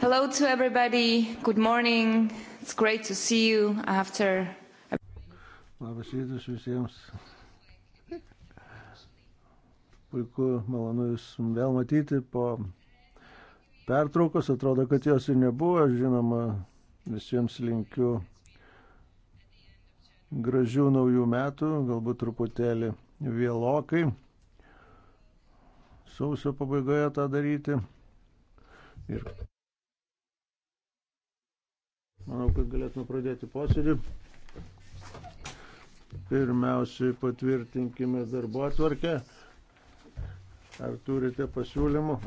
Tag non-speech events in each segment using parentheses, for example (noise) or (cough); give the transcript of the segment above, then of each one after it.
Hello to everybody. Good morning. It's great to see you after. Labas rytas visiems. Puiku, malonu Jūs vėl matyti po pertraukos. Atrodo, kad jos ir nebuvo. Žinoma, visiems linkiu gražių naujų metų, galbūt truputėlį vėlokai. Sausio pabaigoje tą daryti. Ir Manau, kad galėtume pradėti posėdį. Pirmiausiai patvirtinkime darbo atvarkę. Ar turite pasiūlymų?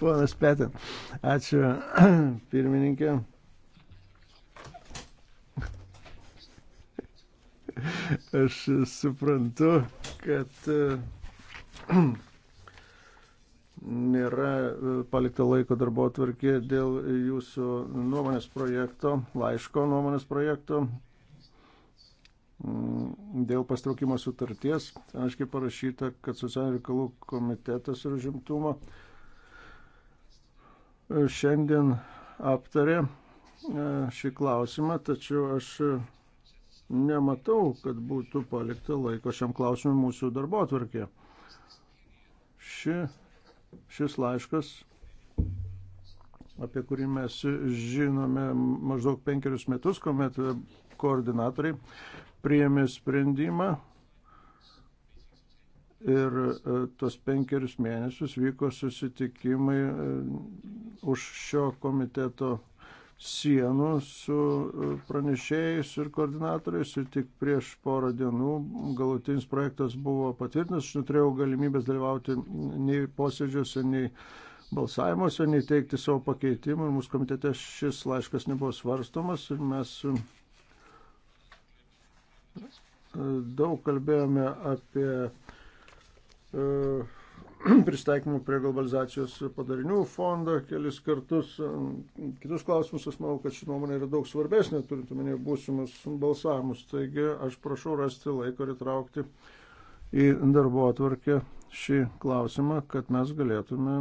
Ponas Petin, ačiū (clears throat) pirmininkė. Aš suprantu, kad (clears throat) nėra e, palikta laiko darbo atvarkė dėl jūsų nuomonės projekto, laiško nuomonės projekto, mm, dėl pastraukimo sutarties. Aiškiai parašyta, kad socialinių reikalų komitetas ir žimtumo e, šiandien aptarė e, šį klausimą, tačiau aš nematau, kad būtų palikta laiko šiam klausimui mūsų darbo atvarkė. Ši Šis laiškas, apie kurį mes žinome maždaug penkerius metus, kuomet koordinatoriai priėmė sprendimą ir e, tos penkerius mėnesius vyko susitikimai e, už šio komiteto sienų su e, pranešėjais ir koordinatoriais ir tik prieš porą dienų galutinis projektas buvo patvirtintas. Aš neturėjau galimybės dalyvauti nei posėdžiuose, nei balsavimuose, nei teikti savo pakeitimų. Ir mūsų komitete šis laiškas nebuvo svarstomas ir mes e, daug kalbėjome apie uh, (clears throat) pristaikymo prie globalizacijos padarinių fondą kelis kartus. Kitus klausimus aš manau, kad ši nuomonė yra daug svarbesnė, turint omenyje būsimus balsavimus. Taigi aš prašau rasti laiko ir įtraukti į darbo atvarkę šį klausimą, kad mes galėtume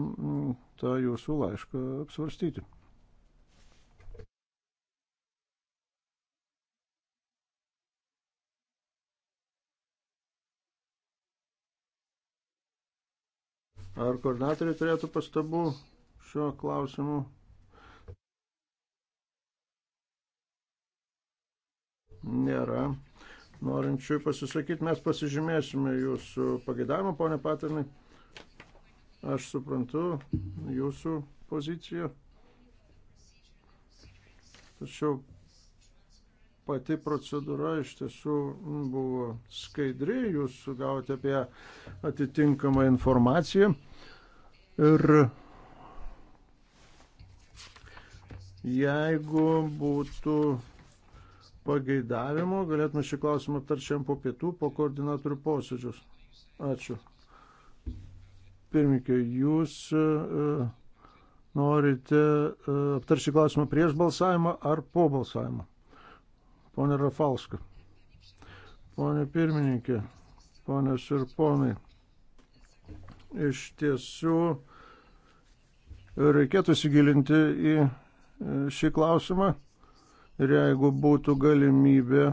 tą jūsų laišką apsvarstyti. Ar koordinatoriai turėtų pastabų šiuo klausimu? Nėra. Norinčių pasisakyti, mes pasižymėsime jūsų pagaidavimą, ponė Patinai. Aš suprantu jūsų poziciją. Tačiau pati procedūra iš tiesų buvo skaidri, jūs gavote apie atitinkamą informaciją. Ir jeigu būtų pageidavimo, galėtume šį klausimą aptarčiam po pietų, po koordinatorių posėdžius. Ačiū. Pirmininkė, jūs e, norite e, aptaršį klausimą prieš balsavimą ar po balsavimą? Pone Rafalska. Pone pirmininkė, ponės ir ponai. Iš tiesų reikėtų įsigilinti į e, šį klausimą ir jeigu būtų galimybė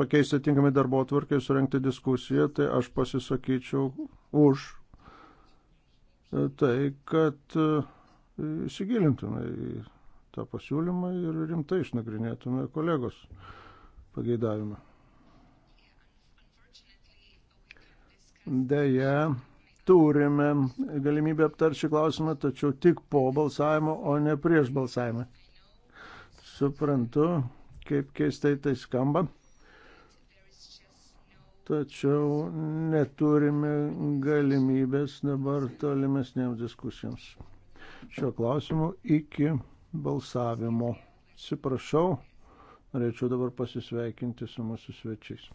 pakeisti tinkamai darbo atvarkį ir surenkti diskusiją, tai aš pasisakyčiau už e, tai, kad e, įsigilintume į tą pasiūlymą ir rimtai išnagrinėtume kolegos pageidavimą. Deja, turime galimybę aptarti klausimą, tačiau tik po balsavimo, o ne prieš balsavimą. Suprantu, kaip keistai tai skamba. Tačiau neturime galimybės dabar tolimesniems diskusijoms. Šiuo klausimu iki balsavimo. Atsiprašau. Norėčiau dabar pasisveikinti su mūsų svečiais.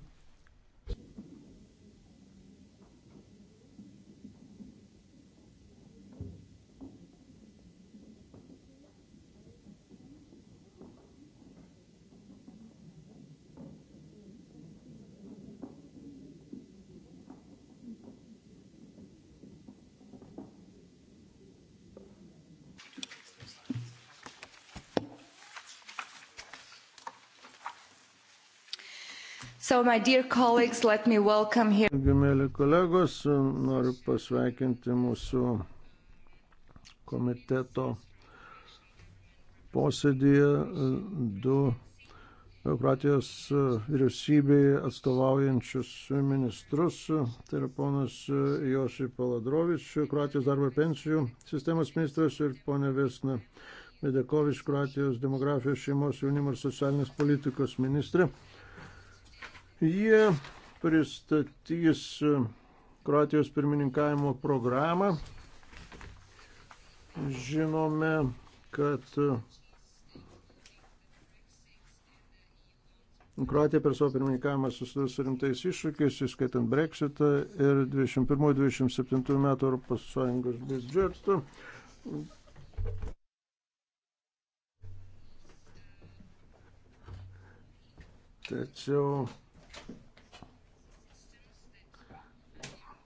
So, my dear colleagues, let me welcome here. Mėly kolegos, noriu pasveikinti mūsų komiteto posėdėje du Eukratijos vyriausybėje atstovaujančius ministrus. Tai yra ponas Jošai Paladrovič, Eukratijos darbo ir pensijų sistemos ministras ir ponė Vesna Medekovič, Kroatijos demografijos šeimos jaunimo ir socialinės politikos ministrė. Jie pristatys Kroatijos pirmininkavimo programą. Žinome, kad Kroatija per savo pirmininkavimą susidurs su rimtais iššūkiais, įskaitant Brexitą ir 21-27 metų Europos Sąjungos biudžetų. Tačiau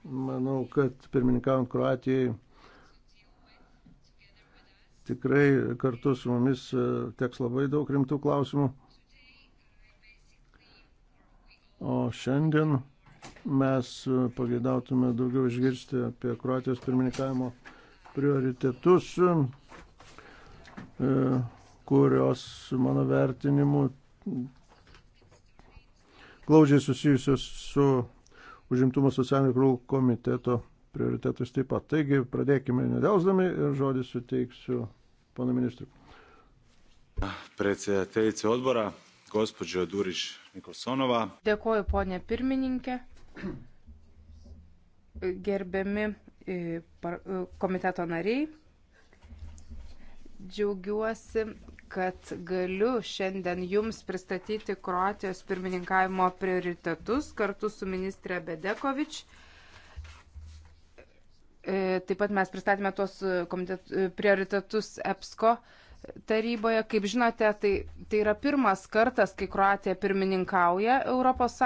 Manau, kad pirmininkavant Kroatijai tikrai kartu su mumis e, teks labai daug rimtų klausimų. O šiandien mes e, pagėdautume daugiau išgirsti apie Kroatijos pirmininkavimo prioritetus, e, kurios mano vertinimu glaudžiai susijusios su užimtumo socialinių reikalų komiteto prioritetus taip pat. Taigi pradėkime nedelsdami ir žodį suteiksiu pana ministrui. Predsėdėteici odbora, gospodžio Duriš Nikolsonova. Dėkoju, ponė pirmininkė. Gerbiami e, e, komiteto nariai, džiaugiuosi, kad galiu šiandien Jums pristatyti Kroatijos pirmininkavimo prioritetus kartu su ministrė Bedekovič. E, taip pat mes pristatėme tuos e, prioritetus EPSCO taryboje. Kaip žinote, tai, tai yra pirmas kartas, kai Kroatija pirmininkauja ES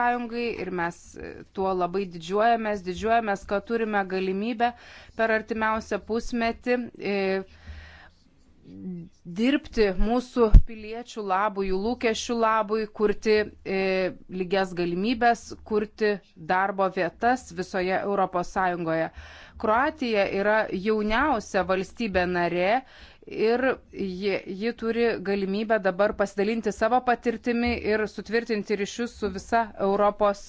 ir mes e, tuo labai didžiuojamės, didžiuojamės, kad turime galimybę per artimiausią pusmetį. E, dirbti mūsų piliečių labui, jų lūkesčių labui, kurti e, lygias galimybės, kurti darbo vietas visoje ES. Kroatija yra jauniausia valstybė narė ir ji, ji turi galimybę dabar pasidalinti savo patirtimi ir sutvirtinti ryšius su visa Europos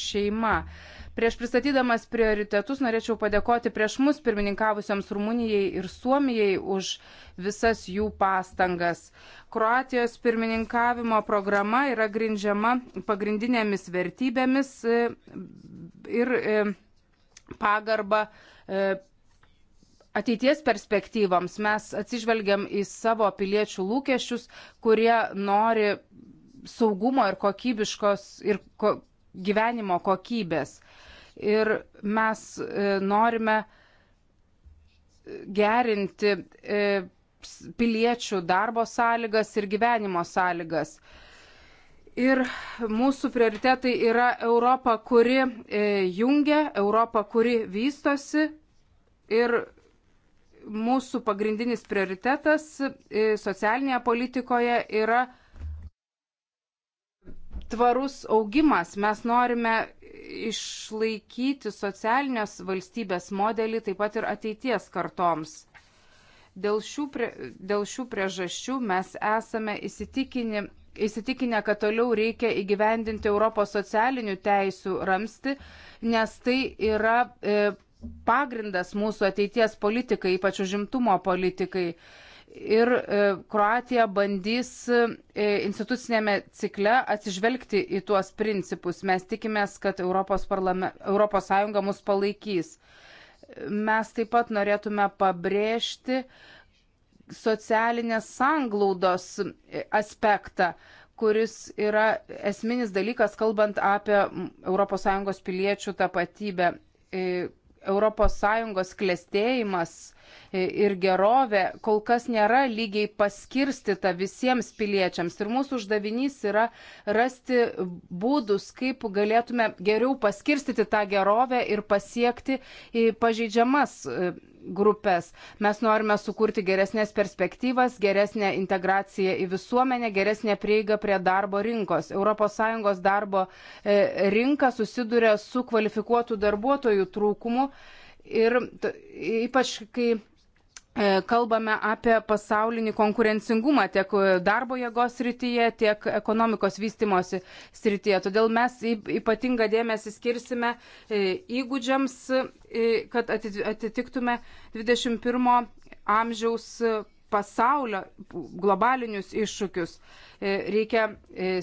šeima. E, Prieš pristatydamas prioritetus norėčiau padėkoti prieš mus pirmininkavusioms Rumunijai ir Suomijai už visas jų pastangas. Kroatijos pirmininkavimo programa yra grindžiama pagrindinėmis vertybėmis e, ir e, pagarba e, ateities perspektyvams. Mes atsižvelgiam į savo piliečių lūkesčius, kurie nori saugumo ir kokybiškos ir ko, gyvenimo kokybės ir mes e, norime gerinti e, piliečių darbo sąlygas ir gyvenimo sąlygas. Ir mūsų prioritetai yra Europa, kuri e, jungia, Europa, kuri vystosi ir mūsų pagrindinis prioritetas socialinėje politikoje yra Europa tvarus augimas. Mes norime išlaikyti socialinės valstybės modelį taip pat ir ateities kartoms. Dėl šių, prie, dėl šių priežasčių mes esame įsitikinę, įsitikinę, kad toliau reikia įgyvendinti Europos socialinių teisių ramsti, nes tai yra e, pagrindas mūsų ateities politikai, ypač užimtumo politikai. E, ir e, Kroatija bandys e, institucinėme cikle atsižvelgti į tuos principus. Mes tikimės, kad Europos, parlame, Europos Sąjunga mus palaikys. Mes taip pat norėtume pabrėžti socialinės sanglaudos aspektą, kuris yra esminis dalykas, kalbant apie ES piliečių tapatybę. ES klėstėjimas ir gerovė kol kas nėra lygiai paskirstita visiems piliečiams. Ir mūsų uždavinys yra rasti būdus, kaip galėtume geriau paskirstyti tą gerovę ir pasiekti e, pažeidžiamas e, grupės. Mes norime sukurti geresnės perspektyvas, geresnę integraciją į visuomenę, geresnę prieigą prie darbo rinkos. ES darbo e, rinka susiduria su kvalifikuotų darbuotojų trūkumu Ir ypač, kai e, kalbame apie pasaulinį konkurencingumą tiek darbo jėgos srityje, tiek ekonomikos vystimosi srityje. Todėl mes ypatingą dėmesį skirsime e, įgūdžiams, e, kad atitiktume 21 amžiaus pasaulio globalinius iššūkius. Reikia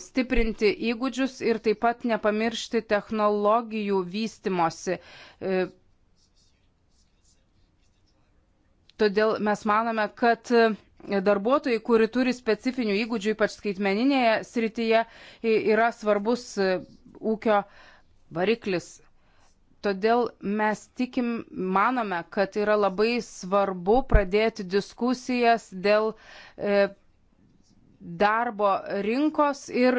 stiprinti įgūdžius ir taip pat nepamiršti technologijų vystimosi Todėl mes manome, kad e, darbuotojai, kuri turi specifinių įgūdžių, ypač skaitmeninėje srityje, yra svarbus e, ūkio variklis. Todėl mes tikim, manome, kad yra labai svarbu pradėti diskusijas dėl e, darbo rinkos ir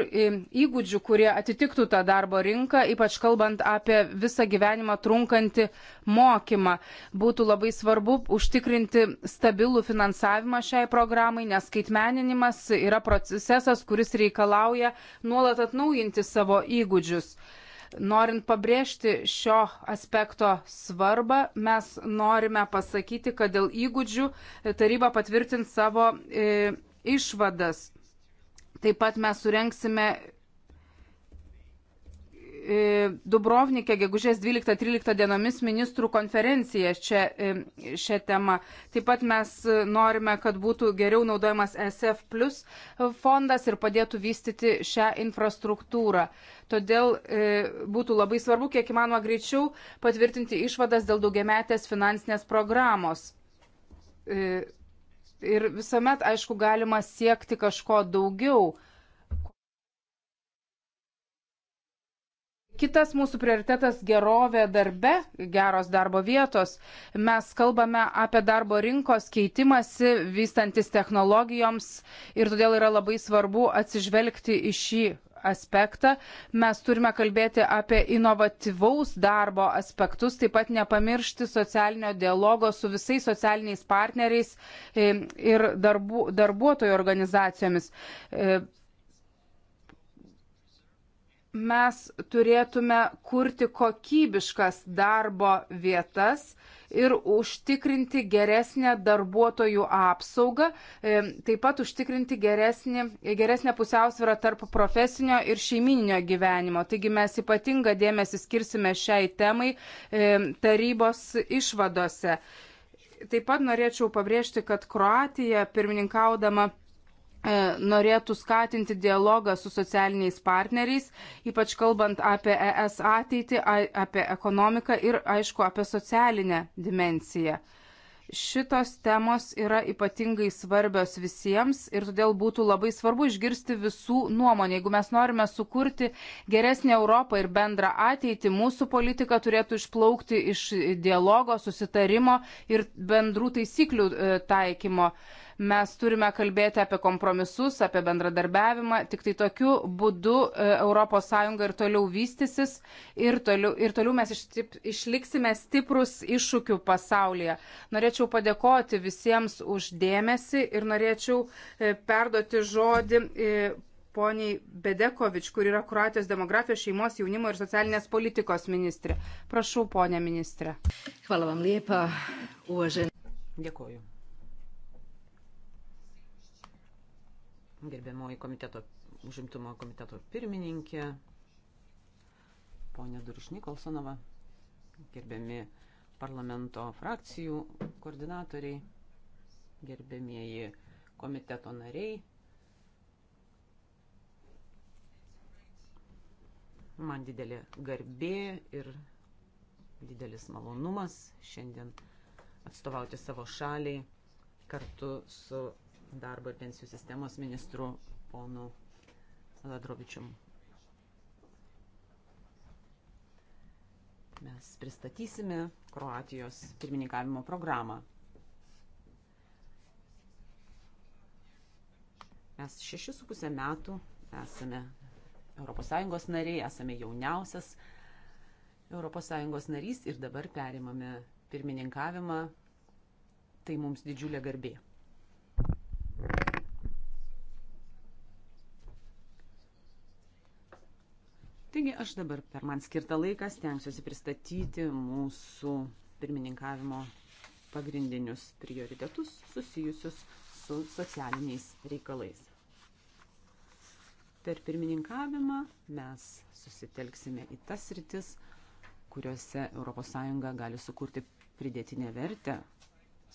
įgūdžių, kurie atitiktų tą darbo rinką, ypač kalbant apie visą gyvenimą trunkantį mokymą. Būtų labai svarbu užtikrinti stabilų finansavimą šiai programai, nes skaitmeninimas yra procesas, kuris reikalauja nuolat atnaujinti savo įgūdžius. Norint pabrėžti šio aspekto svarbą, mes norime pasakyti, kad dėl įgūdžių taryba patvirtins savo e, išvadas. Taip pat mes surenksime e, Dubrovnikė gegužės 12-13 dienomis ministrų konferenciją čia, e, šią temą. Taip pat mes norime, kad būtų geriau naudojamas SF plus fondas ir padėtų vystyti šią infrastruktūrą. Todėl e, būtų labai svarbu, kiek įmanoma greičiau, patvirtinti išvadas dėl daugiametės finansinės programos. Ir visuomet, aišku, galima siekti kažko daugiau. Kitas mūsų prioritetas - gerovė darbe, geros darbo vietos. Mes kalbame apie darbo rinkos keitimąsi, vystantis technologijoms ir todėl yra labai svarbu atsižvelgti į šį aspektą. Mes turime kalbėti apie inovatyvaus darbo aspektus, taip pat nepamiršti socialinio dialogo su visais socialiniais partneriais e, ir darbu, darbuotojų organizacijomis. E, mes turėtume kurti kokybiškas darbo vietas ir užtikrinti geresnę darbuotojų apsaugą, e, taip pat užtikrinti geresnį, geresnę pusiausvyrą tarp profesinio ir šeimininio gyvenimo. Taigi mes ypatingą dėmesį skirsime šiai temai e, tarybos išvadose. Taip pat norėčiau pabrėžti, kad Kroatija pirmininkaudama E, norėtų skatinti dialogą su socialiniais partneriais, ypač kalbant apie ES ateitį, apie ekonomiką ir, aišku, apie socialinę dimenciją. Šitos temos yra ypatingai svarbios visiems ir todėl būtų labai svarbu išgirsti visų nuomonę. Jeigu mes norime sukurti geresnį Europą ir bendrą ateitį, mūsų politika turėtų išplaukti iš dialogo, susitarimo ir bendrų taisyklių e, taikymo. E, Mes turime kalbėti apie kompromisus, apie bendradarbiavimą. Tik tai tokiu būdu ES ir toliau vystysis ir toliau, ir toliau mes ištip, išliksime stiprus iššūkių pasaulyje. Norėčiau padėkoti visiems uždėmesi ir norėčiau e, perduoti žodį e, poniai Bedekovič, kur yra Kroatijos demografijos šeimos jaunimo ir socialinės politikos ministrė. Prašau, ponė ministrė. Hvala vam liepa, uvažen. Dėkuoju. gerbiamoji komiteto, užimtumo komiteto pirmininkė, ponė Durš Nikolsonova, gerbiami parlamento frakcijų koordinatoriai, gerbiamieji komiteto nariai. Man didelė garbė ir didelis malonumas šiandien atstovauti savo šaliai kartu su darbo ir pensijų sistemos ministru ponu Ladrovičium. Mes pristatysime Kroatijos pirmininkavimo programą. Mes šešis su pusę metų esame ES nariai, esame jauniausias ES narys ir dabar perimame pirmininkavimą. Tai mums didžiulė garbė. Taigi aš dabar per man skirtą laiką stengsiuosi pristatyti mūsų pirmininkavimo pagrindinius prioritetus susijusius su socialiniais reikalais. Per pirmininkavimą mes susitelksime į tas rytis, kuriuose ES gali sukurti pridėtinę vertę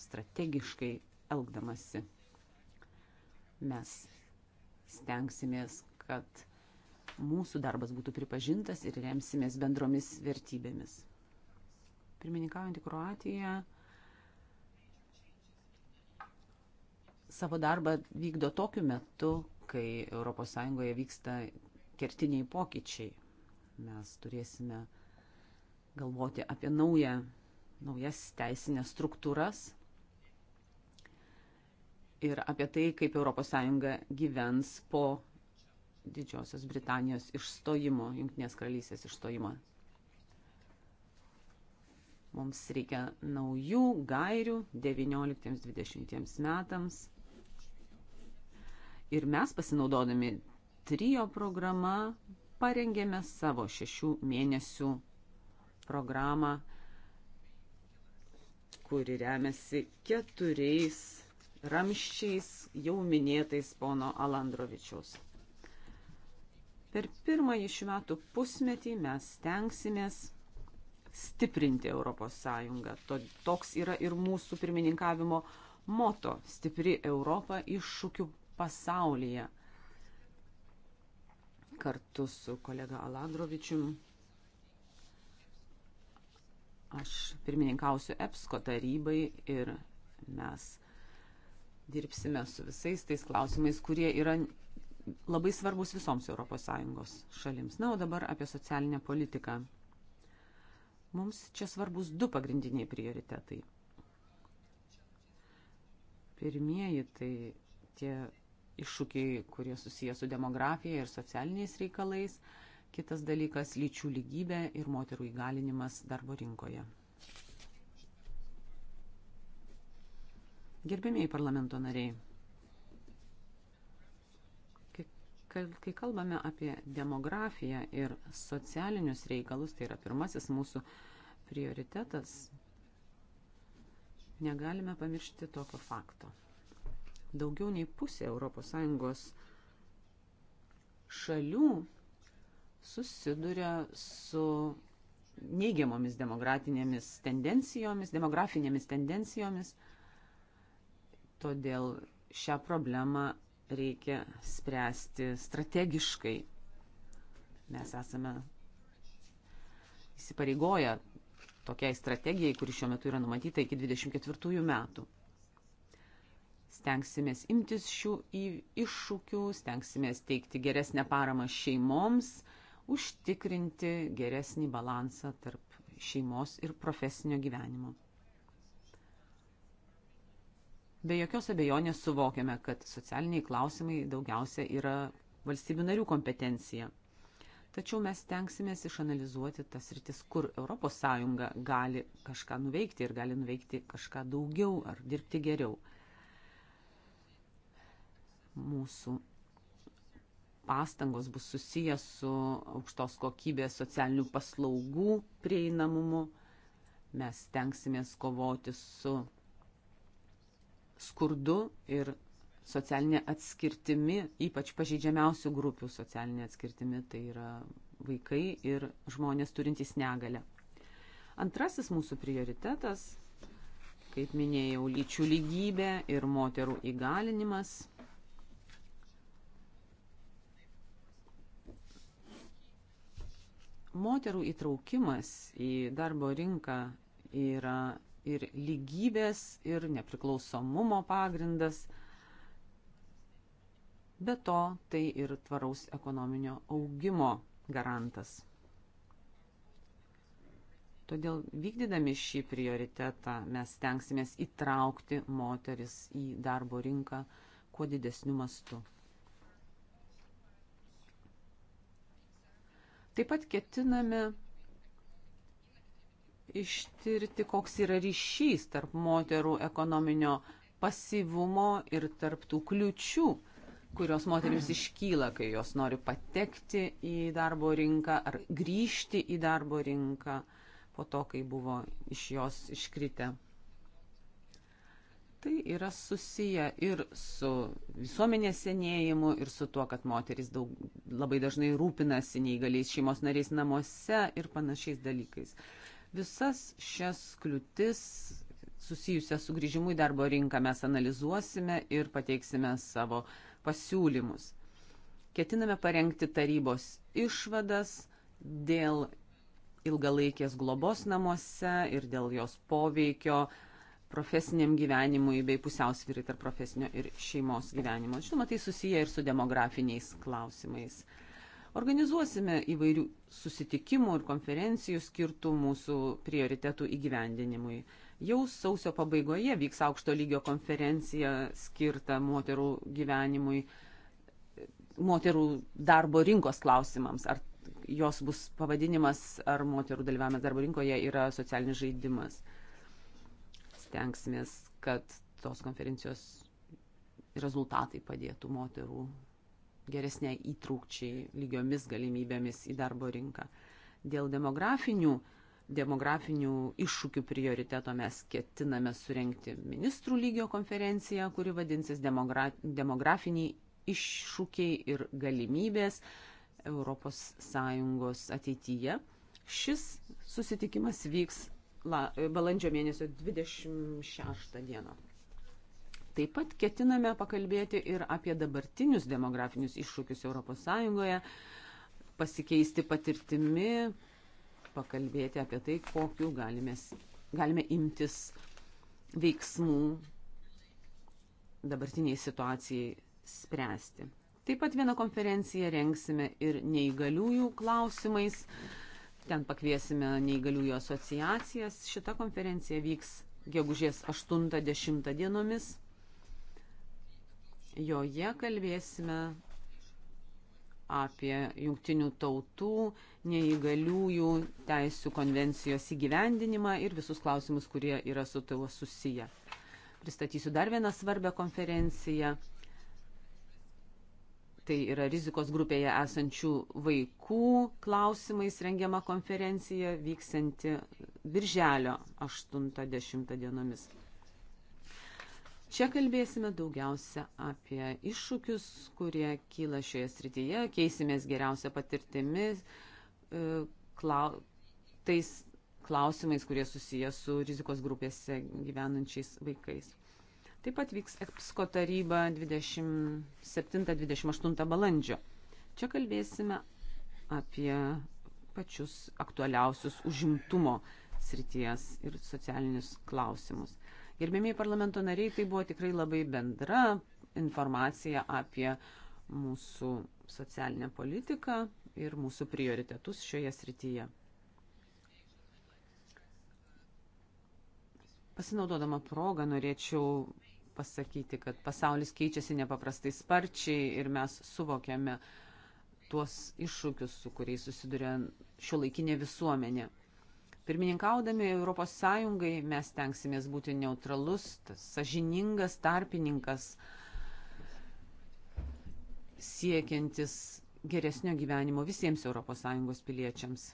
strategiškai elgdamasi. Mes stengsimės, kad mūsų darbas būtų pripažintas ir remsimės bendromis vertybėmis. Pirmininkaujantį Kroatiją savo darbą vykdo tokiu metu, kai ES vyksta kertiniai pokyčiai. Mes turėsime galvoti apie naują, naujas teisinės struktūras ir apie tai, kaip ES gyvens po Didžiosios Britanijos išstojimo, Junktinės karalystės išstojimo. Mums reikia naujų gairių 19-20 metams. Ir mes pasinaudodami trijo programa parengėme savo šešių mėnesių programą, kuri remiasi keturiais ramščiais jau minėtais pono Alandrovičiaus. Per pirmąjį šių metų pusmetį mes tenksimės stiprinti ES. Toks yra ir mūsų pirmininkavimo moto - stipri Europa iššūkių pasaulyje. Kartu su kolega Aladrovičium aš pirmininkausiu EPSCO tarybai ir mes dirbsime su visais tais klausimais, kurie yra labai svarbus visoms ES šalims. Na, o dabar apie socialinę politiką. Mums čia svarbus du pagrindiniai prioritetai. Pirmieji tai tie iššūkiai, kurie susiję su demografija ir socialiniais reikalais. Kitas dalykas - lyčių lygybė ir moterų įgalinimas darbo rinkoje. Gerbėmiai parlamento nariai. Kai kalbame apie demografiją ir socialinius reikalus, tai yra pirmasis mūsų prioritetas, negalime pamiršti tokio fakto. Daugiau nei pusė ES šalių susiduria su neigiamomis demografinėmis tendencijomis, demografinėmis tendencijomis. Todėl šią problemą reikia spręsti strategiškai. Mes esame įsipareigoję tokiai strategijai, kuri šiuo metu yra numatyta iki 24 metų. Stengsimės imtis šių iššūkių, stengsimės teikti geresnę paramą šeimoms, užtikrinti geresnį balansą tarp šeimos ir profesinio gyvenimo. Be jokios abejonės suvokiame, kad socialiniai klausimai daugiausia yra valstybių narių kompetencija. Tačiau mes tenksimės išanalizuoti tas rytis, kur ES gali kažką nuveikti ir gali nuveikti kažką daugiau ar dirbti geriau. Mūsų pastangos bus susijęs su aukštos kokybės socialinių paslaugų prieinamumu. Mes tenksimės kovoti su skurdu ir socialinė atskirtimi, ypač pažeidžiamiausių grupių socialinė atskirtimi, tai yra vaikai ir žmonės turintys negalę. Antrasis mūsų prioritetas, kaip minėjau, lyčių lygybė ir moterų įgalinimas. Moterų įtraukimas į darbo rinką yra ir lygybės, ir nepriklausomumo pagrindas. Be to, tai ir tvaraus ekonominio augimo garantas. Todėl vykdydami šį prioritetą mes tenksimės įtraukti moteris į darbo rinką kuo didesniu mastu. Taip pat ketiname ištirti, koks yra ryšys tarp moterų ekonominio pasivumo ir tarptų kliučių, kurios moteriams iškyla, kai jos nori patekti į darbo rinką ar grįžti į darbo rinką po to, kai buvo iš jos iškritę. Tai yra susiję ir su visuomenės senėjimu, ir su tuo, kad moteris daug, labai dažnai rūpinasi neįgaliais šeimos nariais namuose ir panašiais dalykais. Uh, Visas šias kliūtis susijusią su grįžimu į darbo rinką mes analizuosime ir pateiksime savo pasiūlymus. Ketiname parengti tarybos išvadas dėl ilgalaikės globos namuose ir dėl jos poveikio profesiniam gyvenimui bei pusiausvyrai tarp profesinio ir šeimos gyvenimo. Žinoma, tai susiję ir su demografiniais klausimais. Organizuosime įvairių susitikimų ir konferencijų skirtų mūsų prioritetų įgyvendinimui. Jau sausio pabaigoje vyks aukšto lygio konferencija skirta moterų gyvenimui, moterų darbo rinkos klausimams. Ar jos bus pavadinimas, ar moterų dalyvavimas darbo rinkoje yra socialinis žaidimas. Stengsimės, kad tos konferencijos rezultatai padėtų moterų geresniai įtrūkčiai, lygiomis galimybėmis į darbo rinką. Dėl demografinių, demografinių iššūkių prioriteto mes ketiname surenkti ministrų lygio konferenciją, kuri vadinsis demogra demografiniai iššūkiai ir galimybės ES ateityje. Šis susitikimas vyks la, balandžio mėnesio 26 dieną. Taip pat ketiname pakalbėti ir apie dabartinius demografinius iššūkius ES, pasikeisti patirtimi, pakalbėti apie tai, kokiu galime, galime imtis veiksmų dabartiniai situacijai spręsti. Taip pat vieną konferenciją rengsime ir neįgaliųjų klausimais. Ten pakviesime neįgaliųjų asociacijas. Šita konferencija vyks gegužės 8-10 dienomis. Joje kalbėsime apie jungtinių tautų neįgaliųjų teisų konvencijos įgyvendinimą ir visus klausimus, kurie yra su tuo susiję. Pristatysiu dar vieną svarbę konferenciją. Tai yra rizikos grupėje esančių vaikų klausimais rengiama konferencija vyksianti Birželio 80 dienomis. Čia kalbėsime daugiausia apie iššūkius, kurie kyla šioje srityje, keisimės geriausią patirtimis, e, klau, tais klausimais, kurie susiję su rizikos grupėse gyvenančiais vaikais. Taip pat vyks EPSCO taryba 27-28 balandžio. Čia kalbėsime apie pačius aktualiausius užimtumo srities ir socialinius klausimus. Gerbėmiai parlamento nariai, tai buvo tikrai labai bendra informacija apie mūsų socialinę politiką ir mūsų prioritetus šioje srityje. Pasinaudodama progą norėčiau pasakyti, kad pasaulis keičiasi nepaprastai sparčiai ir mes suvokiame tuos iššūkius, su kuriais susiduria šio laikinė visuomenė. Pirmininkaudami ES mes tenksimės būti neutralus, sažiningas tarpininkas, siekiantis geresnio gyvenimo visiems ES piliečiams.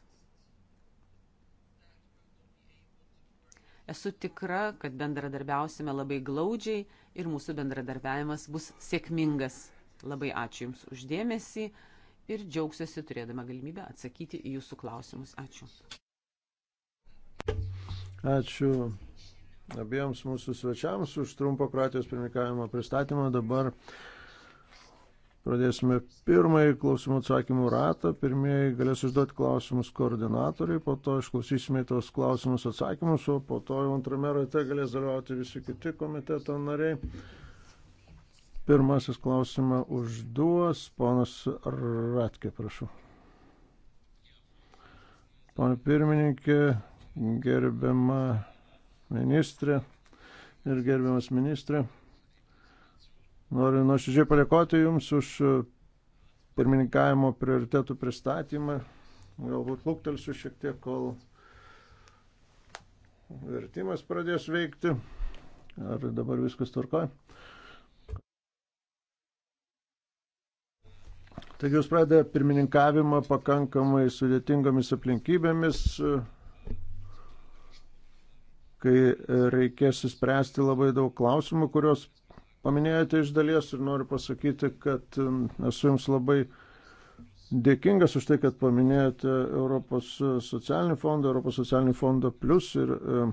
Esu tikra, kad bendradarbiausime labai glaudžiai ir mūsų bendradarbiavimas bus sėkmingas. Labai ačiū Jums uždėmesį ir džiaugsiuosi turėdama galimybę atsakyti į Jūsų klausimus. Ačiū. Ačiū abiems mūsų svečiams už trumpo Kroatijos pirmininkavimo pristatymą. Dabar pradėsime pirmąjį klausimų atsakymų ratą. Pirmieji galės užduoti klausimus koordinatoriai, po to išklausysime tos klausimus atsakymus, o po to jau antrame rate galės dalyvauti visi kiti komiteto nariai. Pirmasis klausimą užduos ponas Ratke, prašau. Pane pirmininkė, gerbiama ministrė ir gerbiamas ministrė. Noriu nuoširdžiai padėkoti Jums už pirmininkavimo prioritetų pristatymą. Galbūt luktelsiu šiek tiek, kol vertimas pradės veikti. Ar dabar viskas tvarkoja? Taigi jūs pradedate pirmininkavimą pakankamai sudėtingomis aplinkybėmis, kai e, reikės įspręsti labai daug klausimų, kuriuos paminėjote iš dalies ir noriu pasakyti, kad e, esu jums labai dėkingas už tai, kad paminėjote Europos socialinį fondą, Europos socialinį fondą plus ir e,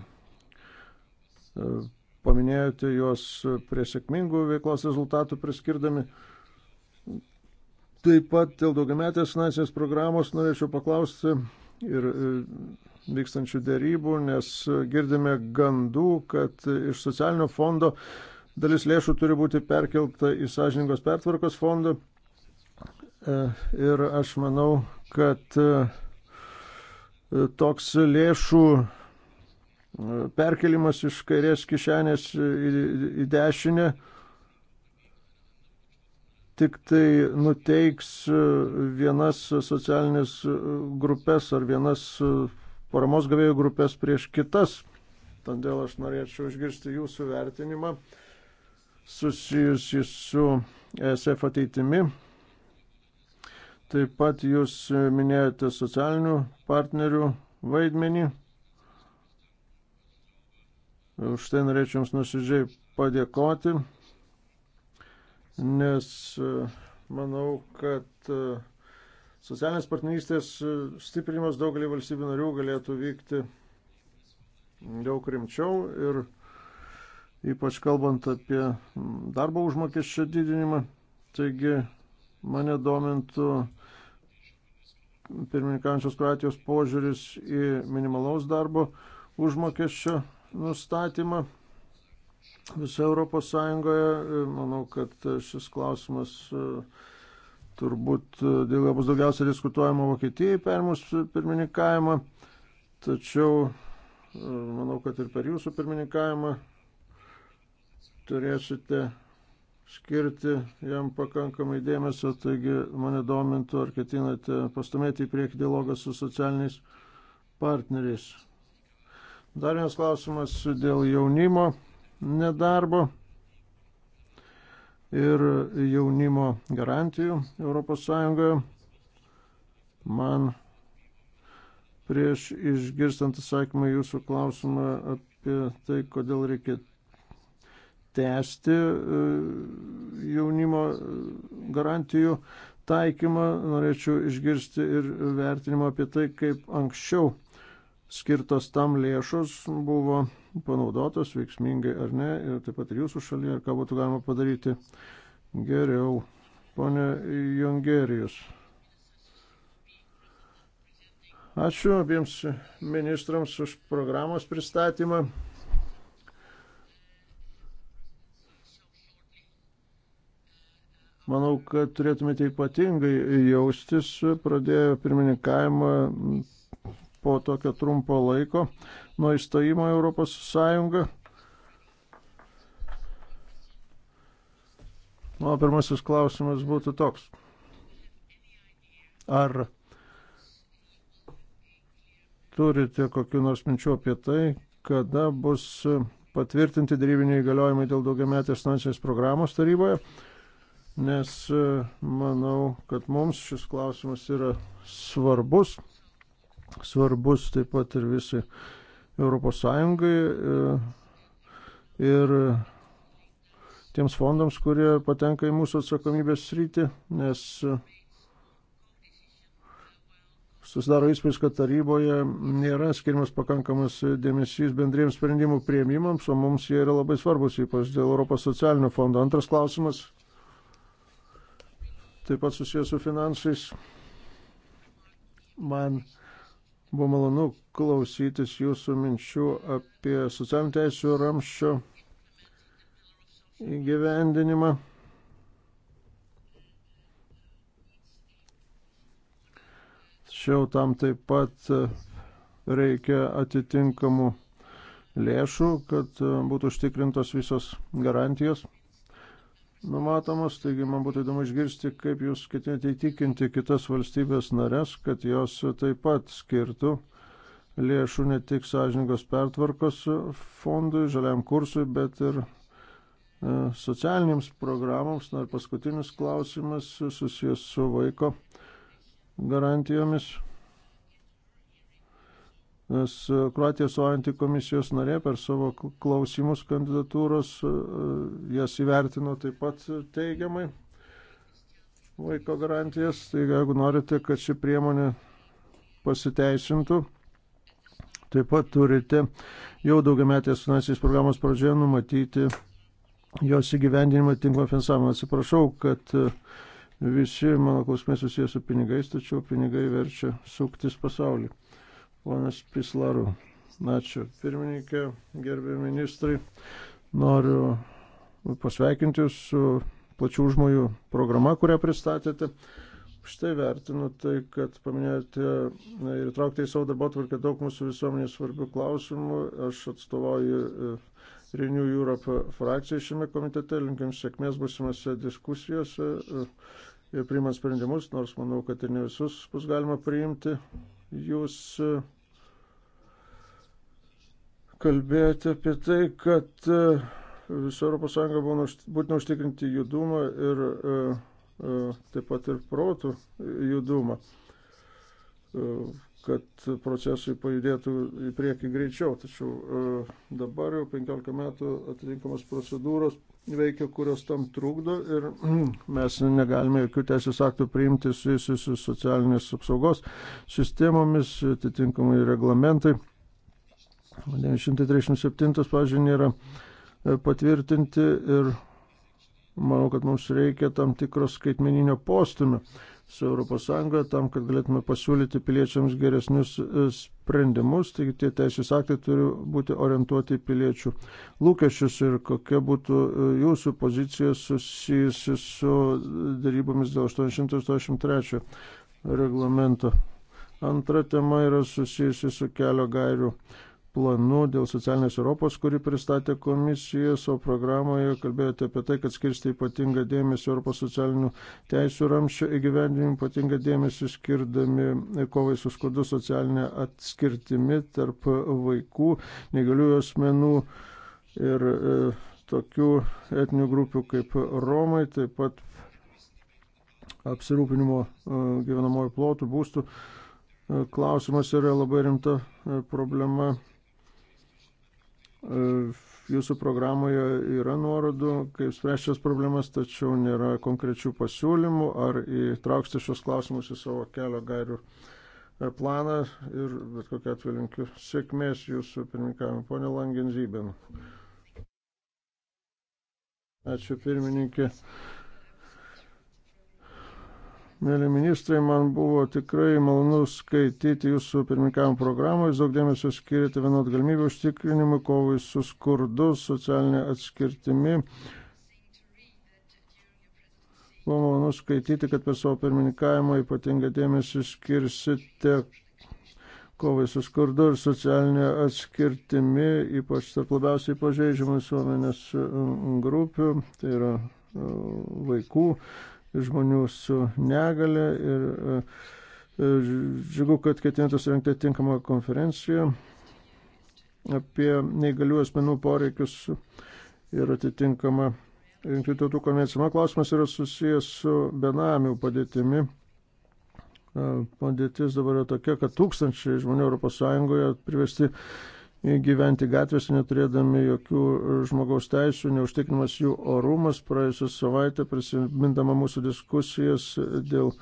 paminėjote juos prie sėkmingų veiklos rezultatų priskirdami. Taip pat dėl daugiametės finansinės programos norėčiau paklausti ir vykstančių dėrybų, nes girdime gandų, kad iš socialinio fondo dalis lėšų turi būti perkelta į sąžiningos pertvarkos fondą. E, ir aš manau, kad e, toks lėšų e, perkelimas iš kairės kišenės į dešinę tik tai nuteiks vienas socialinės grupės ar vienas paramos gavėjų grupės prieš kitas. Todėl aš norėčiau išgirsti jūsų vertinimą susijusi su ESF ateitimi. Taip pat jūs minėjote socialinių partnerių vaidmenį. Už tai norėčiau Jums nusidžiai padėkoti, nes e, manau, kad e, Socialinės partnerystės e, stiprinimas daugelį valstybių narių galėtų vykti daug rimčiau ir ypač kalbant apie darbo užmokesčio didinimą. Taigi mane domintų pirmininkančios Kroatijos požiūris į minimalaus darbo užmokesčio nustatymą visoje Europos Sąjungoje. Manau, kad šis klausimas uh, turbūt e, dėl jo bus daugiausia diskutuojama Vokietijai perimus pirmininkavimą, tačiau e, manau, kad ir per jūsų pirmininkavimą turėsite skirti jam pakankamai dėmesio, taigi mane domintų, ar ketinate pastumėti į priekį dialogą su socialiniais partneriais. Dar vienas klausimas dėl jaunimo nedarbo ir jaunimo garantijų ES. Man prieš išgirstant atsakymą jūsų klausimą apie tai, kodėl reikia tęsti e, jaunimo garantijų taikymą, norėčiau išgirsti ir vertinimą apie tai, kaip anksčiau skirtos tam lėšos buvo panaudotos veiksmingai ar ne, ir taip pat ir jūsų šalyje, ir ką būtų galima padaryti geriau. Pone Jongerijus. Ačiū abiems ministrams už programos pristatymą. Manau, kad turėtumėte ypatingai jaustis, pradėjo pirmininkavimą po tokio trumpo laiko nuo įstojimo į Europos Sąjungą. Mano pirmasis klausimas būtų toks. Ar turite kokiu nors minčiu apie tai, kada bus patvirtinti darybiniai įgaliojimai dėl daugiametės finansinės programos taryboje, nes manau, kad mums šis klausimas yra svarbus svarbus taip pat ir visai Europos Sąjungai e, ir tiems fondams, kurie patenka į mūsų atsakomybės sritį, nes e, susidaro įspūdis, kad taryboje nėra skirimas pakankamas dėmesys bendriems sprendimų prieimimams, o mums jie yra labai svarbus, ypač dėl Europos socialinio fondo. Antras klausimas, taip pat susijęs su finansais, man Buvo malonu klausytis jūsų minčių apie socialinių teisų ramščio įgyvendinimą. Tačiau tam taip pat reikia atitinkamų lėšų, kad būtų užtikrintos visos garantijos numatomos, taigi man būtų įdomu išgirsti, kaip jūs ketinate įtikinti kitas valstybės narės, kad jos taip pat skirtų lėšų ne tik sąžiningos pertvarkos fondui, žaliam kursui, bet ir e, socialiniams programams. Na ir paskutinis klausimas susijęs su vaiko garantijomis. Nes e, Kroatijos OANTI komisijos narė per savo klausimus kandidatūros e, e, jas įvertino taip pat teigiamai vaiko garantijas. Tai jeigu norite, kad ši priemonė pasiteisintų, taip pat turite jau daugiametės finansinės programos pradžioje numatyti jos įgyvendinimą tinklą finansavimą. Atsiprašau, kad visi mano klausimai susijęs su pinigais, tačiau pinigai verčia suktis pasaulį. Ponas Pislaru. Ačiū pirmininkė, gerbė ministrai. Noriu pasveikinti su plačių žmonių programa, kurią pristatėte. Štai vertinu tai, kad paminėjote ir traukti į savo darbo tvarkę daug mūsų visuomenės svarbių klausimų. Aš atstovauju e, Renew Europe frakcijai šiame komitete, linkim sėkmės busimose diskusijose e, ir priimant sprendimus, nors manau, kad ir ne visus bus galima priimti. Jūs e, kalbėjote apie tai, kad e, visą ES būtina užtikrinti judumą ir e, taip pat ir protų judumą, kad procesui pajudėtų į priekį greičiau. Tačiau dabar jau 15 metų atitinkamos procedūros veikia, kurios tam trukdo ir (clears throat) mes negalime jokių teisės aktų priimti susijusių su socialinės apsaugos sistemomis, atitinkamai reglamentai. 937, pažiūrėjau, nėra e, patvirtinti ir manau, kad mums reikia tam tikros skaitmeninio postumio su ES tam, kad galėtume pasiūlyti piliečiams geresnius e, sprendimus. Taigi tie teisės aktai turi būti orientuoti į piliečių lūkesčius ir kokia būtų e, jūsų pozicija susijusi su darybomis dėl 883 reglamento. Antra tema yra susijusi su kelio gairių planu dėl socialinės Europos, kurį pristatė komisija. Savo programoje kalbėjote apie tai, kad skirsti ypatingą dėmesį Europos socialinių teisų ramščio įgyvendinimu, ypatingą dėmesį skirdami kovai su skurdu socialinė atskirtimi tarp vaikų, negaliųjų asmenų ir e, tokių etinių grupių kaip Romai, taip pat apsirūpinimo e, gyvenamojo plotų būstų. E, klausimas yra labai rimta e, problema E, jūsų programoje yra nuorodų, kaip spręsčios problemas, tačiau nėra konkrečių pasiūlymų, ar įtrauksite šios klausimus į savo kelio gairių e, planą ir bet kokia atveju linkiu sėkmės jūsų pirmininkavimui, ponė Langenzybėn. Ačiū pirmininkė. Mėly ministrai, man buvo tikrai malonu skaityti jūsų pirmininkavimo programą, jūs daug dėmesio skirite vienot galimybę užtikrinimui, kovai su skurdu, socialinė atskirtimi. Buvo malonu skaityti, kad per savo pirmininkavimą ypatingą dėmesį skirsite kovai su skurdu ir socialinė atskirtimi, ypač tarp labiausiai pažeidžiamų visuomenės um, grupių, tai yra uh, vaikų žmonių su negale ir e, e, džiugu, kad ketinate surinkti tinkamą konferenciją apie neįgalių asmenų poreikius ir atitinkamą Junktinių tautų konvenciją. Mano klausimas yra susijęs su benamių padėtimi. E, padėtis dabar yra tokia, kad tūkstančiai žmonių ES privesti gyventi gatvėse, neturėdami jokių žmogaus teisų, neužtikrinamas jų orumas. Praėjusią savaitę, prisimindama mūsų diskusijas dėl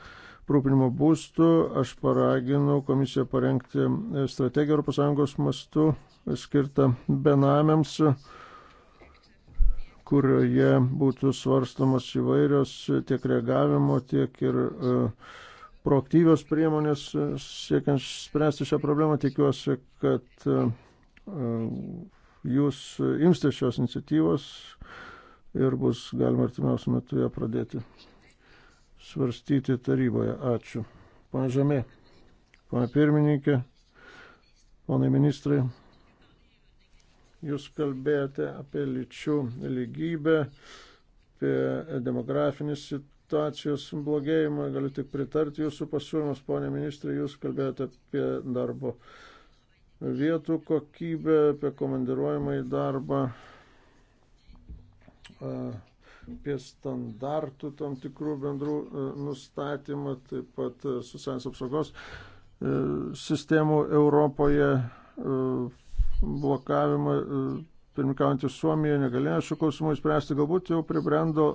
rūpinimo būstų, aš paraginau komisiją parengti strategiją ES mastu skirtą benamiams, kurioje būtų svarstamos įvairios tiek reagavimo, tiek ir uh, proaktyvios priemonės siekiant spręsti šią problemą. Tikiuosi, kad uh, jūs imstės šios iniciatyvos ir bus galima artimiausiu metu ją pradėti svarstyti taryboje. Ačiū. Pane Žemė, pane pirmininkė, ponai ministrai, jūs kalbėjote apie lyčių lygybę, apie demografinį situacijos blogėjimą. Galiu tik pritarti jūsų pasiūlymus, ponė ministrai, jūs kalbėjote apie darbo vietų kokybę, apie komandiruojamą į darbą, apie standartų tam tikrų bendrų nustatymą, taip pat socialinės apsaugos sistemų Europoje blokavimą. Pirmikaujantį Suomiją negalėjo šių klausimų įspręsti, galbūt jau pribrendo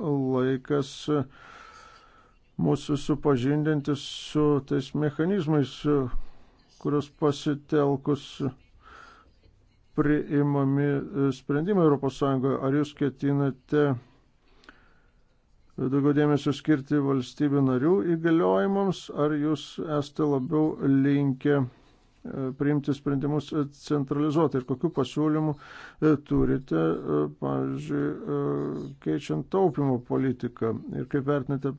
laikas mūsų supažindinti su tais mechanizmais, kurios pasitelkus priimami e, sprendimai ES. Ar jūs ketinate e, daugiau dėmesio skirti valstybių narių įgaliojimams, ar jūs esate labiau linkę e, priimti sprendimus centralizuotai ir kokiu pasiūlymu turite, pavyzdžiui, keičiant taupimo politiką ir kaip vertinate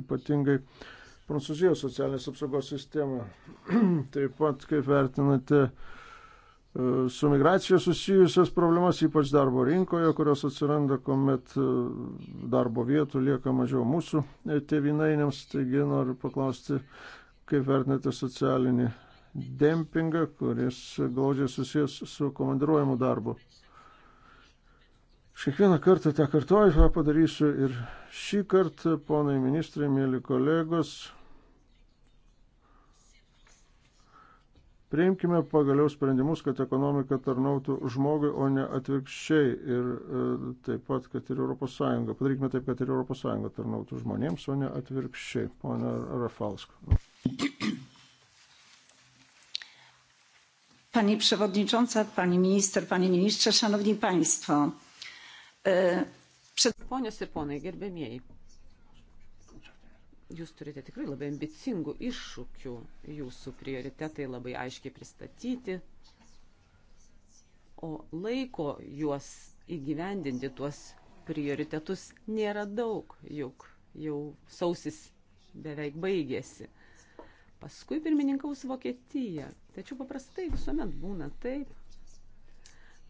ypatingai uh, Prancūzijos socialinės apsaugos sistemą. (clears throat) Taip pat, kaip vertinate, e, su migracija susijusias problemas, ypač darbo rinkoje, kurios atsiranda, kuomet e, darbo vietų lieka mažiau mūsų e, tėvinainiams. Taigi noriu paklausti, kaip vertinate socialinį dempingą, kuris glaudžiai susijęs su komandiruojamu darbu. Aš kiekvieną kartą tą kartuoju, tą padarysiu ir šį kartą, ponai ministrai, mėly kolegos, Priimkime pagaliau sprendimus, kad ekonomika tarnautų žmogui, o ne atvirkščiai. Ir e, taip pat, kad ir ES. Padarykime taip, kad ir ES tarnautų žmonėms, o ne atvirkščiai. Pone Rafalsko. Pani przewodnicząca, pani minister, panie ministrze, szanowni państwo. E, Ponios ir ponai, gerbėmieji, jūs turite tikrai labai ambicingų iššūkių, jūsų prioritetai labai aiškiai pristatyti, o laiko juos įgyvendinti, tuos prioritetus nėra daug, juk jau sausis beveik baigėsi. Paskui pirmininkaus Vokietija. Tačiau paprastai visuomet būna taip,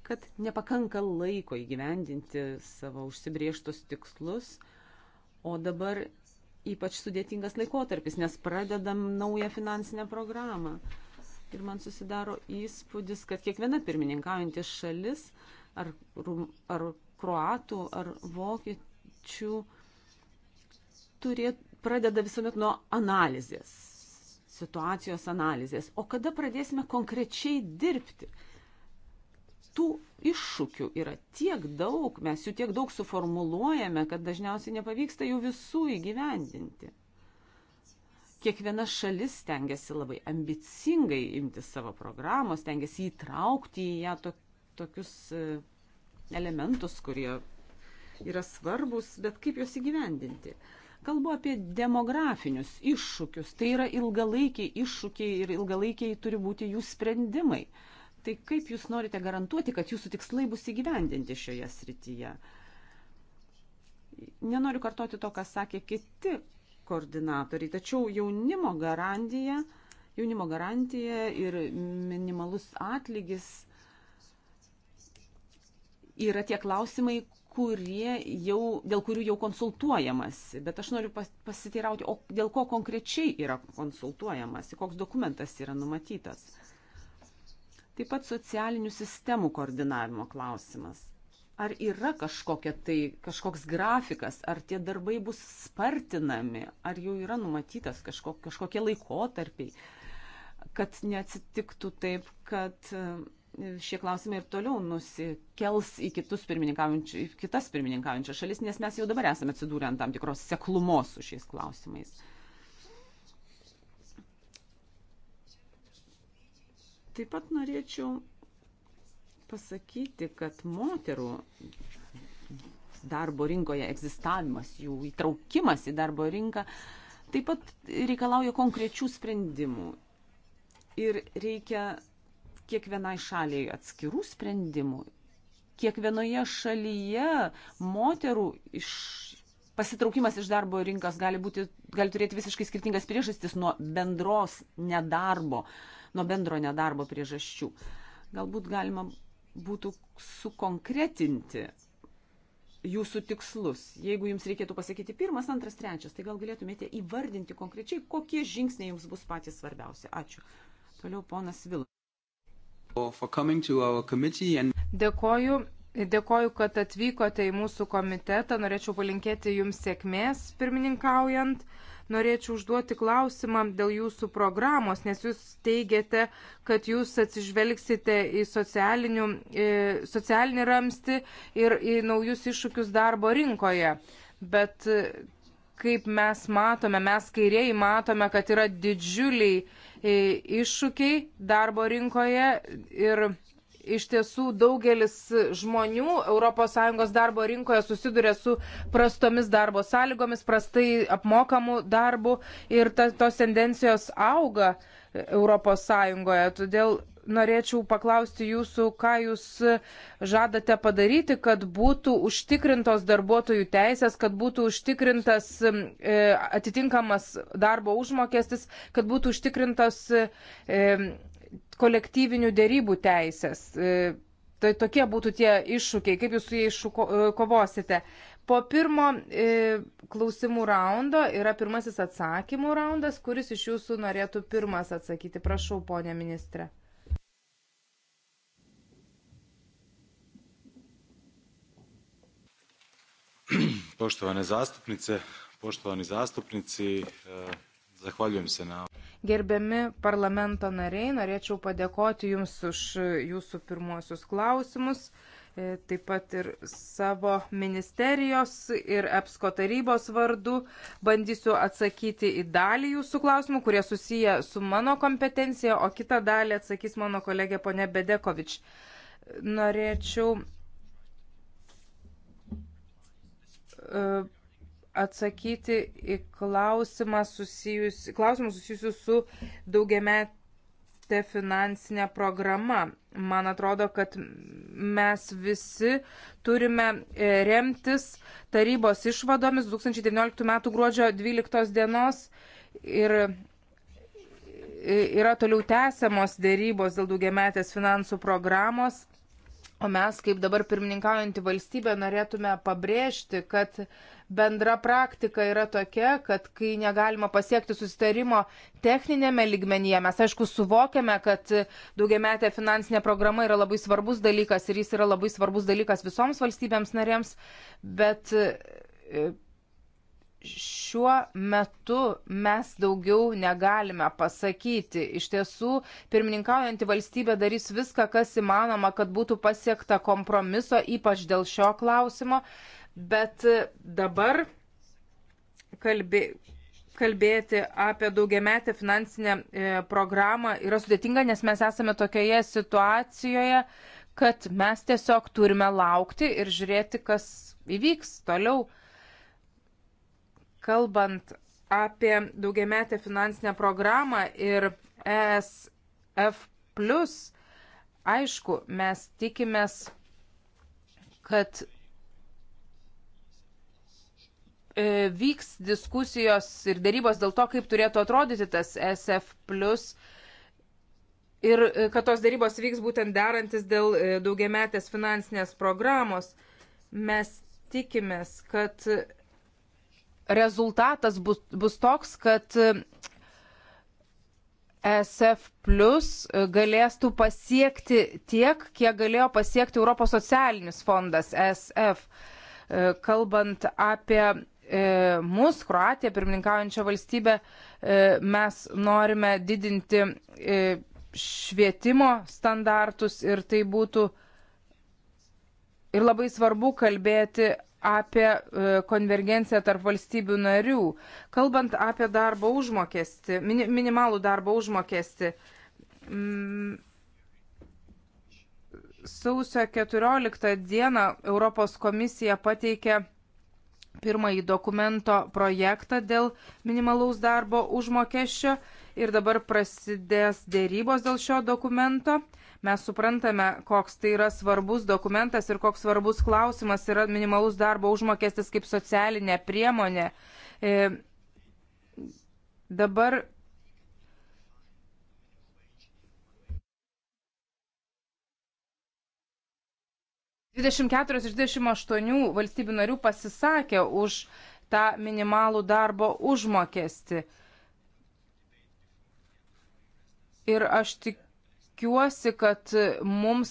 kad nepakanka laiko įgyvendinti savo užsibrieštus tikslus, o dabar ypač sudėtingas laikotarpis, nes pradedam naują finansinę programą. Ir man susidaro įspūdis, kad kiekviena pirmininkaujanti šalis, ar, ar kroatų, ar vokiečių, turėt, pradeda visuomet nuo analizės, situacijos analizės. O kada pradėsime konkrečiai dirbti? tų iššūkių yra tiek daug, mes jų tiek daug suformuluojame, kad dažniausiai nepavyksta jų visų įgyvendinti. Kiekviena šalis tengiasi labai ambicingai imti savo programos, tengiasi įtraukti į ją to, tokius e, elementus, kurie yra svarbus, bet kaip juos įgyvendinti. Kalbu apie demografinius iššūkius. Tai yra ilgalaikiai iššūkiai ir ilgalaikiai turi būti jų sprendimai. Uh, Tai kaip jūs norite garantuoti, kad jūsų tikslai bus įgyvendinti šioje srityje? Nenoriu kartoti to, ką sakė kiti koordinatoriai, tačiau jaunimo garantija, jaunimo garantija ir minimalus atlygis yra tie klausimai, kurie jau, dėl kurių jau konsultuojamasi. Bet aš noriu pas, pasiteirauti, o dėl ko konkrečiai yra konsultuojamasi, koks dokumentas yra numatytas. Taip pat socialinių sistemų koordinavimo klausimas. Ar yra kažkokia tai, kažkoks grafikas, ar tie darbai bus spartinami, ar jau yra numatytas kažko, kažkokie laikotarpiai, kad neatsitiktų taip, kad e, šie klausimai ir toliau nusikels į, į kitas pirmininkaujančias šalis, nes mes jau dabar esame atsidūrę ant tam tikros seklumos su šiais klausimais. Taip pat norėčiau pasakyti, kad moterų darbo rinkoje egzistavimas, jų įtraukimas į darbo rinką taip pat reikalauja konkrečių sprendimų. Ir reikia kiekvienai šaliai atskirų sprendimų. Kiekvienoje šalyje moterų iš pasitraukimas iš darbo rinkos gali, būti, gali turėti visiškai skirtingas priežastis nuo bendros nedarbo, nuo bendro nedarbo priežasčių. Galbūt galima būtų sukonkretinti jūsų tikslus. Jeigu jums reikėtų pasakyti pirmas, antras, trečias, tai gal galėtumėte įvardinti konkrečiai, kokie žingsniai jums bus patys svarbiausi. Ačiū. Toliau ponas Vilas. And... Dėkoju Dėkoju, kad atvykote į mūsų komitetą. Norėčiau palinkėti Jums sėkmės pirmininkaujant. Norėčiau užduoti klausimą dėl Jūsų programos, nes Jūs teigiate, kad Jūs atsižvelgsite į, į socialinį ramstį ir į naujus iššūkius darbo rinkoje. Bet e, kaip mes matome, mes kairiai matome, kad yra didžiuliai e, iššūkiai darbo rinkoje ir iš tiesų daugelis žmonių ES darbo rinkoje susiduria su prastomis darbo sąlygomis, prastai apmokamų darbų ir ta, tos tendencijos auga ES. Todėl norėčiau paklausti jūsų, ką jūs žadate padaryti, kad būtų užtikrintos darbuotojų teisės, kad būtų užtikrintas e, atitinkamas darbo užmokestis, kad būtų užtikrintas e, kolektyvinių dėrybų teisės. E, tai tokie būtų tie iššūkiai, kaip jūs su jais e, kovosite. Po pirmo e, klausimų raundo yra pirmasis atsakymų raundas, kuris iš jūsų norėtų pirmas atsakyti. Prašau, ponė ministrė. Poštovane zastupnice, poštovani zastupnici, e... Gerbiami parlamento nariai, norėčiau padėkoti Jums už Jūsų pirmosius klausimus, e, taip pat ir savo ministerijos ir EPSCO tarybos vardu. Bandysiu atsakyti į dalį Jūsų klausimų, kurie susiję su mano kompetencija, o kitą dalį atsakys mano kolegė ponė Bedekovič. Norėčiau. Uh, atsakyti į klausimą susijus, klausimus susijusius su daugiametė finansinė programa. Man atrodo, kad mes visi turime e, remtis tarybos išvadomis 2019 m. gruodžio 12 dienos ir e, yra toliau tęsiamos dėrybos dėl daugiametės finansų programos O mes, kaip dabar pirmininkaujantį valstybę, norėtume pabrėžti, kad bendra praktika yra tokia, kad kai negalima pasiekti susitarimo techninėme ligmenyje, mes aišku suvokiame, kad daugiametė finansinė programa yra labai svarbus dalykas ir jis yra labai svarbus dalykas visoms valstybėms narėms, bet e, šiuo metu mes daugiau negalime pasakyti. Iš tiesų, pirmininkaujanti valstybė darys viską, kas įmanoma, kad būtų pasiekta kompromiso, ypač dėl šio klausimo. Bet dabar kalbė, kalbėti apie daugiametę finansinę e, programą yra sudėtinga, nes mes esame tokioje situacijoje, kad mes tiesiog turime laukti ir žiūrėti, kas įvyks toliau kalbant apie daugiametę finansinę programą ir ESF, aišku, mes tikimės, kad e, vyks diskusijos ir darybos dėl to, kaip turėtų atrodyti tas e SF. Ir e, kad tos darybos vyks būtent derantis dėl daugiametės finansinės programos, mes tikimės, kad rezultatas bus, bus toks, kad e, SF plus e, galėstų pasiekti tiek, kiek galėjo pasiekti Europos socialinis fondas SF. E, kalbant apie mus, Kroatiją, pirmininkaujančią valstybę, mes norime didinti švietimo standartus ir tai būtų ir labai svarbu kalbėti apie e, konvergenciją tarp valstybių narių. Kalbant apie darbo užmokestį, minimalų darbo užmokestį, mm, sausio 14 dieną Europos komisija pateikė pirmąjį dokumento projektą dėl minimalaus darbo užmokesčio ir dabar prasidės dėrybos dėl šio dokumento. Mes suprantame, koks tai yra svarbus dokumentas ir koks svarbus klausimas yra minimalus darbo užmokestis kaip socialinė priemonė. E, dabar Dvidešimt keturios iš dvidešimt aštuonių valstybių narių pasisakė už tą minimalų darbo užmokestį. Ir aš tik tikiuosi, kad mums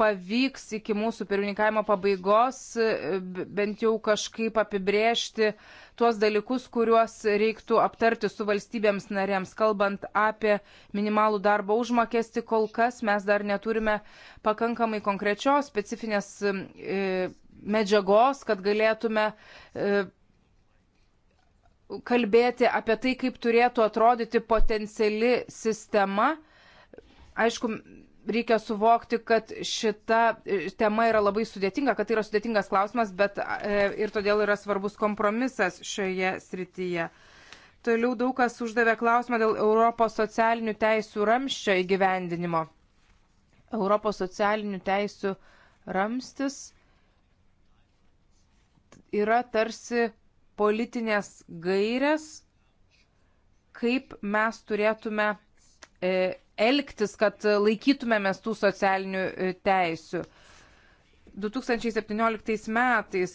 pavyks iki mūsų pirmininkavimo pabaigos e, bent jau kažkaip apibrėžti tuos dalykus, kuriuos reiktų aptarti su valstybėms narėms. Kalbant apie minimalų darbo užmokestį, kol kas mes dar neturime pakankamai konkrečios specifinės e, medžiagos, kad galėtume e, kalbėti apie tai, kaip turėtų atrodyti potenciali sistema Aišku, reikia suvokti, kad šita e, tema yra labai sudėtinga, kad tai yra sudėtingas klausimas, bet e, ir todėl yra svarbus kompromisas šioje srityje. Toliau daug kas uždavė klausimą dėl Europos socialinių teisų ramščio įgyvendinimo. Europos socialinių teisų ramstis yra tarsi politinės gairės, kaip mes turėtume E, elgtis, kad laikytumėmės tų socialinių e, teisių. 2017 metais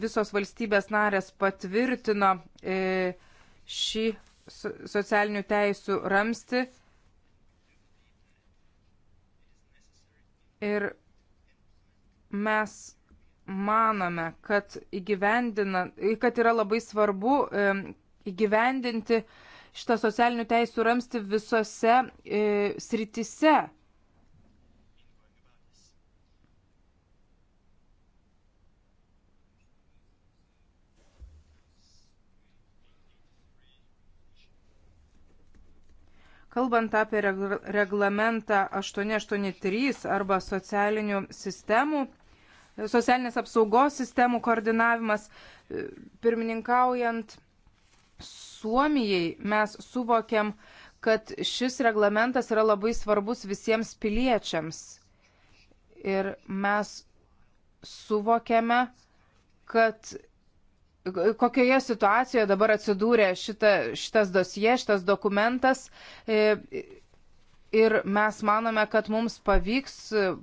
visos valstybės narės patvirtino e, šį socialinių teisių ramsti. Ir mes manome, kad, kad yra labai svarbu įgyvendinti e, šitą socialinių teisų ramsti visose e, sritise. Kalbant apie reglamentą 883 arba socialinių sistemų, socialinės apsaugos sistemų koordinavimas, e, pirmininkaujant Suomijai mes suvokiam, kad šis reglamentas yra labai svarbus visiems piliečiams. Ir mes suvokiame, kad kokioje situacijoje dabar atsidūrė šita, šitas dosie, šitas dokumentas. E, ir mes manome, kad mums pavyks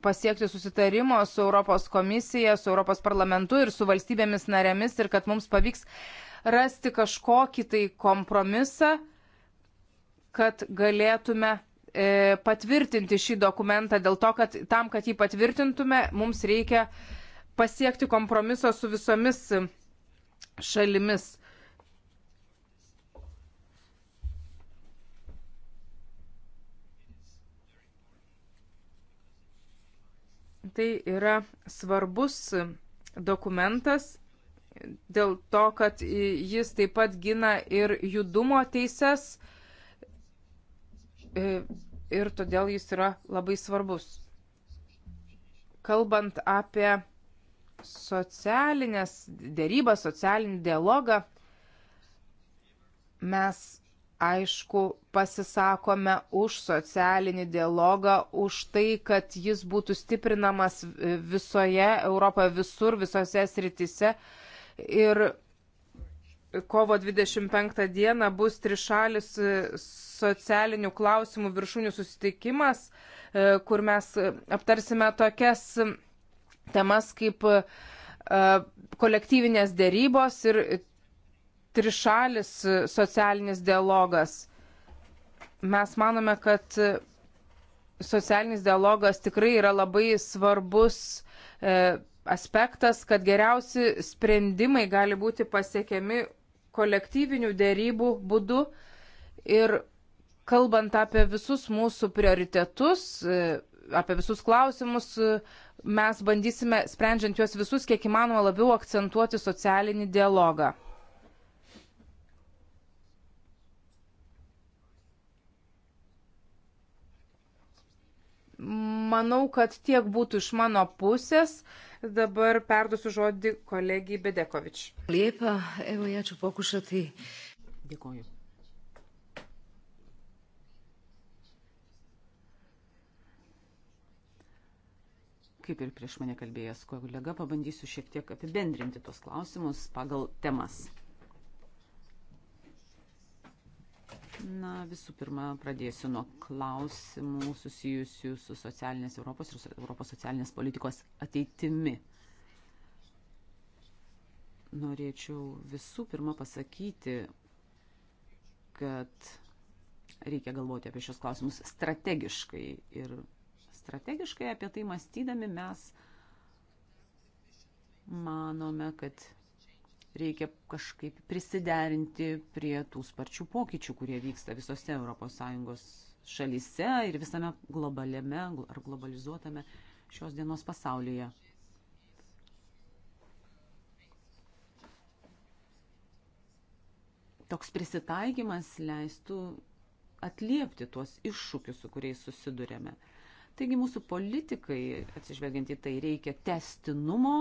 pasiekti susitarimo su Europos komisija, su Europos parlamentu ir su valstybėmis narėmis ir kad mums pavyks rasti kažkokį tai kompromisą, kad galėtume e, patvirtinti šį dokumentą, dėl to, kad tam, kad jį patvirtintume, mums reikia pasiekti kompromiso su visomis šalimis. Tai yra svarbus dokumentas dėl to, kad jis taip pat gina ir judumo teises ir todėl jis yra labai svarbus. Kalbant apie socialinės dėrybas, socialinį dialogą, mes aišku pasisakome už socialinį dialogą, už tai, kad jis būtų stiprinamas visoje Europoje, visur, visose sritise. Uh, ir kovo 25 dieną bus trišalis e, socialinių klausimų viršūnių susitikimas, e, kur mes e, aptarsime tokias temas kaip kolektyvinės dėrybos ir trišalis socialinis dialogas. Mes manome, kad socialinis dialogas tikrai yra labai svarbus aspektas, kad geriausi sprendimai gali būti pasiekiami kolektyvinių dėrybų būdu. Ir kalbant apie visus mūsų prioritetus, e, apie visus klausimus, e, mes bandysime, sprendžiant juos visus, kiek įmanoma labiau akcentuoti socialinį dialogą. Manau, kad tiek būtų iš mano pusės. Dabar perduosiu žodį kolegijai Bedekovič. Liepa, evo, ja čia pokušati. Dėkoju. kaip ir prieš mane kalbėjęs kolega, pabandysiu šiek tiek apibendrinti tos klausimus pagal temas. Na, visų pirma, pradėsiu nuo klausimų susijusių su socialinės Europos ir Europos socialinės politikos ateitimi. Norėčiau visų pirma pasakyti, kad reikia galvoti apie šios klausimus strategiškai. Ir strategiškai apie tai mąstydami mes manome, kad reikia kažkaip prisiderinti prie tų sparčių pokyčių, kurie vyksta visose ES šalyse ir visame globaliame ar globalizuotame šios dienos pasaulyje. Toks prisitaikymas leistų atliepti tuos iššūkius, su kuriais susidurėme. Taigi mūsų politikai, atsižvelgiant į tai, reikia testinumo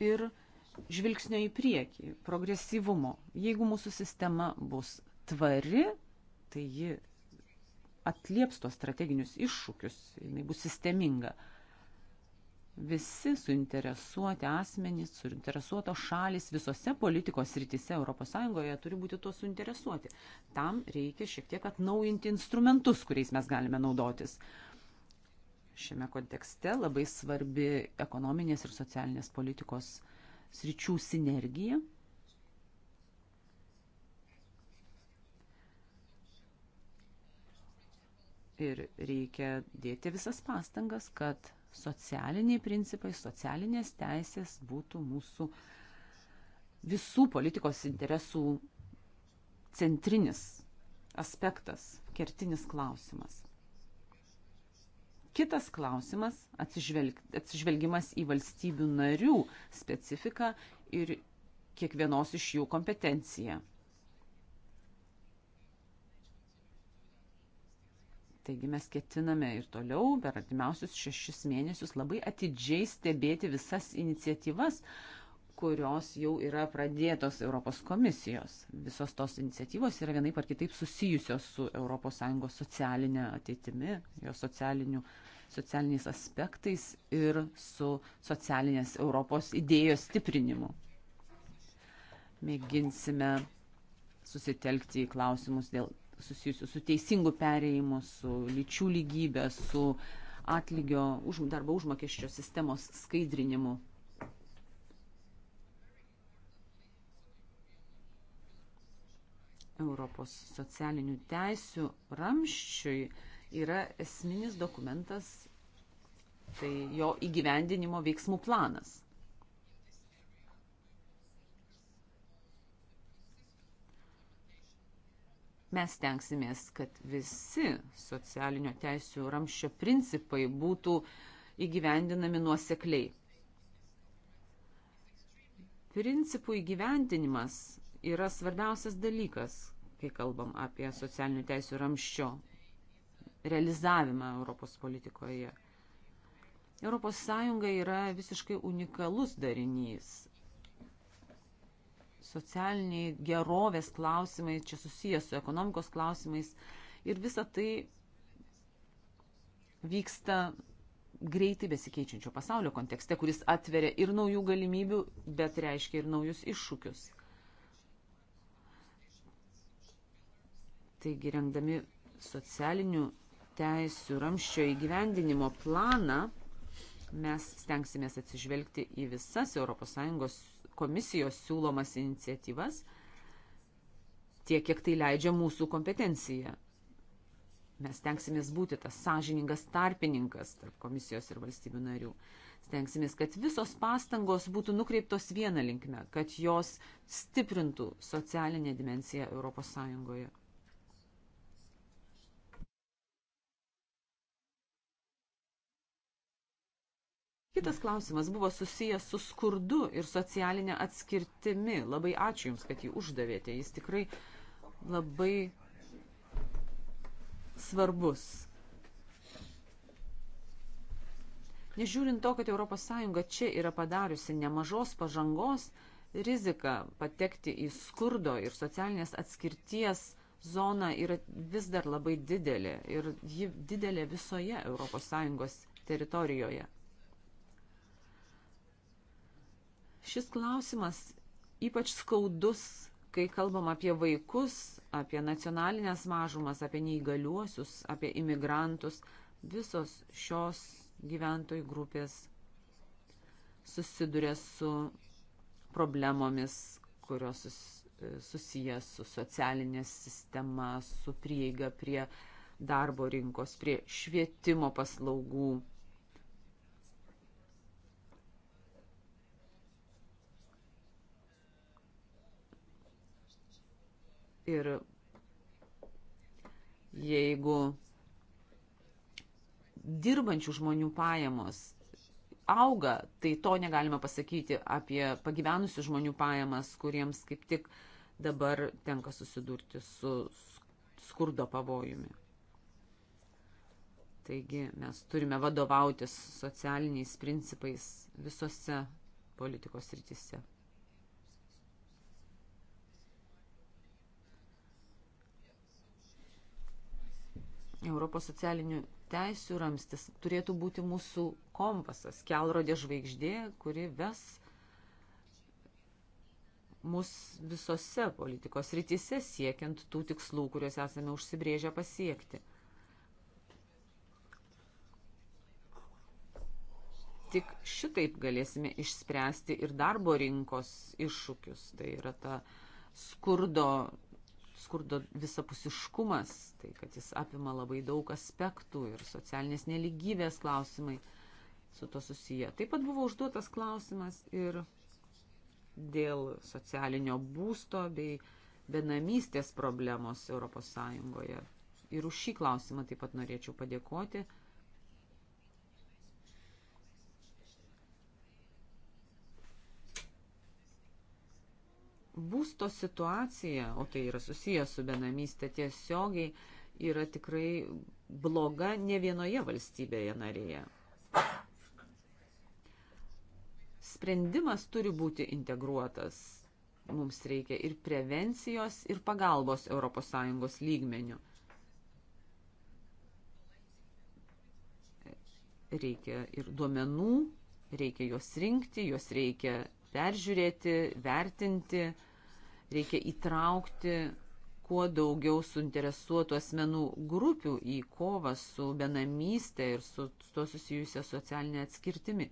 ir testinumo žvilgsnio į priekį, progresyvumo. Jeigu mūsų sistema bus tvari, tai ji atlieps tuos strateginius iššūkius, jinai bus sisteminga. Visi suinteresuoti asmenys, suinteresuotos šalis visose politikos rytise ES turi būti tuo suinteresuoti. Tam reikia šiek tiek atnaujinti instrumentus, kuriais mes galime naudotis. Šiame kontekste labai svarbi ekonominės ir socialinės politikos uh, sričių sinergiją. Ir reikia dėti visas pastangas, kad socialiniai principai, socialinės teisės būtų mūsų visų politikos interesų centrinis aspektas, kertinis klausimas. Kitas klausimas atsižvelg, atsižvelgimas į valstybių narių specifiką ir kiekvienos iš jų kompetenciją. Taigi mes ketiname ir toliau per artimiausius šešis mėnesius labai atidžiai stebėti visas iniciatyvas, kurios jau yra pradėtos Europos komisijos. Visos tos iniciatyvos yra vienaip ar kitaip susijusios su ES socialinė ateitimi, jos socialiniu socialiniais aspektais ir su socialinės Europos idėjos stiprinimu. Mėginsime susitelkti į klausimus dėl susijusių su teisingu perėjimu, su lyčių lygybė, su atlygio už, darbo užmokesčio sistemos skaidrinimu. Europos socialinių teisių ramščiui yra esminis dokumentas, tai jo įgyvendinimo veiksmų planas. Mes tenksimės, kad visi socialinio teisų ramščio principai būtų įgyvendinami nuosekliai. Principų įgyvendinimas yra svarbiausias dalykas, kai kalbam apie socialinių teisų ramščio realizavimą Europos politikoje. Europos Sąjunga yra visiškai unikalus darinys. Socialiniai gerovės klausimai, čia susijęs su ekonomikos klausimais ir visa tai vyksta greitai besikeičiančio pasaulio kontekste, kuris atveria ir naujų galimybių, bet reiškia ir naujus iššūkius. Taigi, rengdami socialinių teisų ramščio įgyvendinimo planą mes stengsimės atsižvelgti į visas ES komisijos siūlomas iniciatyvas tiek, kiek tai leidžia mūsų kompetencija. Mes tenksimės būti tas sąžiningas tarpininkas tarp komisijos ir valstybių narių. Stengsimės, kad visos pastangos būtų nukreiptos vieną linkmę, kad jos stiprintų socialinę dimenciją ES. Kitas klausimas buvo susijęs su skurdu ir socialinė atskirtimi. Labai ačiū Jums, kad jį uždavėte. Jis tikrai labai svarbus. Nežiūrint to, kad ES čia yra padariusi nemažos pažangos, rizika patekti į skurdo ir socialinės atskirties zona yra vis dar labai didelė ir ji didelė visoje ES teritorijoje. Šis klausimas ypač skaudus, kai kalbam apie vaikus, apie nacionalinės mažumas, apie neįgaliuosius, apie imigrantus. Visos šios gyventojų grupės susiduria su problemomis, kurios e, susijęs su socialinė sistema, su prieiga prie darbo rinkos, prie švietimo paslaugų, Ir jeigu dirbančių žmonių pajamos auga, tai to negalima pasakyti apie pagyvenusių žmonių pajamas, kuriems kaip tik dabar tenka susidurti su skurdo pavojumi. Taigi mes turime vadovautis socialiniais principais visose politikos rytise. Europos socialinių teisių ramstis turėtų būti mūsų kompasas, kelrodė žvaigždė, kuri ves mus visose politikos rytise siekiant tų tikslų, kuriuos esame užsibrėžę pasiekti. Tik šitaip galėsime išspręsti ir darbo rinkos iššūkius. Tai yra ta skurdo skurdo visapusiškumas, tai kad jis apima labai daug aspektų ir socialinės neligybės klausimai su to susiję. Taip pat buvo užduotas klausimas ir dėl socialinio būsto bei benamystės problemos ES. Ir už šį klausimą taip pat norėčiau padėkoti Būsto situacija, o tai yra susijęs su benamystė tiesiogiai, yra tikrai bloga ne vienoje valstybėje narėje. Sprendimas turi būti integruotas. Mums reikia ir prevencijos, ir pagalbos ES lygmenių. reikia ir duomenų, reikia juos rinkti, juos reikia peržiūrėti, vertinti, Reikia įtraukti kuo daugiau suinteresuotų asmenų grupių į kovą su benamystė ir su to susijusia socialinė atskirtimi.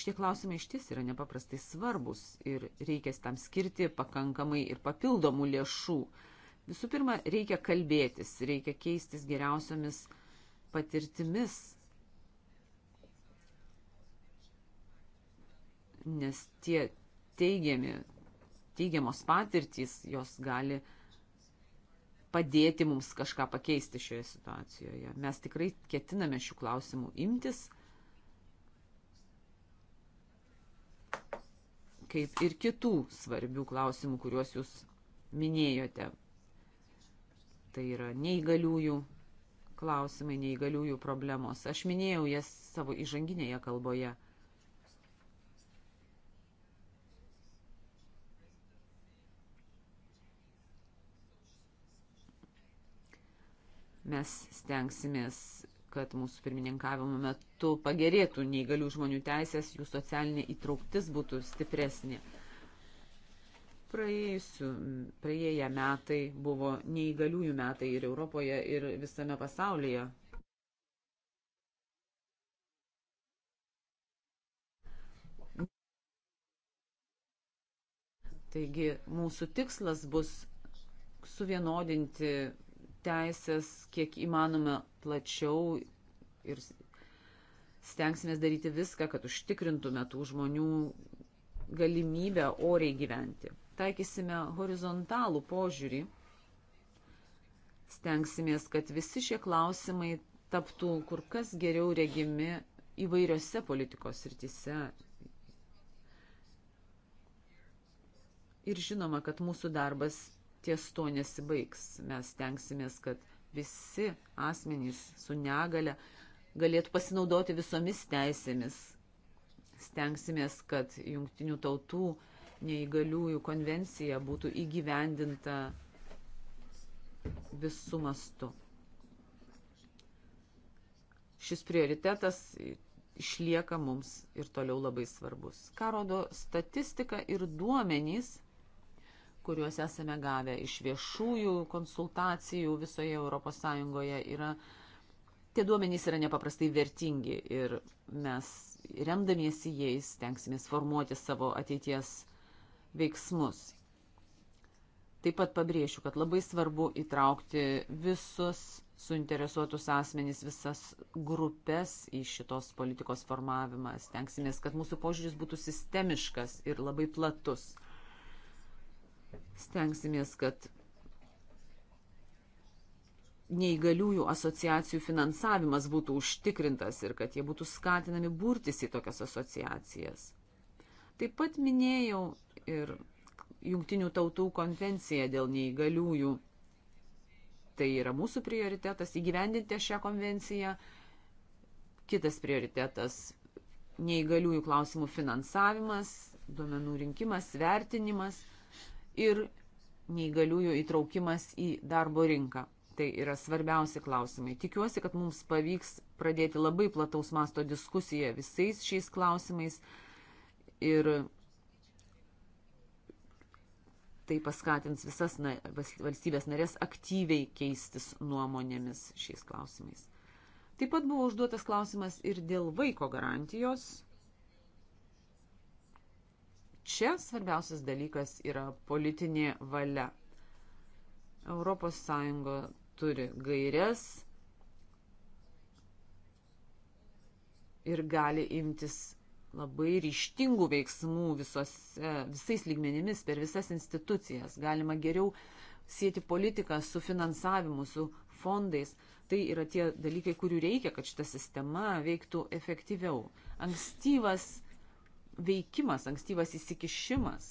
Šitie klausimai išties yra nepaprastai svarbus ir reikia tam skirti pakankamai ir papildomų lėšų. Visų pirma, reikia kalbėtis, reikia keistis geriausiomis patirtimis, nes tie teigiami, teigiamos patirtys, jos gali padėti mums kažką pakeisti šioje situacijoje. Mes tikrai ketiname šių klausimų imtis, kaip ir kitų svarbių klausimų, kuriuos jūs minėjote. Tai yra neįgaliųjų klausimai, neįgaliųjų problemos. Aš minėjau jas savo įžanginėje kalboje. Mes stengsimės, kad mūsų pirmininkavimo metu pagerėtų neįgalių žmonių teisės, jų socialinė įtrauktis būtų stipresnė. Praėjusiu, praėję metai buvo neįgaliųjų metai ir Europoje, ir visame pasaulyje. Taigi mūsų tikslas bus suvienodinti teisės kiek įmanoma plačiau ir stengsimės daryti viską, kad užtikrintume tų žmonių galimybę oriai gyventi. Taikysime horizontalų požiūrį, stengsimės, kad visi šie klausimai taptų kur kas geriau regimi įvairiose politikos rytise. Ir žinoma, kad mūsų darbas ties to nesibaigs. Mes tenksimės, kad visi asmenys su negale galėtų pasinaudoti visomis teisėmis. Stengsimės, kad jungtinių tautų neįgaliųjų konvencija būtų įgyvendinta visų mastu. Šis prioritetas išlieka mums ir toliau labai svarbus. Ką rodo statistika ir duomenys kuriuos esame gavę iš viešųjų konsultacijų visoje ES, yra, tie duomenys yra nepaprastai vertingi ir mes remdamiesi jais tenksimės formuoti savo ateities veiksmus. Taip pat pabrėšiu, kad labai svarbu įtraukti visus suinteresuotus asmenys, visas grupės į šitos politikos formavimą. Stengsimės, kad mūsų požiūris būtų sistemiškas ir labai platus. Stengsimės, kad neįgaliųjų asociacijų finansavimas būtų užtikrintas ir kad jie būtų skatinami burtis į tokias asociacijas. Taip pat minėjau ir Jungtinių tautų konvenciją dėl neįgaliųjų. Tai yra mūsų prioritetas įgyvendinti šią konvenciją. Kitas prioritetas - neįgaliųjų klausimų finansavimas, duomenų rinkimas, vertinimas – ir neįgaliųjų įtraukimas į darbo rinką. Tai yra svarbiausi klausimai. Tikiuosi, kad mums pavyks pradėti labai plataus masto diskusiją visais šiais klausimais ir tai paskatins visas na, valstybės narės aktyviai keistis nuomonėmis šiais klausimais. Taip pat buvo užduotas klausimas ir dėl vaiko garantijos čia svarbiausias dalykas yra politinė valia. ES turi gairias ir gali imtis labai ryštingų veiksmų visos, visais lygmenimis per visas institucijas. Galima geriau sėti politiką su finansavimu, su fondais. Tai yra tie dalykai, kurių reikia, kad šita sistema veiktų efektyviau. Ankstyvas veikimas, ankstyvas įsikišimas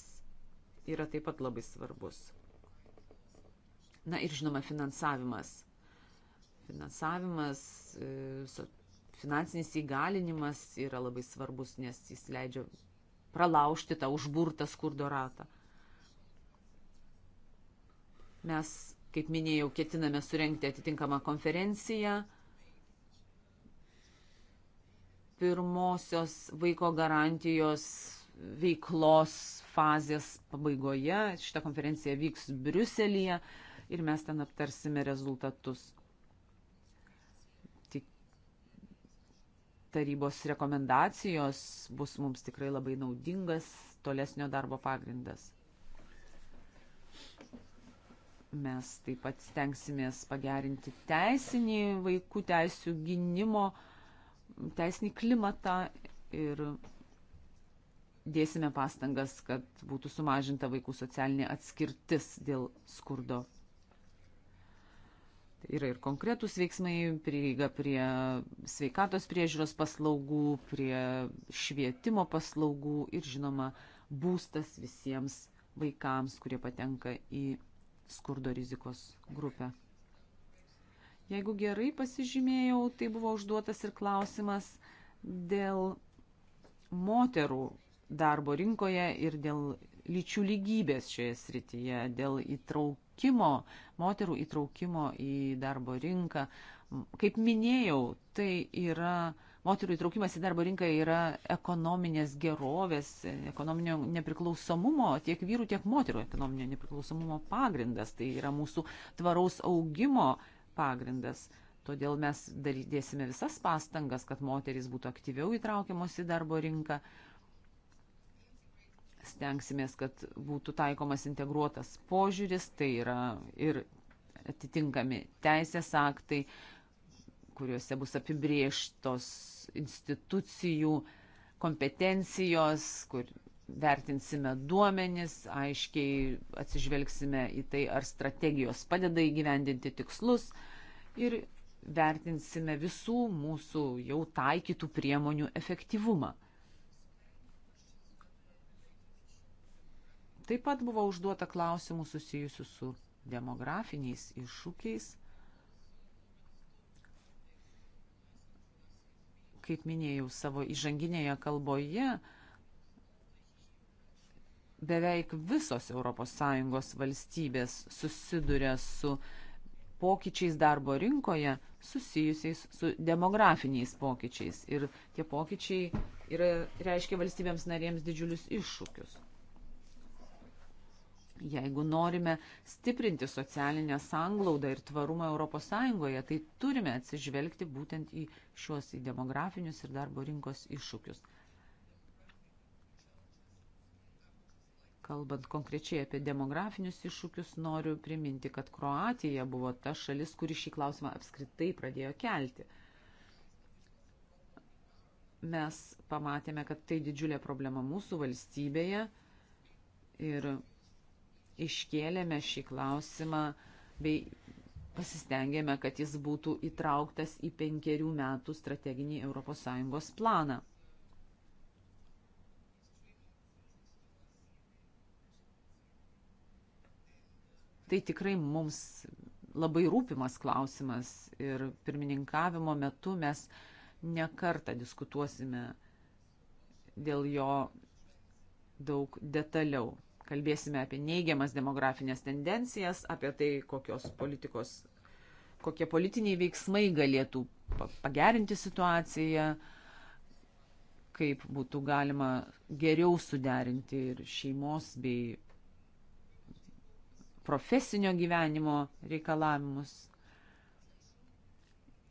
yra taip pat labai svarbus. Na ir žinoma, finansavimas. Finansavimas, e, finansinis įgalinimas yra labai svarbus, nes jis leidžia pralaužti tą užburtą skurdo ratą. Mes, kaip minėjau, ketiname surenkti atitinkamą konferenciją pirmosios vaiko garantijos veiklos fazės pabaigoje. Šita konferencija vyks Briuselėje ir mes ten aptarsime rezultatus. Tik tarybos rekomendacijos bus mums tikrai labai naudingas tolesnio darbo pagrindas. Mes taip pat stengsimės pagerinti teisinį vaikų teisų gynimo uh, teisinį klimatą ir dėsime pastangas, kad būtų sumažinta vaikų socialinė atskirtis dėl skurdo. Tai yra ir konkretūs veiksmai, prieiga prie sveikatos priežiūros paslaugų, prie švietimo paslaugų ir, žinoma, būstas visiems vaikams, kurie patenka į skurdo rizikos grupę. Jeigu gerai pasižymėjau, tai buvo užduotas ir klausimas dėl moterų darbo rinkoje ir dėl lyčių lygybės šioje srityje, dėl įtraukimo, moterų įtraukimo į darbo rinką. Kaip minėjau, tai yra moterų įtraukimas į darbo rinką yra ekonominės gerovės, ekonominio nepriklausomumo, tiek vyrų, tiek moterų ekonominio nepriklausomumo pagrindas. Tai yra mūsų tvaraus augimo pagrindas. Todėl mes dėsime visas pastangas, kad moteris būtų aktyviau įtraukiamos į darbo rinką. Stengsimės, kad būtų taikomas integruotas požiūris, tai yra ir atitinkami teisės aktai, kuriuose bus apibrieštos institucijų kompetencijos, kur vertinsime duomenis, aiškiai atsižvelgsime į tai, ar strategijos padeda įgyvendinti tikslus ir vertinsime visų mūsų jau taikytų priemonių efektyvumą. Taip pat buvo užduota klausimų susijusių su demografiniais iššūkiais. Kaip minėjau savo įžanginėje kalboje, beveik visos ES valstybės susiduria su pokyčiais darbo rinkoje susijusiais su demografiniais pokyčiais. Ir tie pokyčiai yra, reiškia valstybėms narėms didžiulius iššūkius. Jeigu norime stiprinti socialinę sanglaudą ir tvarumą ES, tai turime atsižvelgti būtent į šios į demografinius ir darbo rinkos iššūkius. Kalbant konkrečiai apie demografinius iššūkius, noriu priminti, kad Kroatija buvo ta šalis, kuri šį klausimą apskritai pradėjo kelti. Mes pamatėme, kad tai didžiulė problema mūsų valstybėje ir iškėlėme šį klausimą bei pasistengėme, kad jis būtų įtrauktas į penkerių metų strateginį ES planą. tai tikrai mums labai rūpimas klausimas ir pirmininkavimo metu mes nekartą diskutuosime dėl jo daug detaliau. Kalbėsime apie neigiamas demografinės tendencijas, apie tai, kokios politikos, kokie politiniai veiksmai galėtų pagerinti situaciją, kaip būtų galima geriau suderinti ir šeimos bei profesinio gyvenimo reikalavimus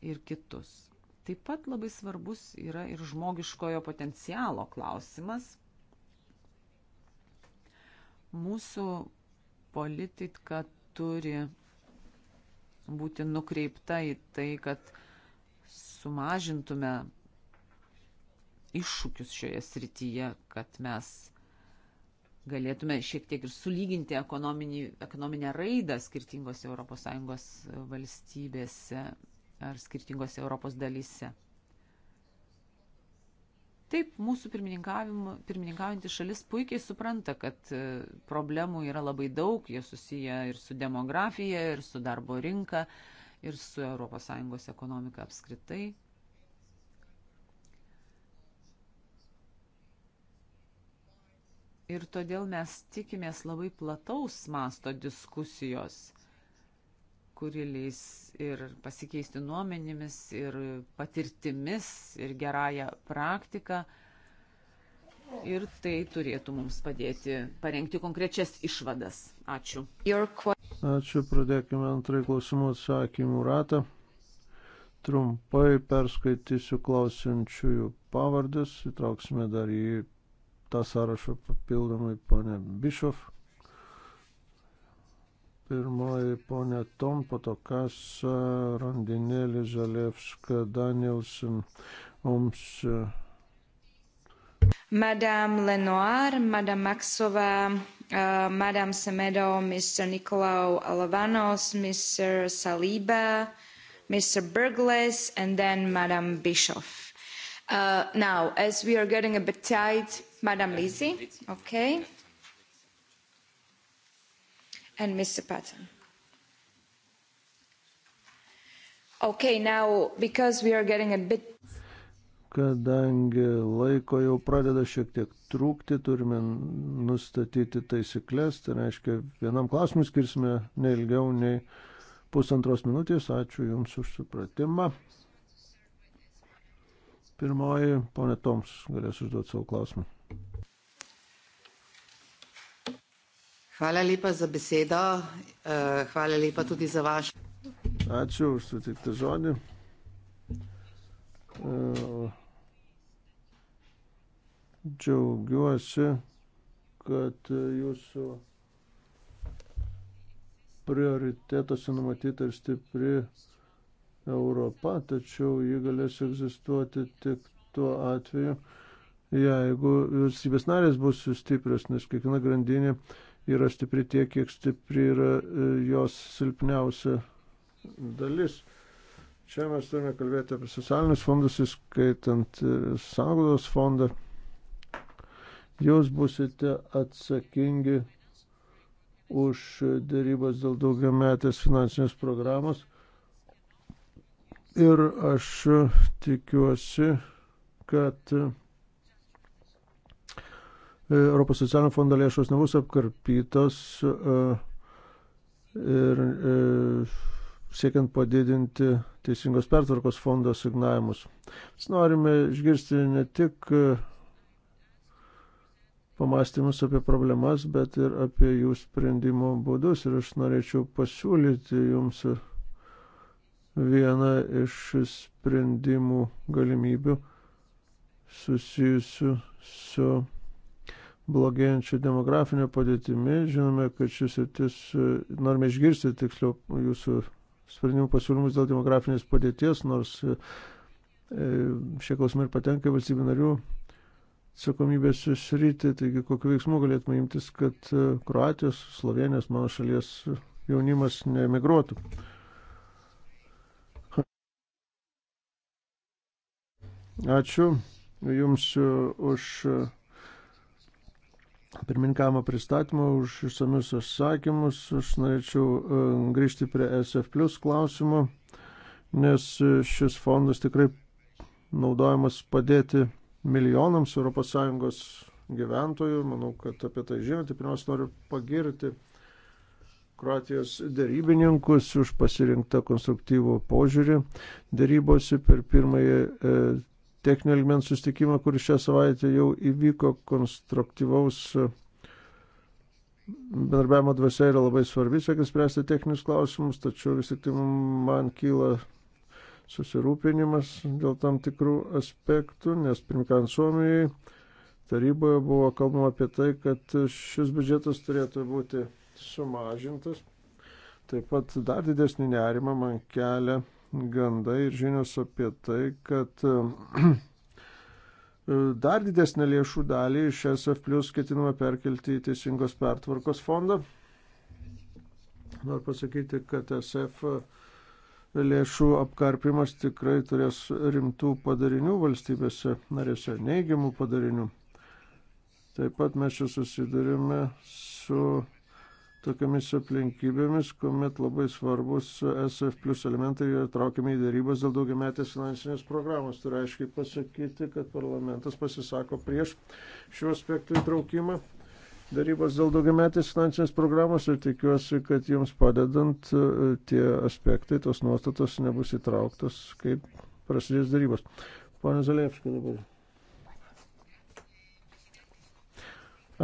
ir kitus. Taip pat labai svarbus yra ir žmogiškojo potencialo klausimas. Mūsų politika turi būti nukreipta į tai, kad sumažintume iššūkius šioje srityje, kad mes galėtume šiek tiek ir sulyginti ekonominę raidą skirtingose ES e, valstybėse ar skirtingose Europos dalyse. Taip, mūsų pirmininkaujantys šalis puikiai supranta, kad e, problemų yra labai daug, jie susiję ir su demografija, ir su darbo rinka, ir su ES ekonomika apskritai. ir todėl mes tikimės labai plataus masto diskusijos, kuri leis ir pasikeisti nuomenimis, ir patirtimis, ir gerąją praktiką. Ir tai turėtų mums padėti parengti konkrečias išvadas. Ačiū. Ačiū, pradėkime antrąjį klausimų atsakymų ratą. Trumpai perskaitysiu klausiančiųjų pavardės, įtrauksime dar į tą sąrašą papildomai ponė Bišov. Pirmoji ponė Tom, po to Kasa, Randinėlė, Žalevska, Danielsen, Oms. E, Madame Lenoir, Madame Maxova, uh, Madame Semedo, Mr. Nicolau Alavanos, Mr. Saliba, Mr. Burgles, and then Madame Bischoff. Uh, now, as we are getting a bit tight, Madam Lisi, okay. And Mr. Patton. Okay, now, because we are getting a bit kadangi laiko jau pradeda šiek tiek trūkti, turime nustatyti taisyklės, tai reiškia, vienam klausimui skirsime neilgiau nei pusantros minutės. Ačiū Jums už supratimą. Pirmoji, ponė Toms, galės užduoti savo klausimą. Hvala lepa za besedo, eh, hvala lepa tudi za vaš. Ačiū už sutiktą žodį. Eh, džiaugiuosi, kad jūsų prioritetuose numatyta ir stipri Europa, tačiau ji galės egzistuoti tik tuo atveju, jeigu valstybės narės bus stiprios, nes kiekviena grandinė uh, yra stipri tiek, kiek stipri yra e, jos silpniausia dalis. Čia mes turime kalbėti apie socialinius fondus, įskaitant e, sąnaudos fondą. Jūs busite atsakingi už dėrybas dėl daugiametės finansinės programos. Ir aš tikiuosi, kad E, Europos socialinio fondo lėšos nebus apkarpytos e, ir e, siekiant padidinti teisingos pertvarkos fondo signavimus. Mes norime išgirsti ne tik pamastymus apie problemas, bet ir apie jų sprendimo būdus. Ir aš norėčiau pasiūlyti jums vieną iš sprendimų galimybių susijusių su blogėjančia demografinė padėtimi. Žinome, kad šis sritis, e, norime išgirsti tiksliau jūsų sprendimų pasiūlymus dėl demografinės padėties, nors e, e, šie klausimai ir patenka į valstybių narių atsakomybės sritį, taigi kokiu veiksmu galėtume imtis, kad Kroatijos, Slovenijos, mano šalies jaunimas neemigruotų. Ačiū Jums už pirmininkavimo pristatymą, už išsamius atsakymus. Aš norėčiau e, grįžti prie SF Plus klausimų, nes šis fondas tikrai naudojamas padėti milijonams ES gyventojų. Manau, kad apie tai žinote. Pirmiausia, noriu pagirti Kroatijos dėrybininkus už pasirinktą konstruktyvų požiūrį dėrybose per pirmąjį e, techninio ligmens sustikimą, kuris šią savaitę jau įvyko konstruktyvaus e, bendarbiavimo dvasia yra labai svarbi, siekiant spręsti techninius klausimus, tačiau vis tik tai man kyla susirūpinimas dėl tam tikrų aspektų, nes pirmkant Suomijai taryboje buvo kalbama apie tai, kad šis biudžetas turėtų būti sumažintas. Taip pat dar didesnį nerimą man kelia gandai ir žinios apie tai, kad e, e, dar didesnę lėšų dalį iš SF plus ketinama perkelti į Teisingos pertvarkos fondą. Noriu pasakyti, kad SF e, lėšų apkarpimas tikrai turės rimtų padarinių valstybėse narėse, neigiamų padarinių. Taip pat mes čia susidurime su tokiamis aplinkybėmis, kuomet labai svarbus SF plus elementai yra traukiami į darybas dėl daugiametės finansinės programos. Turiu aiškiai pasakyti, kad parlamentas pasisako prieš šių aspektų įtraukimą. Darybos dėl daugiametės finansinės programos ir tikiuosi, kad jums padedant e, tie aspektai, tos nuostatos nebus įtrauktos, kaip prasidės darybos. Pane Zalievskai dabar.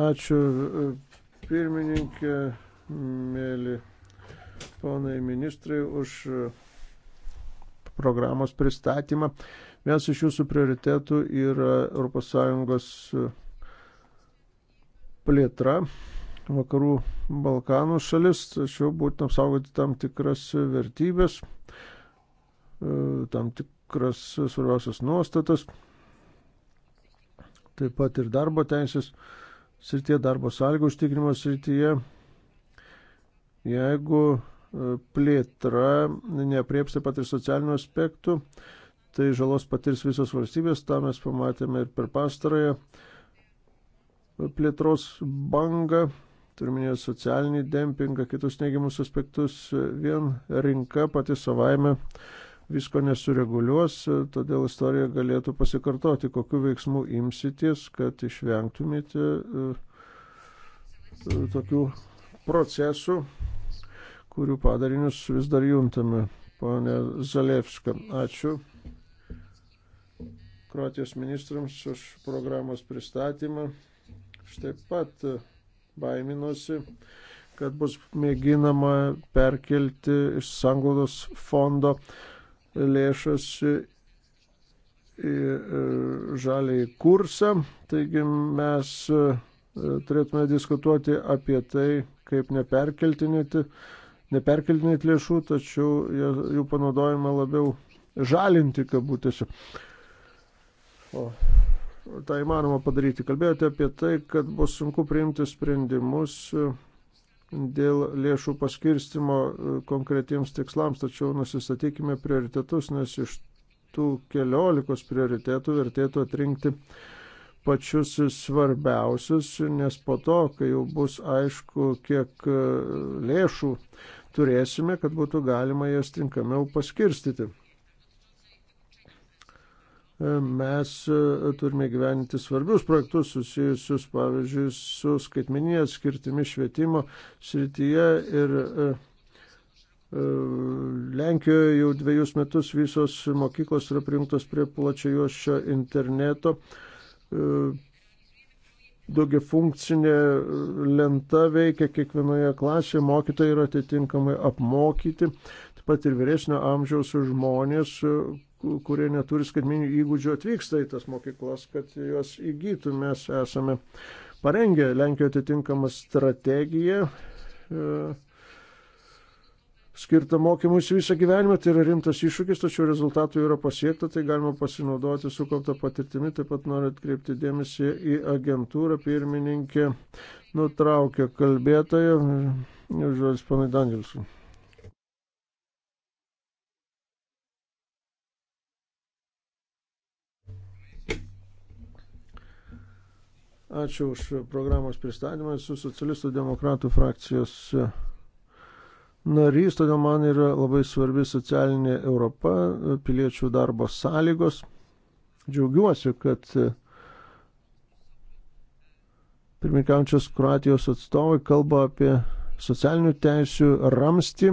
Ačiū e, pirmininkė mėly ponai ministrai, už e, programos pristatymą. Vienas iš jūsų prioritetų yra ES e, plėtra vakarų Balkanų šalis, tačiau būtent apsaugoti tam tikras vertybės, e, tam tikras svarbiausias nuostatas, taip pat ir darbo teisės srityje, darbo sąlygų užtikrimo srityje Jeigu e, plėtra neaprieps taip pat ir socialinių aspektų, tai žalos patirs visos valstybės, tą mes pamatėme ir per pastarąją e, plėtros bangą, turminėjo socialinį dempingą, kitus neigiamus aspektus, vien rinka pati savaime visko nesureguliuos, e, todėl istorija galėtų pasikartoti, kokiu veiksmu imsities, kad išvengtumėte tokių procesų, kurių padarinius vis dar juntame. Pane Zalevska, ačiū. Kroatijos ministrams už programos pristatymą. Štai pat baiminosi, kad bus mėginama perkelti iš sanglaudos fondo lėšas į e, žalį kursą. Taigi mes e, turėtume diskutuoti apie tai, kaip neperkeltinėti, neperkeltinėti lėšų, tačiau jų panaudojimą labiau žalinti kabutėse. O tą tai įmanoma padaryti. Kalbėjote apie tai, kad bus sunku priimti sprendimus e, dėl lėšų paskirstimo e, konkretiems tikslams, tačiau nusistatykime prioritetus, nes iš tų keliolikos prioritetų vertėtų atrinkti pačius svarbiausius, nes po to, kai jau bus aišku, kiek e, lėšų turėsime, kad būtų galima jas tinkamiau paskirstyti. E, mes e, turime gyventi svarbius projektus susijusius, pavyzdžiui, su skaitmeninė skirtimi švietimo srityje ir Lenkijoje jau dviejus metus visos mokyklos yra prijungtos prie plačiojošio interneto. E, daugia funkcinė lenta veikia kiekvienoje klasėje, mokytojai yra atitinkamai apmokyti, taip pat ir vyresnio amžiaus žmonės, e, kurie neturi skaitminių įgūdžių, atvyksta į tas mokyklas, kad juos įgytų. Mes esame parengę Lenkijoje atitinkamą strategiją. E, skirta mokymuisi visą gyvenimą, tai yra rimtas iššūkis, tačiau rezultatų yra pasiekta, tai galima pasinaudoti sukauptą patirtimį. Taip pat noriu atkreipti dėmesį į agentūrą, pirmininkė nutraukė kalbėtoją, žodis panai Danielsui. Ačiū už programos pristatymą. Esu socialistų demokratų frakcijos narys, todėl man yra labai svarbi socialinė Europa, piliečių darbo sąlygos. Džiaugiuosi, kad e, pirmininkaujančios Kroatijos atstovai kalba apie socialinių teisių ramsti.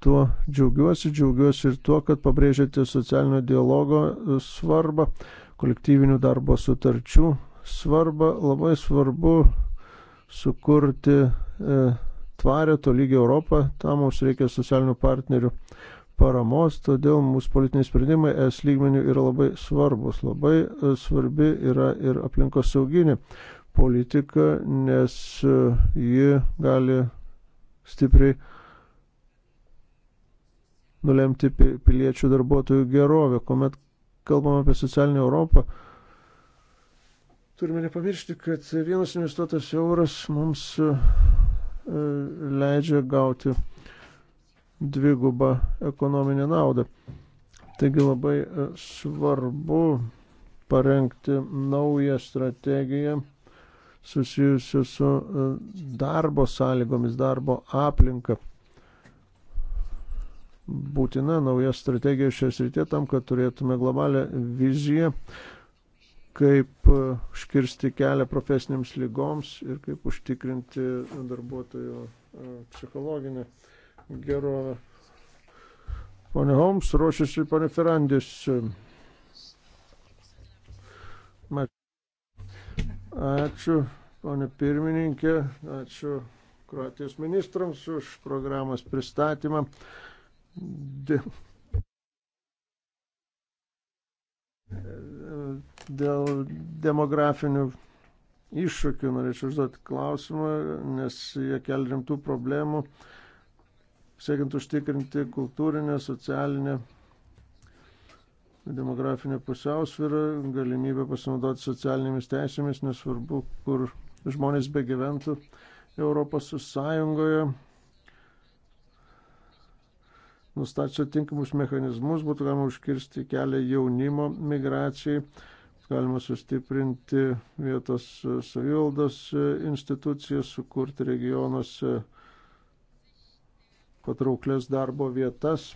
Tuo džiaugiuosi, džiaugiuosi ir tuo, kad pabrėžėte socialinio dialogo e, svarbą, kolektyvinių darbo sutarčių svarbą. Labai svarbu sukurti e, tvarę, to lygio Europą, tam mums reikia socialinių partnerių paramos, todėl mūsų politiniai sprendimai es lygmenių yra labai svarbus. Labai e, svarbi yra ir aplinkos sauginė politika, nes e, ji gali stipriai nulemti piliečių darbuotojų gerovę. Komet kalbam apie socialinę Europą, turime nepamiršti, kad vienas investuotas euras mums e, leidžia gauti dvigubą ekonominę naudą. Taigi labai e, svarbu parengti naują strategiją susijusiu su e, darbo sąlygomis, darbo aplinka. Būtina nauja strategija šioje srityje tam, kad turėtume globalią viziją kaip e, užkirsti kelią profesinėms lygoms ir kaip užtikrinti darbuotojų e, psichologinę gerovę. Pone Holmes, ruošiasi pane Ferandis. Ačiū, pane pirmininkė, ačiū Kroatijos ministrams už programos pristatymą. Dėl Dėl demografinių iššūkių norėčiau užduoti klausimą, nes jie kelia rimtų problemų, siekiant užtikrinti kultūrinę, socialinę, demografinę pusiausvyrą, galimybę pasinaudoti socialinėmis teisėmis, nesvarbu, kur žmonės begyventų Europos Sąjungoje nustačius tinkamus mechanizmus būtų galima užkirsti kelią jaunimo migracijai, galima sustiprinti vietos savivaldos institucijas, sukurti regionuose patrauklės darbo vietas.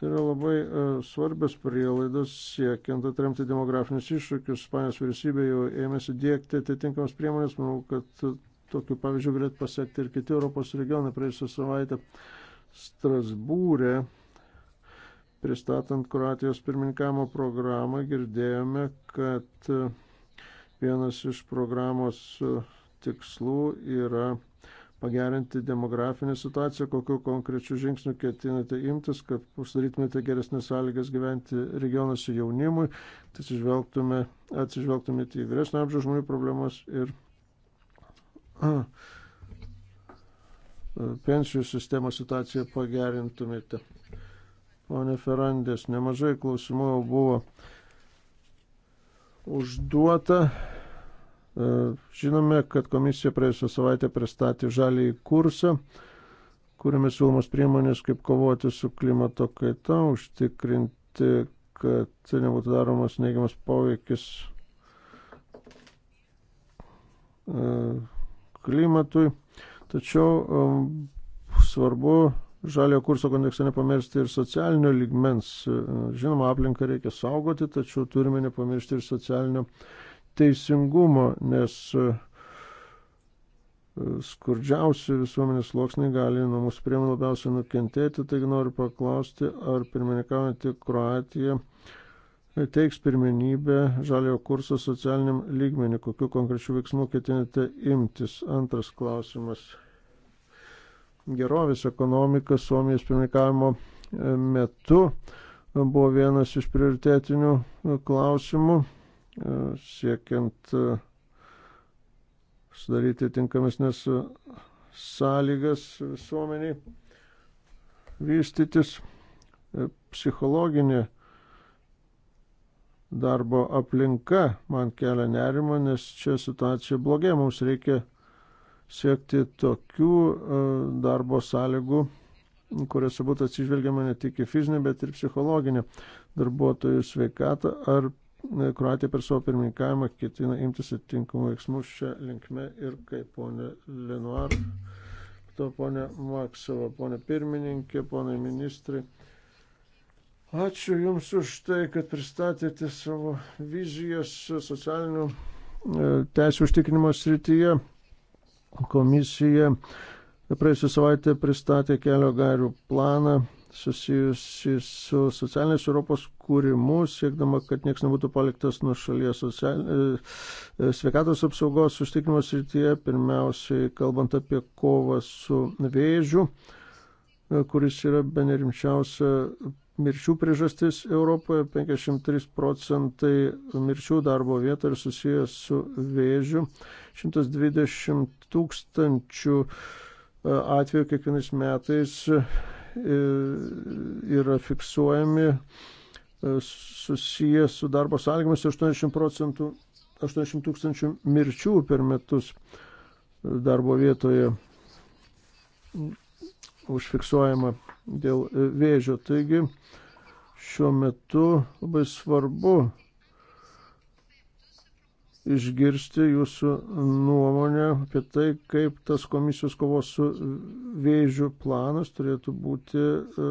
Tai yra labai e, svarbios prielaidos siekiant atremti demografinius iššūkius. Spanijos vyriausybė jau ėmėsi dėkti atitinkamas priemonės. Manau, kad Tokiu pavyzdžiu galėtų pasiekti ir kiti Europos regionai. Praėjusią savaitę Strasbūrė pristatant Kroatijos pirmininkavimo programą girdėjome, kad vienas iš programos tikslų yra pagerinti demografinę situaciją, kokiu konkrečiu žingsniu ketinate imtis, kad uždarytumėte geresnės sąlygas gyventi regionuose jaunimui, atsižvelgtumėte atsižvelgtumėte į vyresnio amžiaus žmonių problemas ir pensijų sistemos situaciją pagerintumėte. Pone Ferandės, nemažai klausimų jau buvo užduota. Žinome, kad komisija praėjusią savaitę pristatė žalį kursą, kuriame siūlomos priemonės, kaip kovoti su klimato kaita, užtikrinti, kad nebūtų daromas neigiamas poveikis klimatui. Tačiau um, svarbu žalio kurso kontekste nepamiršti ir socialinio ligmens. Žinoma, aplinką reikia saugoti, tačiau turime nepamiršti ir socialinio teisingumo, nes uh, skurdžiausi visuomenės sluoksniai gali nuo mūsų priemonių labiausiai nukentėti. Taigi noriu paklausti, ar pirmininkaujantį Kroatiją teiks pirmenybę žaliojo kurso socialiniam lygmenį, kokiu konkrečiu veiksmu ketinate imtis. Antras klausimas. Gerovės ekonomika Suomijos pirmininkavimo e, metu buvo vienas iš prioritetinių e, klausimų, e, siekiant sudaryti tinkamesnės sąlygas visuomeniai vystytis. Psichologinė darbo aplinka man kelia nerima, nes čia situacija blogė. Mums reikia siekti tokių e, darbo sąlygų, kuriuose būtų atsižvelgiama ne tik į fizinę, bet ir psichologinę darbuotojų sveikatą ar e, Kroatija per savo pirmininkavimą ketina imtis atitinkamų veiksmų šią linkmę ir kaip ponė Lenoir, to ponė Maksova, ponė pirmininkė, ponai ministrai. Ačiū Jums už tai, kad pristatėte savo vizijas socialinių e, teisų užtikrinimo srityje. Komisija praėjusią savaitę pristatė kelio gairių planą susijusi su socialinės Europos kūrimu, siekdama, kad niekas nebūtų paliktas nuo šalies social... E, e, sveikatos apsaugos užtikrinimo srityje, pirmiausiai kalbant apie kovą su vėžiu kuris yra benerimčiausia mirčių priežastis Europoje, 53 procentai mirčių darbo vietą ir susijęs su vėžiu, 120 tūkstančių e, atvejų kiekvienais metais e, yra fiksuojami e, susijęs su darbo sąlygomis 80 procentų, 80 tūkstančių mirčių per metus darbo vietoje užfiksuojama dėl vėžio. Taigi šiuo metu labai svarbu išgirsti jūsų nuomonę apie tai, kaip tas komisijos kovos su vėžiu planas turėtų būti e,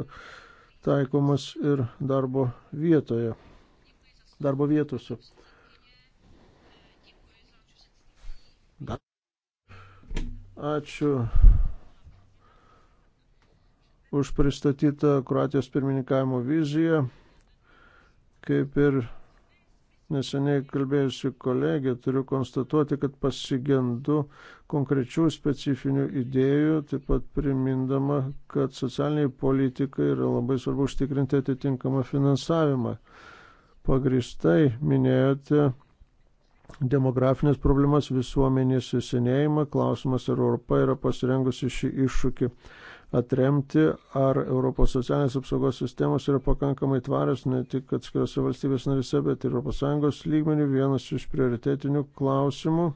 taikomas ir darbo vietoje, darbo vietose. Ačiū už pristatytą Kroatijos pirmininkavimo viziją. Kaip ir neseniai kalbėjusi kolegė, turiu konstatuoti, kad pasigendu konkrečių specifinių idėjų, taip pat primindama, kad socialiniai politikai yra labai svarbu užtikrinti atitinkamą finansavimą. Pagristai minėjote demografinės problemas visuomenės įsienėjimą, klausimas, ar Europa yra pasirengusi šį iššūkį atremti, ar Europos socialinės apsaugos sistemos yra pakankamai tvarios ne tik atskirose valstybės narise, bet ir ES lygmenių vienas iš prioritetinių klausimų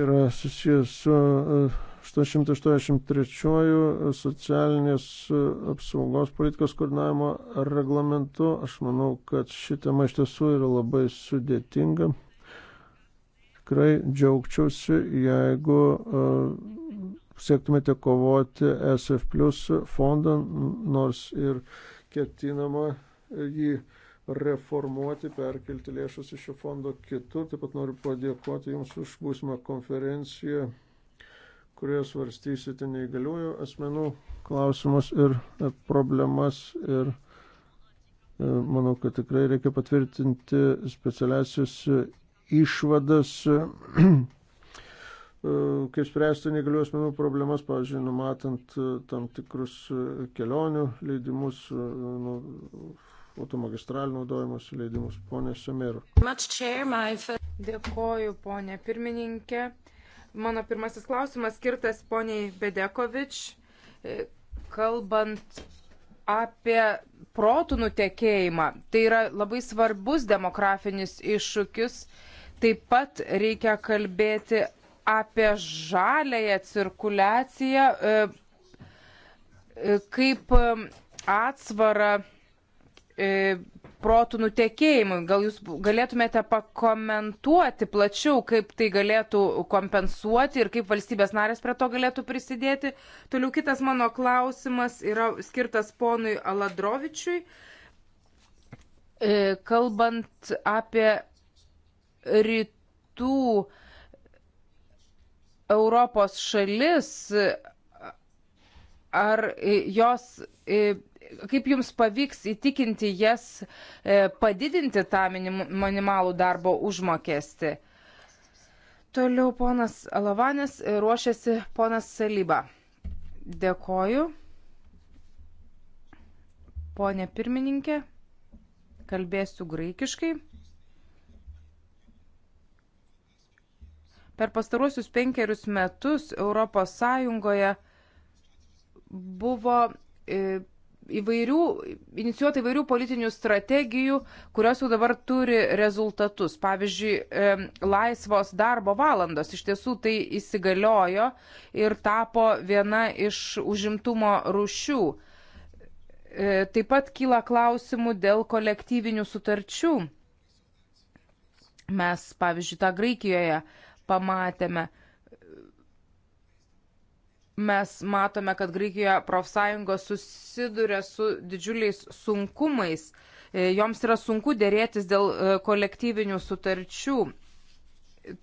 yra susijęs su 883 e, socialinės e, apsaugos politikos koordinavimo reglamentu. Aš manau, kad ši tema iš tiesų yra labai sudėtinga. Tikrai džiaugčiausi, jeigu uh, siektumėte kovoti SF plus fondą, nors ir ketinama jį reformuoti, perkelti lėšas iš šio fondo kitur. Taip pat noriu padėkoti Jums už būsimą konferenciją, kurioje svarstysite neįgaliųjų asmenų klausimus ir e, problemas. Ir e, manau, kad tikrai reikia patvirtinti specialiasius išvadas E, kaip spręsti negaliu asmenų problemas, pavyzdžiui, numatant e, tam tikrus e, kelionių leidimus, nu, automagistralių naudojimus leidimus. Pone Semeru. Dėkoju, ponė pirmininkė. Mano pirmasis klausimas skirtas poniai Bedekovič, kalbant apie protų nutekėjimą. Tai yra labai svarbus demografinis iššūkis. Taip pat reikia kalbėti apie žalėją cirkuliaciją e, e, kaip e, atsvarą protų nutekėjimui. Gal jūs galėtumėte pakomentuoti plačiau, kaip tai galėtų kompensuoti ir kaip valstybės narės prie to galėtų prisidėti. Toliau kitas mano klausimas yra skirtas ponui Aladrovičiui. Kalbant apie rytų Europos šalis, ar jos, kaip jums pavyks įtikinti jas e, padidinti tą minimalų darbo užmokestį? Toliau ponas Alavanis e, ruošiasi ponas Salyba. Dėkoju. Pone pirmininkė, kalbėsiu graikiškai. Per pastaruosius penkerius metus ES buvo e, įvairių, inicijuota įvairių politinių strategijų, kurios jau dabar turi rezultatus. Pavyzdžiui, e, laisvos darbo valandos iš tiesų tai įsigaliojo ir tapo viena iš užimtumo rušių. E, taip pat kyla klausimų dėl kolektyvinių sutarčių. Mes, pavyzdžiui, tą Graikijoje pamatėme. Mes matome, kad Graikijoje profsąjungos susiduria su didžiuliais sunkumais. E, joms yra sunku dėrėtis dėl e, kolektyvinių sutarčių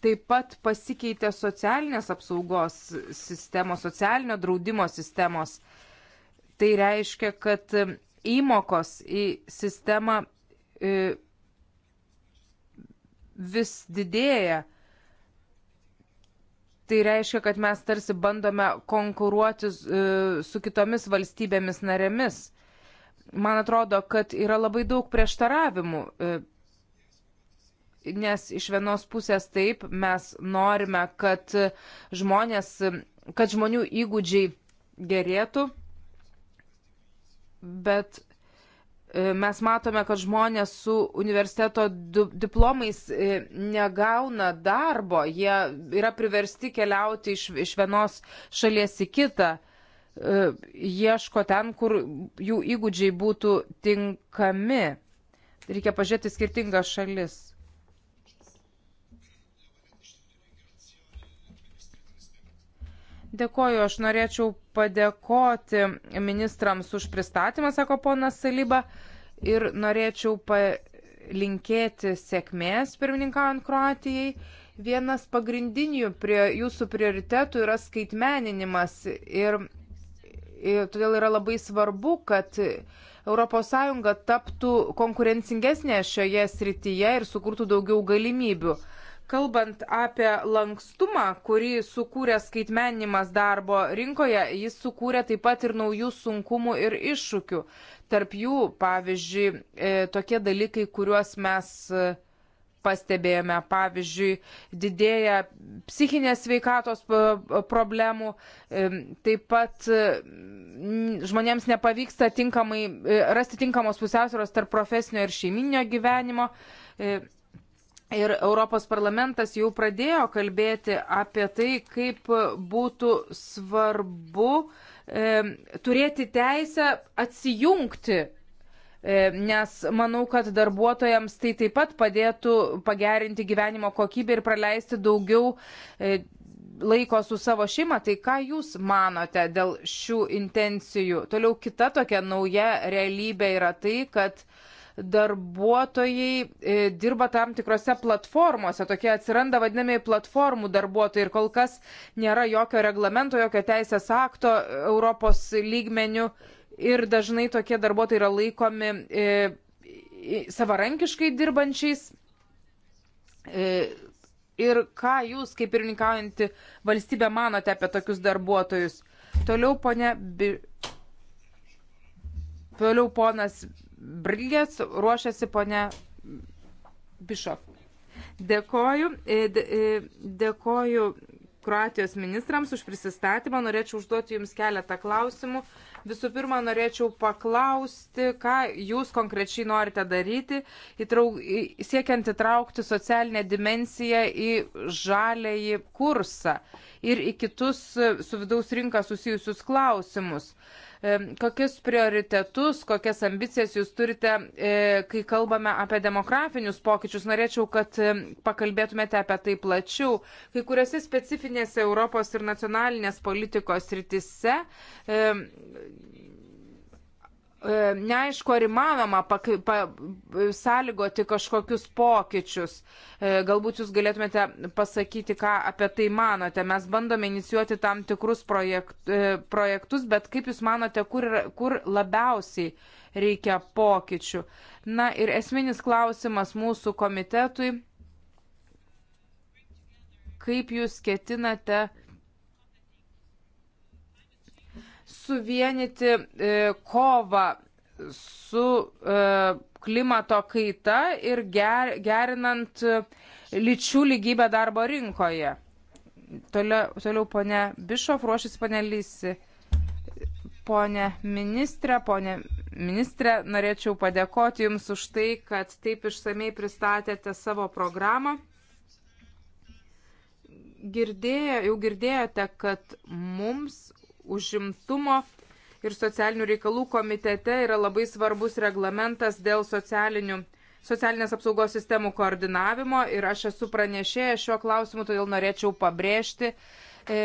taip pat pasikeitė socialinės apsaugos sistemos, socialinio draudimo sistemos. Tai reiškia, kad e, įmokos į sistemą vis didėja. Tai reiškia, kad mes tarsi bandome konkuruoti e, su kitomis valstybėmis narėmis. Man atrodo, kad yra labai daug prieštaravimų, e, nes iš vienos pusės taip mes norime, kad, žmonės, kad žmonių įgūdžiai gerėtų, bet E, mes matome, kad žmonės su universiteto diplomais e, negauna darbo, jie yra priversti keliauti iš, iš vienos šalies į kitą, e, ieško ten, kur jų įgūdžiai būtų tinkami. Reikia pažiūrėti skirtingas šalis. Dėkoju, aš norėčiau padėkoti ministrams už pristatymą, sako ponas Salyba, ir norėčiau palinkėti sėkmės pirmininkaujant Kroatijai. Vienas pagrindinių prie jūsų prioritetų yra skaitmeninimas ir, ir todėl yra labai svarbu, kad ES taptų konkurencingesnė šioje srityje ir sukurtų daugiau galimybių kalbant apie lankstumą, kurį sukūrė skaitmeninimas darbo rinkoje, jis sukūrė taip pat ir naujų sunkumų ir iššūkių. Tarp jų, pavyzdžiui, e, tokie dalykai, kuriuos mes e, pastebėjome, pavyzdžiui, didėja psichinės sveikatos e, problemų, taip pat žmonėms nepavyksta tinkamai, rasti tinkamos pusiausvėros tarp profesinio ir šeiminio gyvenimo. Ir Europos parlamentas jau pradėjo kalbėti apie tai, kaip būtų svarbu e, turėti teisę atsijungti, e, nes manau, kad darbuotojams tai taip pat padėtų pagerinti gyvenimo kokybę ir praleisti daugiau e, laiko su savo šeima. Tai ką Jūs manote dėl šių intencijų? Toliau kita tokia nauja realybė yra tai, kad darbuotojai e, dirba tam tikrose platformose, tokie atsiranda vadinamiai platformų darbuotojai ir kol kas nėra jokio reglamento, jokio teisės akto Europos lygmenių ir dažnai tokie darbuotojai yra laikomi e, savarankiškai dirbančiais. E, ir ką jūs, kaip pirmininkaujanti valstybė, manote apie tokius darbuotojus? Toliau, ponė, bi... toliau ponas Brilės ruošiasi ponia Bišov. Dėkoju, e, e, dėkoju Kroatijos ministrams už prisistatymą. Norėčiau užduoti Jums keletą klausimų. Visų pirma, norėčiau paklausti, ką Jūs konkrečiai norite daryti, įtrauk, siekiant įtraukti socialinę dimensiją į žalėjį kursą ir į kitus su vidaus rinka susijusius klausimus. Uh, E, kokius prioritetus, kokias ambicijas jūs turite, e, kai kalbame apie demografinius pokyčius. Norėčiau, kad e, pakalbėtumėte apie tai plačiau. Kai kuriuose specifinėse Europos ir nacionalinės politikos rytise E, neaišku, ar įmanoma pak, pa, sąlygoti kažkokius pokyčius. E, galbūt jūs galėtumėte pasakyti, ką apie tai manote. Mes bandome inicijuoti tam tikrus projekt, e, projektus, bet kaip jūs manote, kur, kur labiausiai reikia pokyčių? Na ir esminis klausimas mūsų komitetui. Kaip jūs ketinate uh, suvienyti e, kovą su e, klimato kaita ir ger, gerinant e, lyčių lygybę darbo rinkoje. Toliau, toliau ponė Bišov, ruošis ponė Lysi. Pone ministrė, ponė ministrė, norėčiau padėkoti Jums už tai, kad taip išsamei pristatėte savo programą. Girdėjo, jau girdėjote, kad mums užimtumo ir socialinių reikalų komitete yra labai svarbus reglamentas dėl socialinių, socialinės apsaugos sistemų koordinavimo ir aš esu pranešėję šiuo klausimu, todėl norėčiau pabrėžti. E,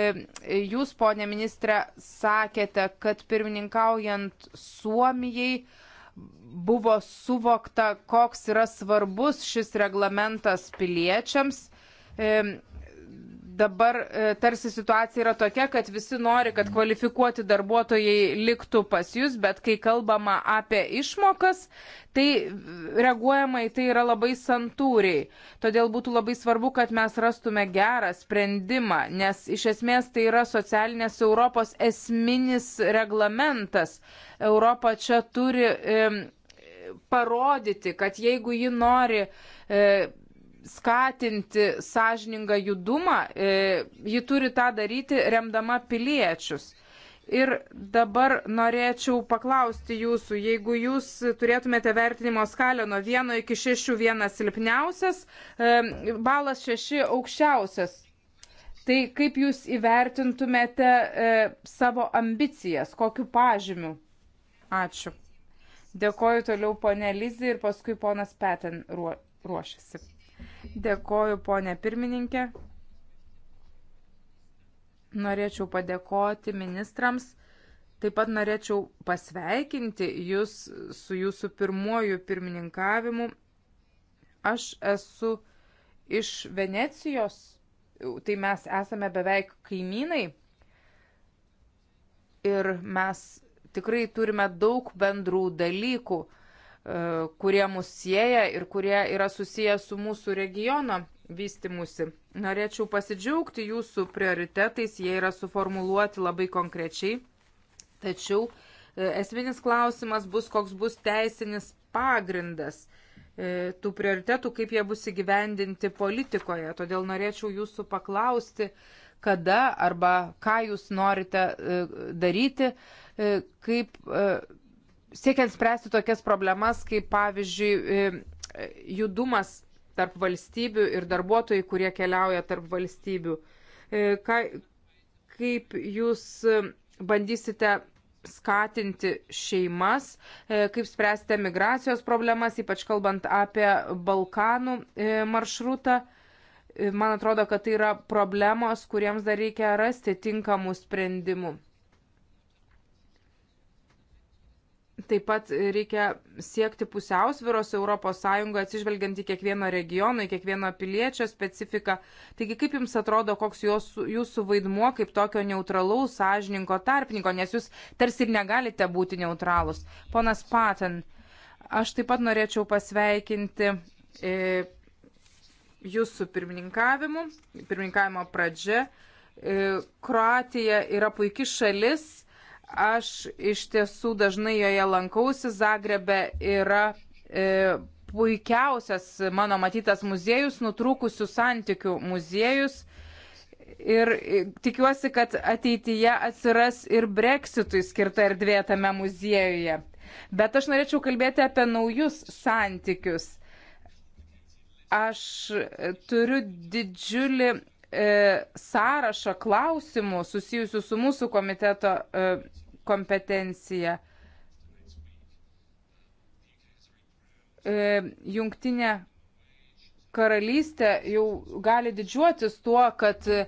jūs, ponė ministrė, sakėte, kad pirmininkaujant Suomijai buvo suvokta, koks yra svarbus šis reglamentas piliečiams e, dabar e, tarsi situacija yra tokia, kad visi nori, kad kvalifikuoti darbuotojai liktų pas jūs, bet kai kalbama apie išmokas, tai reaguojama į tai yra labai santūriai. Todėl būtų labai svarbu, kad mes rastume gerą sprendimą, nes iš esmės tai yra socialinės Europos esminis reglamentas. Europa čia turi e, parodyti, kad jeigu ji nori e, skatinti sąžiningą judumą, e, ji turi tą daryti remdama piliečius. Ir dabar norėčiau paklausti jūsų, jeigu jūs turėtumėte vertinimo skalę nuo 1 iki 6, 1 silpniausias, e, balas 6 aukščiausias, tai kaip jūs įvertintumėte e, savo ambicijas, kokiu pažymiu? Ačiū. Dėkoju toliau ponė Lizė ir paskui ponas Peten ruošiasi. Dėkoju, ponė pirmininkė. Norėčiau padėkoti ministrams. Taip pat norėčiau pasveikinti jūs su jūsų pirmuoju pirmininkavimu. Aš esu iš Venecijos, tai mes esame beveik kaimynai ir mes tikrai turime daug bendrų dalykų. E, kurie mus sieja ir kurie yra susiję su mūsų regiono vystimusi. Norėčiau pasidžiaugti jūsų prioritetais, jie yra suformuluoti labai konkrečiai, tačiau e, esminis klausimas bus, koks bus teisinis pagrindas e, tų prioritetų, kaip jie bus įgyvendinti politikoje. Todėl norėčiau jūsų paklausti, kada arba ką jūs norite daryti, kaip siekiant spręsti tokias problemas, kaip pavyzdžiui e, judumas tarp valstybių ir darbuotojai, kurie keliauja tarp valstybių. E, ka, kaip jūs e, bandysite skatinti šeimas, kaip spręsti migracijos problemas, ypač kalbant apie Balkanų maršrutą. Man atrodo, kad tai yra problemos, kuriems dar reikia rasti tinkamų sprendimų. Taip pat reikia siekti pusiausviros ES atsižvelgiant į kiekvieną regioną, į kiekvieno piliečio specifiką. Taigi kaip Jums atrodo, koks jos, Jūsų vaidmuo kaip tokio neutralaus sąžininko tarpininko, nes Jūs tarsi ir negalite būti neutralus. Ponas Paten, aš taip pat norėčiau pasveikinti. E, Jūsų pirmininkavimu, pirmininkavimo pradžia. E, Kroatija yra puikia šalis, Aš iš tiesų dažnai joje lankausi. Zagrebe yra e, puikiausias mano matytas muziejus, nutrūkusių santykių muziejus. Ir e, tikiuosi, kad ateityje atsiras ir breksitui skirta erdvė tame muziejuje. Bet aš norėčiau kalbėti apie naujus santykius. Aš e, turiu didžiulį e, sąrašą klausimų susijusių su mūsų komiteto e, kompetencija. E, jungtinė karalystė jau gali didžiuotis tuo, kad e,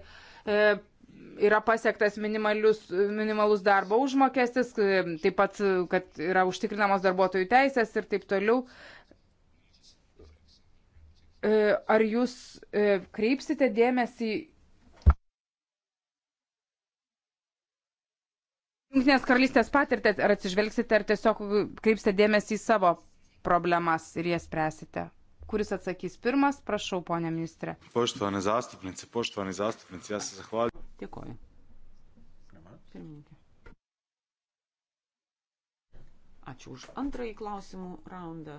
yra pasiektas minimalus, minimalus darbo užmokestis, e, taip pat, kad yra užtikrinamos darbuotojų teisės ir taip toliau. E, ar jūs e, kreipsite dėmesį Junktinės karalystės patirtį, ar atsižvelgsite, ar tiesiog kreipsite dėmesį į savo problemas ir jas spręsite? Kuris atsakys pirmas, prašau, ponė ministrė. Poštovani zastupnici, poštovani zastupnici, jas zahvalju. Dėkoju. Pirmininkė. Ačiū už antrąjį klausimų raundą.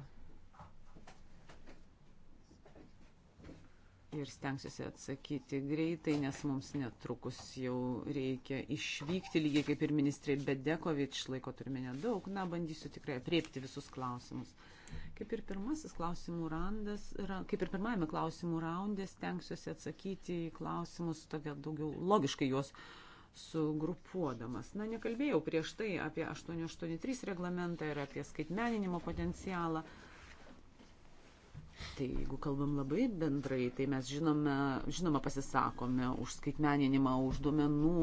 ir stengsiuosi atsakyti greitai, nes mums netrukus jau reikia išvykti, lygiai kaip ir ministrė Bedekovič, laiko turime nedaug, na, bandysiu tikrai apriepti visus klausimus. Kaip ir pirmasis klausimų randas, ra, kaip ir pirmajame klausimų raunde, stengsiuosi atsakyti į klausimus, todėl daugiau logiškai juos sugrupuodamas. Na, nekalbėjau prieš tai apie 883 reglamentą ir apie skaitmeninimo potencialą. Tai jeigu kalbam labai bendrai, tai mes žinome, žinoma pasisakome už skaitmeninimą, už duomenų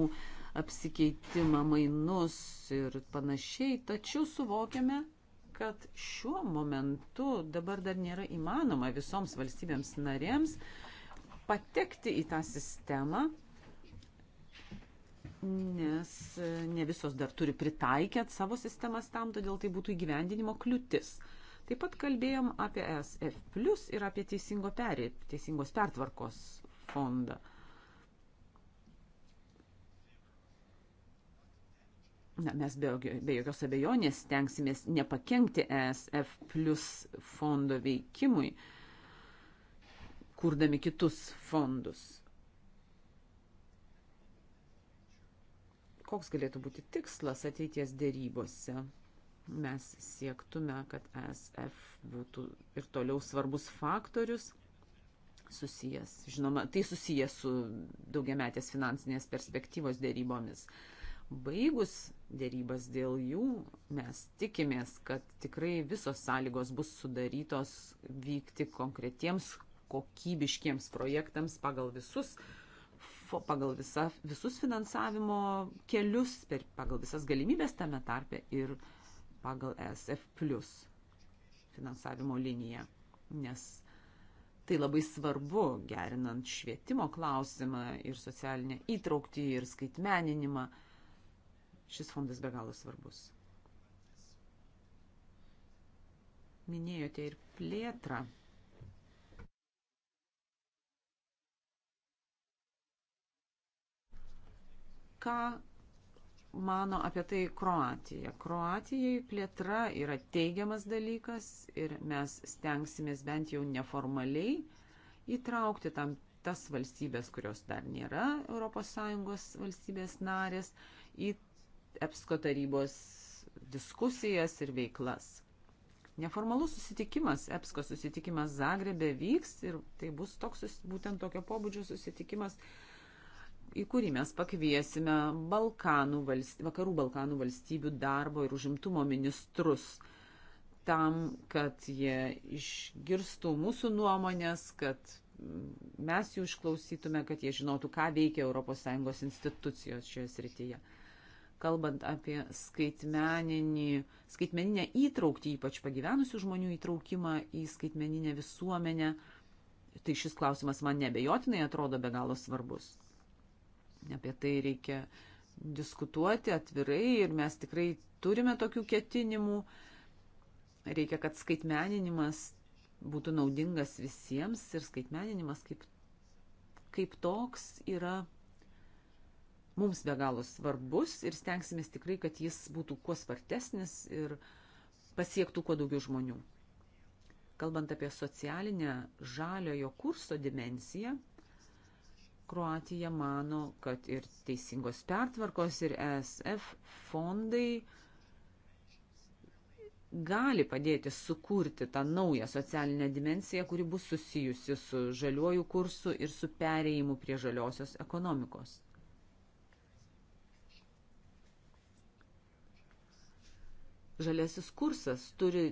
apsikeitimą, mainus ir panašiai, tačiau suvokiame, kad šiuo momentu dabar dar nėra įmanoma visoms valstybėms narėms patekti į tą sistemą, nes ne visos dar turi pritaikę savo sistemas tam, todėl tai būtų įgyvendinimo kliūtis. Uh, Taip pat kalbėjom apie ESF plus ir apie teisingo perė, teisingos pertvarkos fondą. Na, mes be, be jokios abejonės tenksimės nepakengti ESF plus fondo veikimui, kurdami kitus fondus. Koks galėtų būti tikslas ateities dėrybose? mes siektume, kad ESF būtų ir toliau svarbus faktorius susijęs, žinoma, tai susijęs su daugiametės finansinės perspektyvos dėrybomis. Baigus dėrybas dėl jų, mes tikimės, kad tikrai visos sąlygos bus sudarytos vykti konkretiems kokybiškiems projektams pagal visus pagal visa, visus finansavimo kelius, per, pagal visas galimybės tame tarpe ir uh, pagal ESF plus finansavimo liniją, nes tai labai svarbu gerinant švietimo klausimą ir socialinę įtraukti ir skaitmeninimą. Šis fondas be galo svarbus. Minėjote ir plėtrą. Ką mano apie tai Kroatija. Kroatijai plėtra yra teigiamas dalykas ir mes stengsimės bent jau neformaliai įtraukti tam tas valstybės, kurios dar nėra ES valstybės narės, į EPSCO tarybos diskusijas ir veiklas. Neformalus susitikimas, EPSCO susitikimas Zagrebė vyks ir tai bus toks, būtent tokio pobūdžio susitikimas, į kurį mes pakviesime Balkanų valst... vakarų Balkanų valstybių darbo ir užimtumo ministrus tam, kad jie išgirstų mūsų nuomonės, kad mes jų išklausytume, kad jie žinotų, ką veikia ES institucijos šioje srityje. Kalbant apie skaitmeninę įtraukti, ypač pagyvenusių žmonių įtraukimą į skaitmeninę visuomenę, tai šis klausimas man nebejotinai atrodo be galo svarbus. Apie tai reikia diskutuoti atvirai ir mes tikrai turime tokių ketinimų. Reikia, kad skaitmeninimas būtų naudingas visiems ir skaitmeninimas kaip, kaip toks yra mums be galo svarbus ir stengsimės tikrai, kad jis būtų kuo spartesnis ir pasiektų kuo daugiau žmonių. Kalbant apie socialinę žaliojo kurso dimenciją, Kroatija mano, kad ir teisingos pertvarkos, ir ESF fondai gali padėti sukurti tą naują socialinę dimensiją, kuri bus susijusi su žaliuoju kursu ir su pereimu prie žaliosios ekonomikos. Žaliasis kursas turi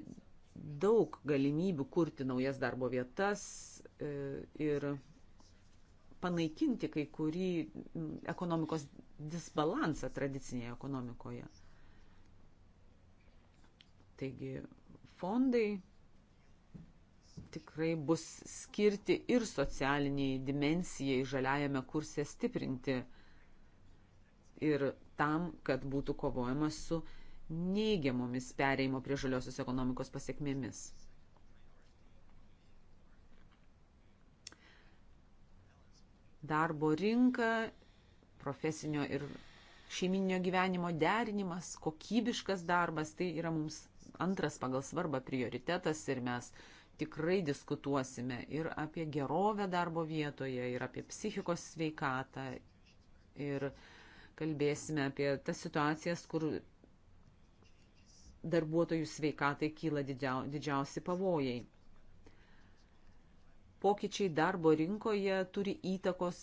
daug galimybių kurti naujas darbo vietas e, ir panaikinti kai kurį ekonomikos disbalansą tradicinėje ekonomikoje. Taigi fondai tikrai bus skirti ir socialiniai dimensijai žaliajame kurse stiprinti ir tam, kad būtų kovojama su neigiamomis pereimo prie žaliosios ekonomikos pasiekmėmis. darbo rinka, profesinio ir šeiminio gyvenimo derinimas, kokybiškas darbas, tai yra mums antras pagal svarbą prioritetas ir mes tikrai diskutuosime ir apie gerovę darbo vietoje, ir apie psichikos sveikatą, ir kalbėsime apie tas situacijas, kur darbuotojų sveikatai kyla didžiausi pavojai pokyčiai darbo rinkoje turi įtakos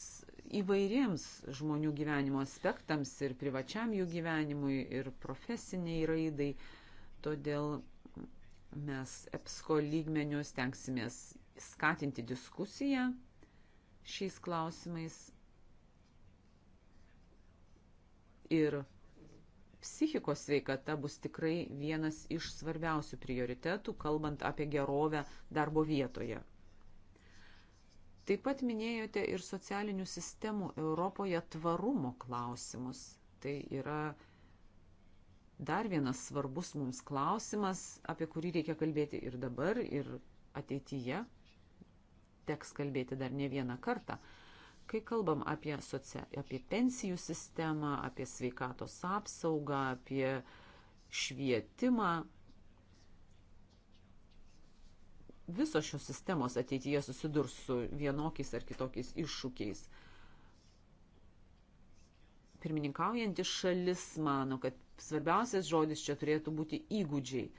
įvairiems žmonių gyvenimo aspektams ir privačiam jų gyvenimui ir profesiniai raidai. Todėl mes EPSCO lygmenių stengsimės skatinti diskusiją šiais klausimais ir psichikos sveikata bus tikrai vienas iš svarbiausių prioritetų, kalbant apie gerovę darbo vietoje. Taip pat minėjote ir socialinių sistemų Europoje tvarumo klausimus. Tai yra dar vienas svarbus mums klausimas, apie kurį reikia kalbėti ir dabar, ir ateityje. Teks kalbėti dar ne vieną kartą. Kai kalbam apie, socia, apie pensijų sistemą, apie sveikatos apsaugą, apie švietimą, visos šios sistemos ateityje susidurs su vienokiais ar kitokiais iššūkiais. Pirmininkaujantis šalis mano, kad svarbiausias žodis čia turėtų būti įgūdžiai.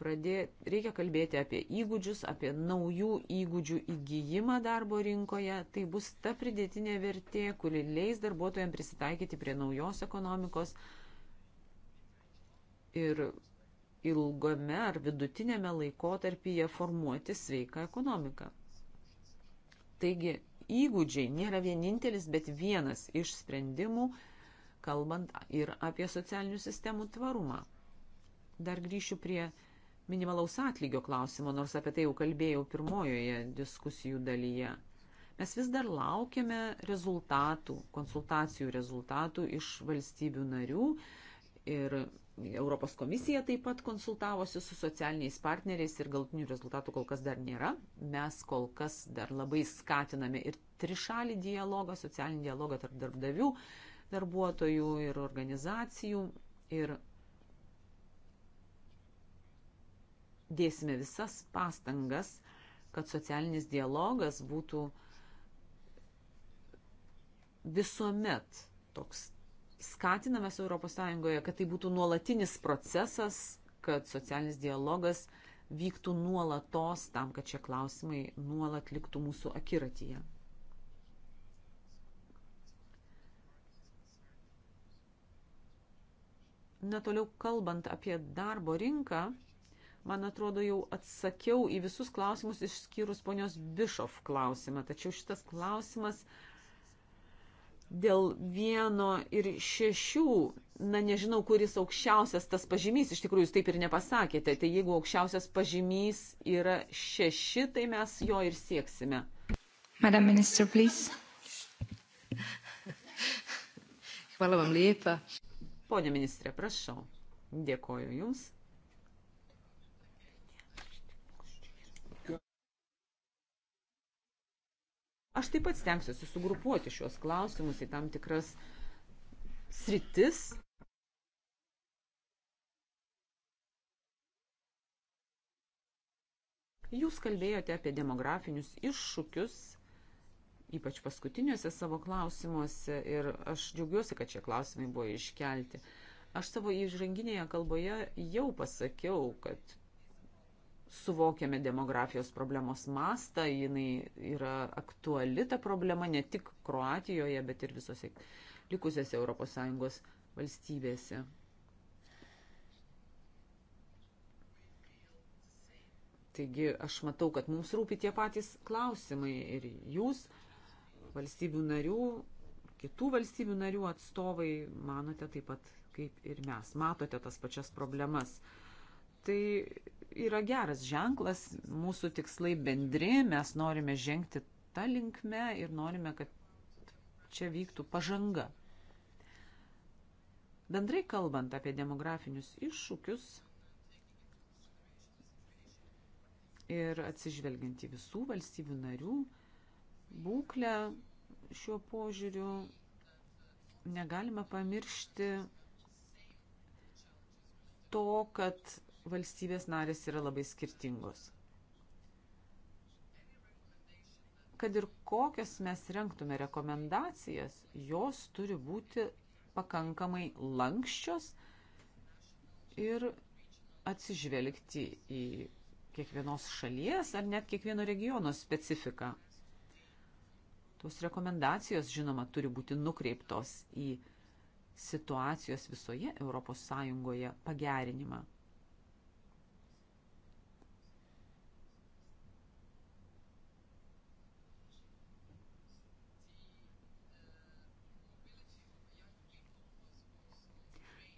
Pradė, reikia kalbėti apie įgūdžius, apie naujų įgūdžių įgyjimą darbo rinkoje. Tai bus ta pridėtinė vertė, kuri leis darbuotojams prisitaikyti prie naujos ekonomikos ir ilgame ar vidutinėme laikotarpyje formuoti sveiką ekonomiką. Taigi, įgūdžiai nėra vienintelis, bet vienas iš sprendimų, kalbant ir apie socialinių sistemų tvarumą. Dar grįšiu prie minimalaus atlygio klausimo, nors apie tai jau kalbėjau pirmojoje diskusijų dalyje. Mes vis dar laukiame rezultatų, konsultacijų rezultatų iš valstybių narių ir Europos komisija taip pat konsultavosi su socialiniais partneriais ir galtinių rezultatų kol kas dar nėra. Mes kol kas dar labai skatiname ir trišalį dialogą, socialinį dialogą tarp darbdavių, darbuotojų ir organizacijų. Ir dėsime visas pastangas, kad socialinis dialogas būtų visuomet toks skatiname su ES, kad tai būtų nuolatinis procesas, kad socialinis dialogas vyktų nuolatos tam, kad šie klausimai nuolat liktų mūsų akiratyje. Na toliau kalbant apie darbo rinką, man atrodo, jau atsakiau į visus klausimus išskyrus ponios Bišov klausimą, tačiau šitas klausimas uh, dėl vieno ir šešių, na nežinau, kuris aukščiausias tas pažymys, iš tikrųjų jūs taip ir nepasakėte, tai jeigu aukščiausias pažymys yra šeši, tai mes jo ir sieksime. Madam Minister, please. Hvala vam lijepa. Pone ministre, prašau. Dėkoju Jums. Aš taip pat stengsiuosi sugrupuoti šiuos klausimus į tam tikras sritis. Jūs kalbėjote apie demografinius iššūkius, ypač paskutiniuose savo klausimuose, ir aš džiaugiuosi, kad šie klausimai buvo iškelti. Aš savo įžanginėje kalboje jau pasakiau, kad suvokiame demografijos problemos mastą, jinai yra aktuali ta problema ne tik Kroatijoje, bet ir visose likusiose ES valstybėse. Taigi aš matau, kad mums rūpi tie patys klausimai ir jūs, valstybių narių, kitų valstybių narių atstovai, manote taip pat kaip ir mes, matote tas pačias problemas. Tai yra geras ženklas, mūsų tikslai bendri, mes norime žengti tą linkmę ir norime, kad čia vyktų pažanga. Bendrai kalbant apie demografinius iššūkius ir atsižvelgiant į visų valstybių narių būklę šiuo požiūriu, negalime pamiršti to, kad valstybės narės yra labai skirtingos. Kad ir kokias mes renktume rekomendacijas, jos turi būti pakankamai lankščios ir atsižvelgti į kiekvienos šalies ar net kiekvieno regiono specifiką. Tos rekomendacijos, žinoma, turi būti nukreiptos į situacijos visoje ES pagerinimą.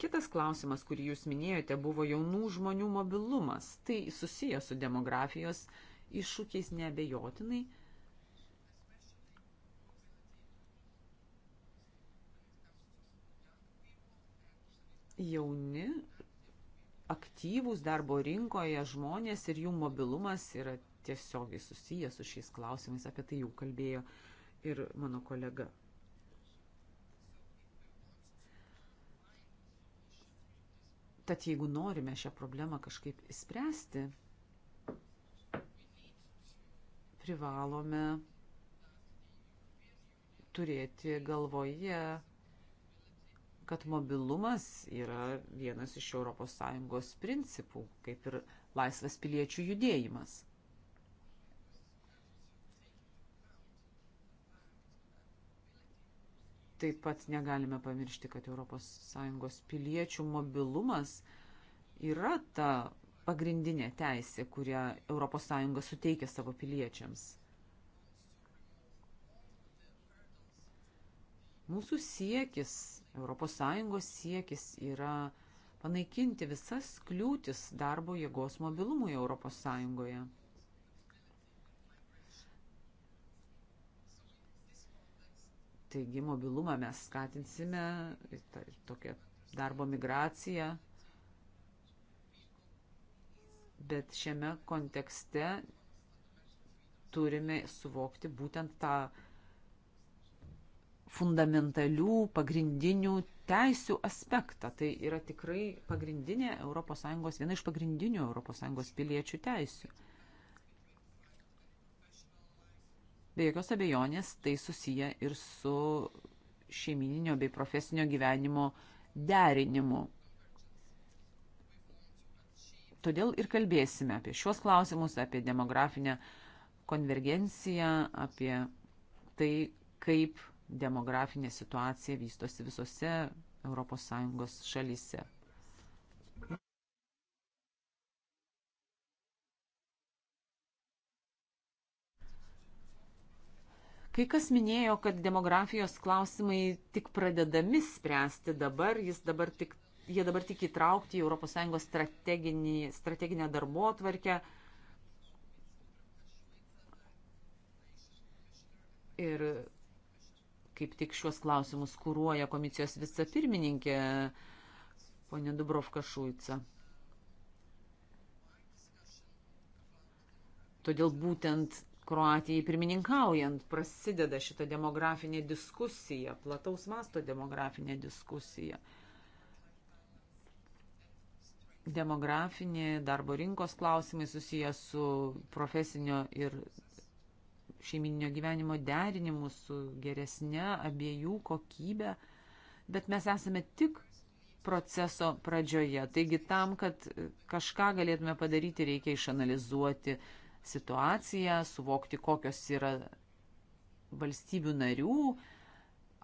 Kitas klausimas, kurį jūs minėjote, buvo jaunų žmonių mobilumas. Tai susijęs su demografijos iššūkiais neabejotinai. Jauni, aktyvūs darbo rinkoje žmonės ir jų mobilumas yra tiesiogiai susijęs su šiais klausimais, apie tai jau kalbėjo ir mano kolega Tad jeigu norime šią problemą kažkaip įspręsti, privalome turėti galvoje, kad mobilumas yra vienas iš ES principų, kaip ir laisvas piliečių judėjimas. Taip pat negalime pamiršti, kad ES piliečių mobilumas yra ta pagrindinė teisė, kurią ES suteikia savo piliečiams. Mūsų siekis, ES siekis yra panaikinti visas kliūtis darbo jėgos mobilumui ES. Taigi mobilumą mes skatinsime, tokią darbo migraciją. Bet šiame kontekste turime suvokti būtent tą fundamentalių, pagrindinių teisių aspektą. Tai yra tikrai pagrindinė ES, viena iš pagrindinių ES piliečių teisių. Be jokios abejonės tai susiję ir su šeimininio bei profesinio gyvenimo derinimu. Todėl ir kalbėsime apie šios klausimus, apie demografinę konvergenciją, apie tai, kaip demografinė situacija vystosi visose ES šalyse. Kai kas minėjo, kad demografijos klausimai tik pradedami spręsti dabar, jis dabar tik, jie dabar tik įtraukti į ES strateginę darbo atvarkę. Ir kaip tik šiuos klausimus kūruoja komisijos vicepirmininkė ponė Dubrovka Šuica. Todėl būtent Kroatijai pirmininkaujant prasideda šita demografinė diskusija, plataus masto demografinė diskusija. Demografinė darbo rinkos klausimai susiję su profesinio ir šeimininio gyvenimo derinimu, su geresne abiejų kokybė, bet mes esame tik proceso pradžioje. Taigi tam, kad kažką galėtume padaryti, reikia išanalizuoti situaciją, suvokti, kokios yra valstybių narių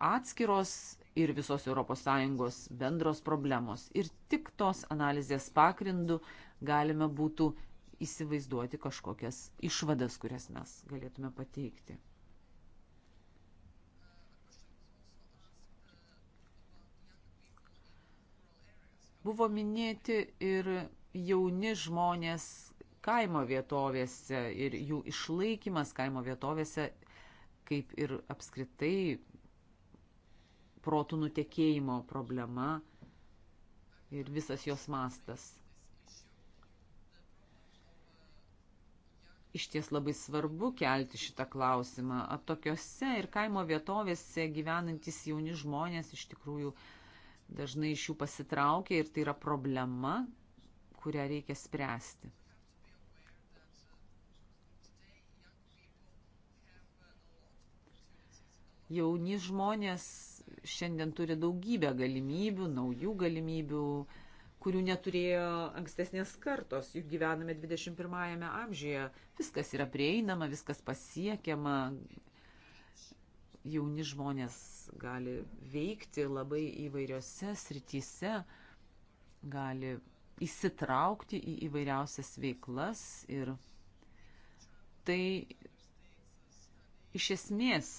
atskiros ir visos ES bendros problemos. Ir tik tos analizės pagrindų galime būtų įsivaizduoti kažkokias išvadas, kurias mes galėtume pateikti. Buvo minėti ir jauni žmonės kaimo vietovėse ir jų išlaikymas kaimo vietovėse, kaip ir apskritai protų nutekėjimo problema ir visas jos mastas. Iš ties labai svarbu kelti šitą klausimą. Atokiose ir kaimo vietovėse gyvenantis jauni žmonės iš tikrųjų dažnai iš jų pasitraukia ir tai yra problema, kurią reikia spręsti. Jauni žmonės šiandien turi daugybę galimybių, naujų galimybių, kurių neturėjo ankstesnės kartos, juk gyvename 21-ame amžiuje. Viskas yra prieinama, viskas pasiekiama, jauni žmonės gali veikti labai įvairiose srityse, gali įsitraukti į įvairiausias veiklas ir tai iš esmės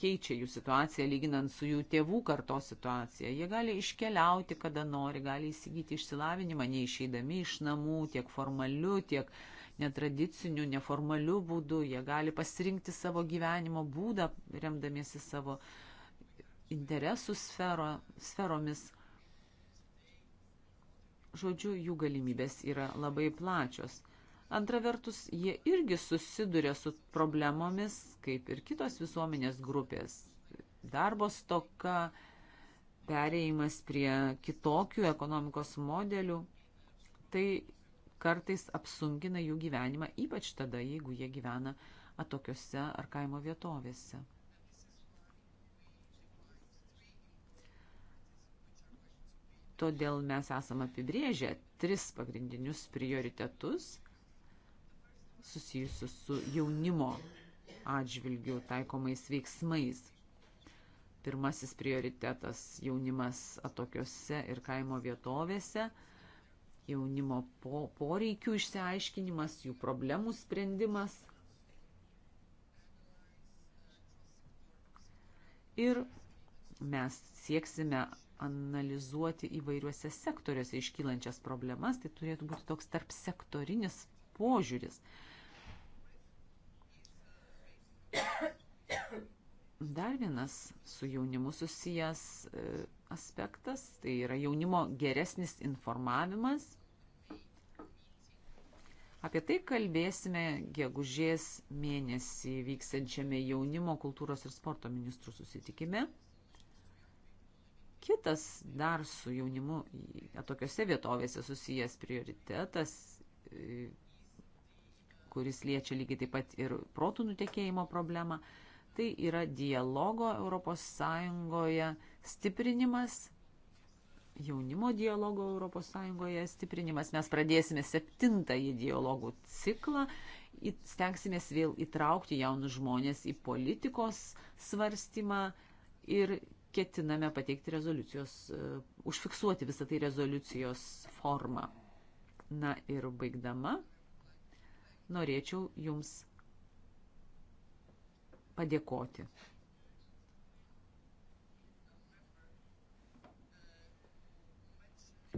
keičia jų situaciją lyginant su jų tėvų karto situacija. Jie gali iškeliauti, kada nori, gali įsigyti išsilavinimą, neišeidami iš namų, tiek formaliu, tiek netradiciniu, neformaliu būdu. Jie gali pasirinkti savo gyvenimo būdą, remdamiesi savo interesų sfero, sferomis. Žodžiu, jų galimybės yra labai plačios. Antra vertus, jie irgi susiduria su problemomis, kaip ir kitos visuomenės grupės. Darbo stoka, pereimas prie kitokių ekonomikos modelių, tai kartais apsunkina jų gyvenimą, ypač tada, jeigu jie gyvena atokiose ar kaimo vietovėse. Todėl mes esam apibrėžę tris pagrindinius prioritetus – susijusius su jaunimo atžvilgių taikomais veiksmais. Pirmasis prioritetas - jaunimas atokiose ir kaimo vietovėse, jaunimo po, poreikių išsiaiškinimas, jų problemų sprendimas. Ir mes sieksime analizuoti įvairiuose sektoriuose iškylančias problemas, tai turėtų būti toks tarp sektorinis požiūris. Uh, Dar vienas su jaunimu susijęs e, aspektas - tai yra jaunimo geresnis informavimas. Apie tai kalbėsime gegužės mėnesį vyksiančiame jaunimo kultūros ir sporto ministrų susitikime. Kitas dar su jaunimu e, tokiuose vietovėse susijęs prioritetas e, kuris liečia lygiai taip pat ir protų nutekėjimo problemą. Tai yra dialogo ES stiprinimas, jaunimo dialogo ES stiprinimas. Mes pradėsime septintąjį dialogų ciklą, stengsimės vėl įtraukti jaunus žmonės į politikos svarstymą ir ketiname pateikti rezoliucijos, e, užfiksuoti visą tai rezoliucijos formą. Na ir baigdama, norėčiau Jums padėkoti.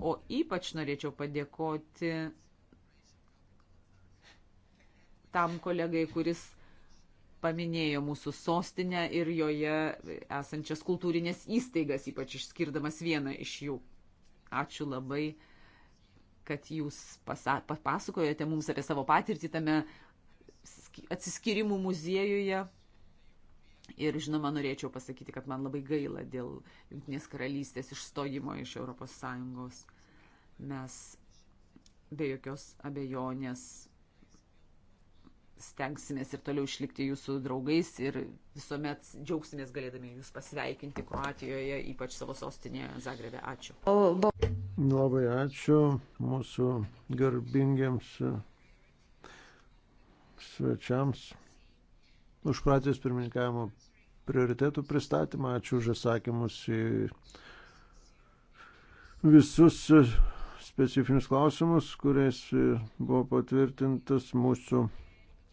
O ypač norėčiau padėkoti tam kolegai, kuris paminėjo mūsų sostinę ir joje esančias kultūrinės įstaigas, ypač išskirdamas vieną iš jų. Ačiū labai, kad jūs papasakojate mums apie savo patirtį tame atsiskyrimų muziejuje. Ir žinoma, norėčiau pasakyti, kad man labai gaila dėl Junktinės karalystės išstojimo iš ES. Mes be jokios abejonės stengsimės ir toliau išlikti jūsų draugais ir visuomet džiaugsimės galėdami jūs pasveikinti Kroatijoje, ypač savo sostinėje Zagrebė. Ačiū. Labai ačiū mūsų garbingiams svečiams už pratės pirmininkavimo prioritėtų pristatymą. Ačiū už atsakymus į visus specifinius klausimus, kuriais buvo patvirtintas mūsų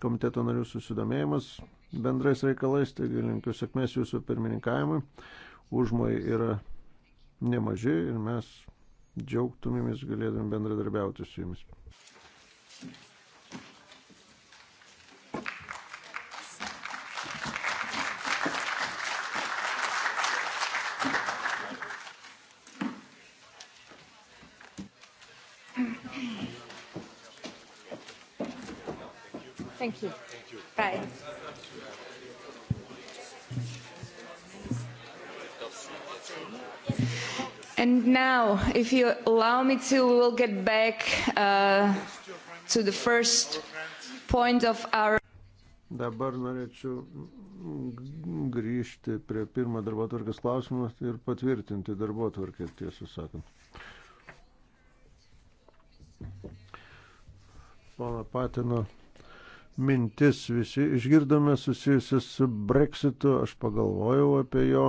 komiteto narių susidomėjimas bendrais reikalais. Taigi linkiu sėkmės jūsų pirmininkavimui. Užmai yra nemaži ir mes džiaugtumėmės galėdami bendradarbiauti su jumis. Bye. And now, if you allow me to, we'll get back uh, to the first point of our. Dabar norėčiau grįžti prie pirmo darbo tvarkės klausimo ir patvirtinti darbo tvarkę, tiesą sakant. Pono Patino mintis visi išgirdome susijusias su breksitu, aš pagalvojau apie jo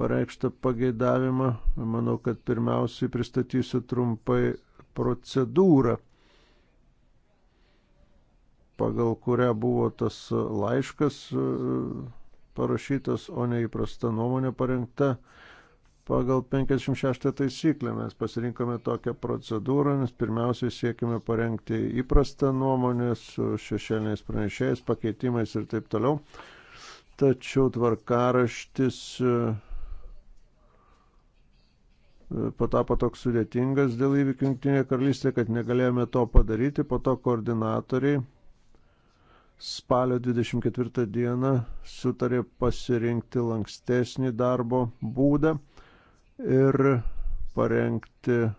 pareikštą pageidavimą. Manau, kad pirmiausiai pristatysiu trumpai procedūrą, pagal kurią buvo tas laiškas e, parašytas, o neįprasta nuomonė parengta. Pagal 56 taisyklę mes pasirinkome tokią procedūrą, nes pirmiausiai siekime parengti įprastą nuomonę su šešėliniais pranešėjais, pakeitimais ir taip toliau. Tačiau tvarkaraštis e, patapo toks sudėtingas dėl įvykių Junktinėje karalystėje, kad negalėjome to padaryti. Po to koordinatoriai spalio 24 dieną sutarė pasirinkti lankstesnį darbo būdą ir parengti e,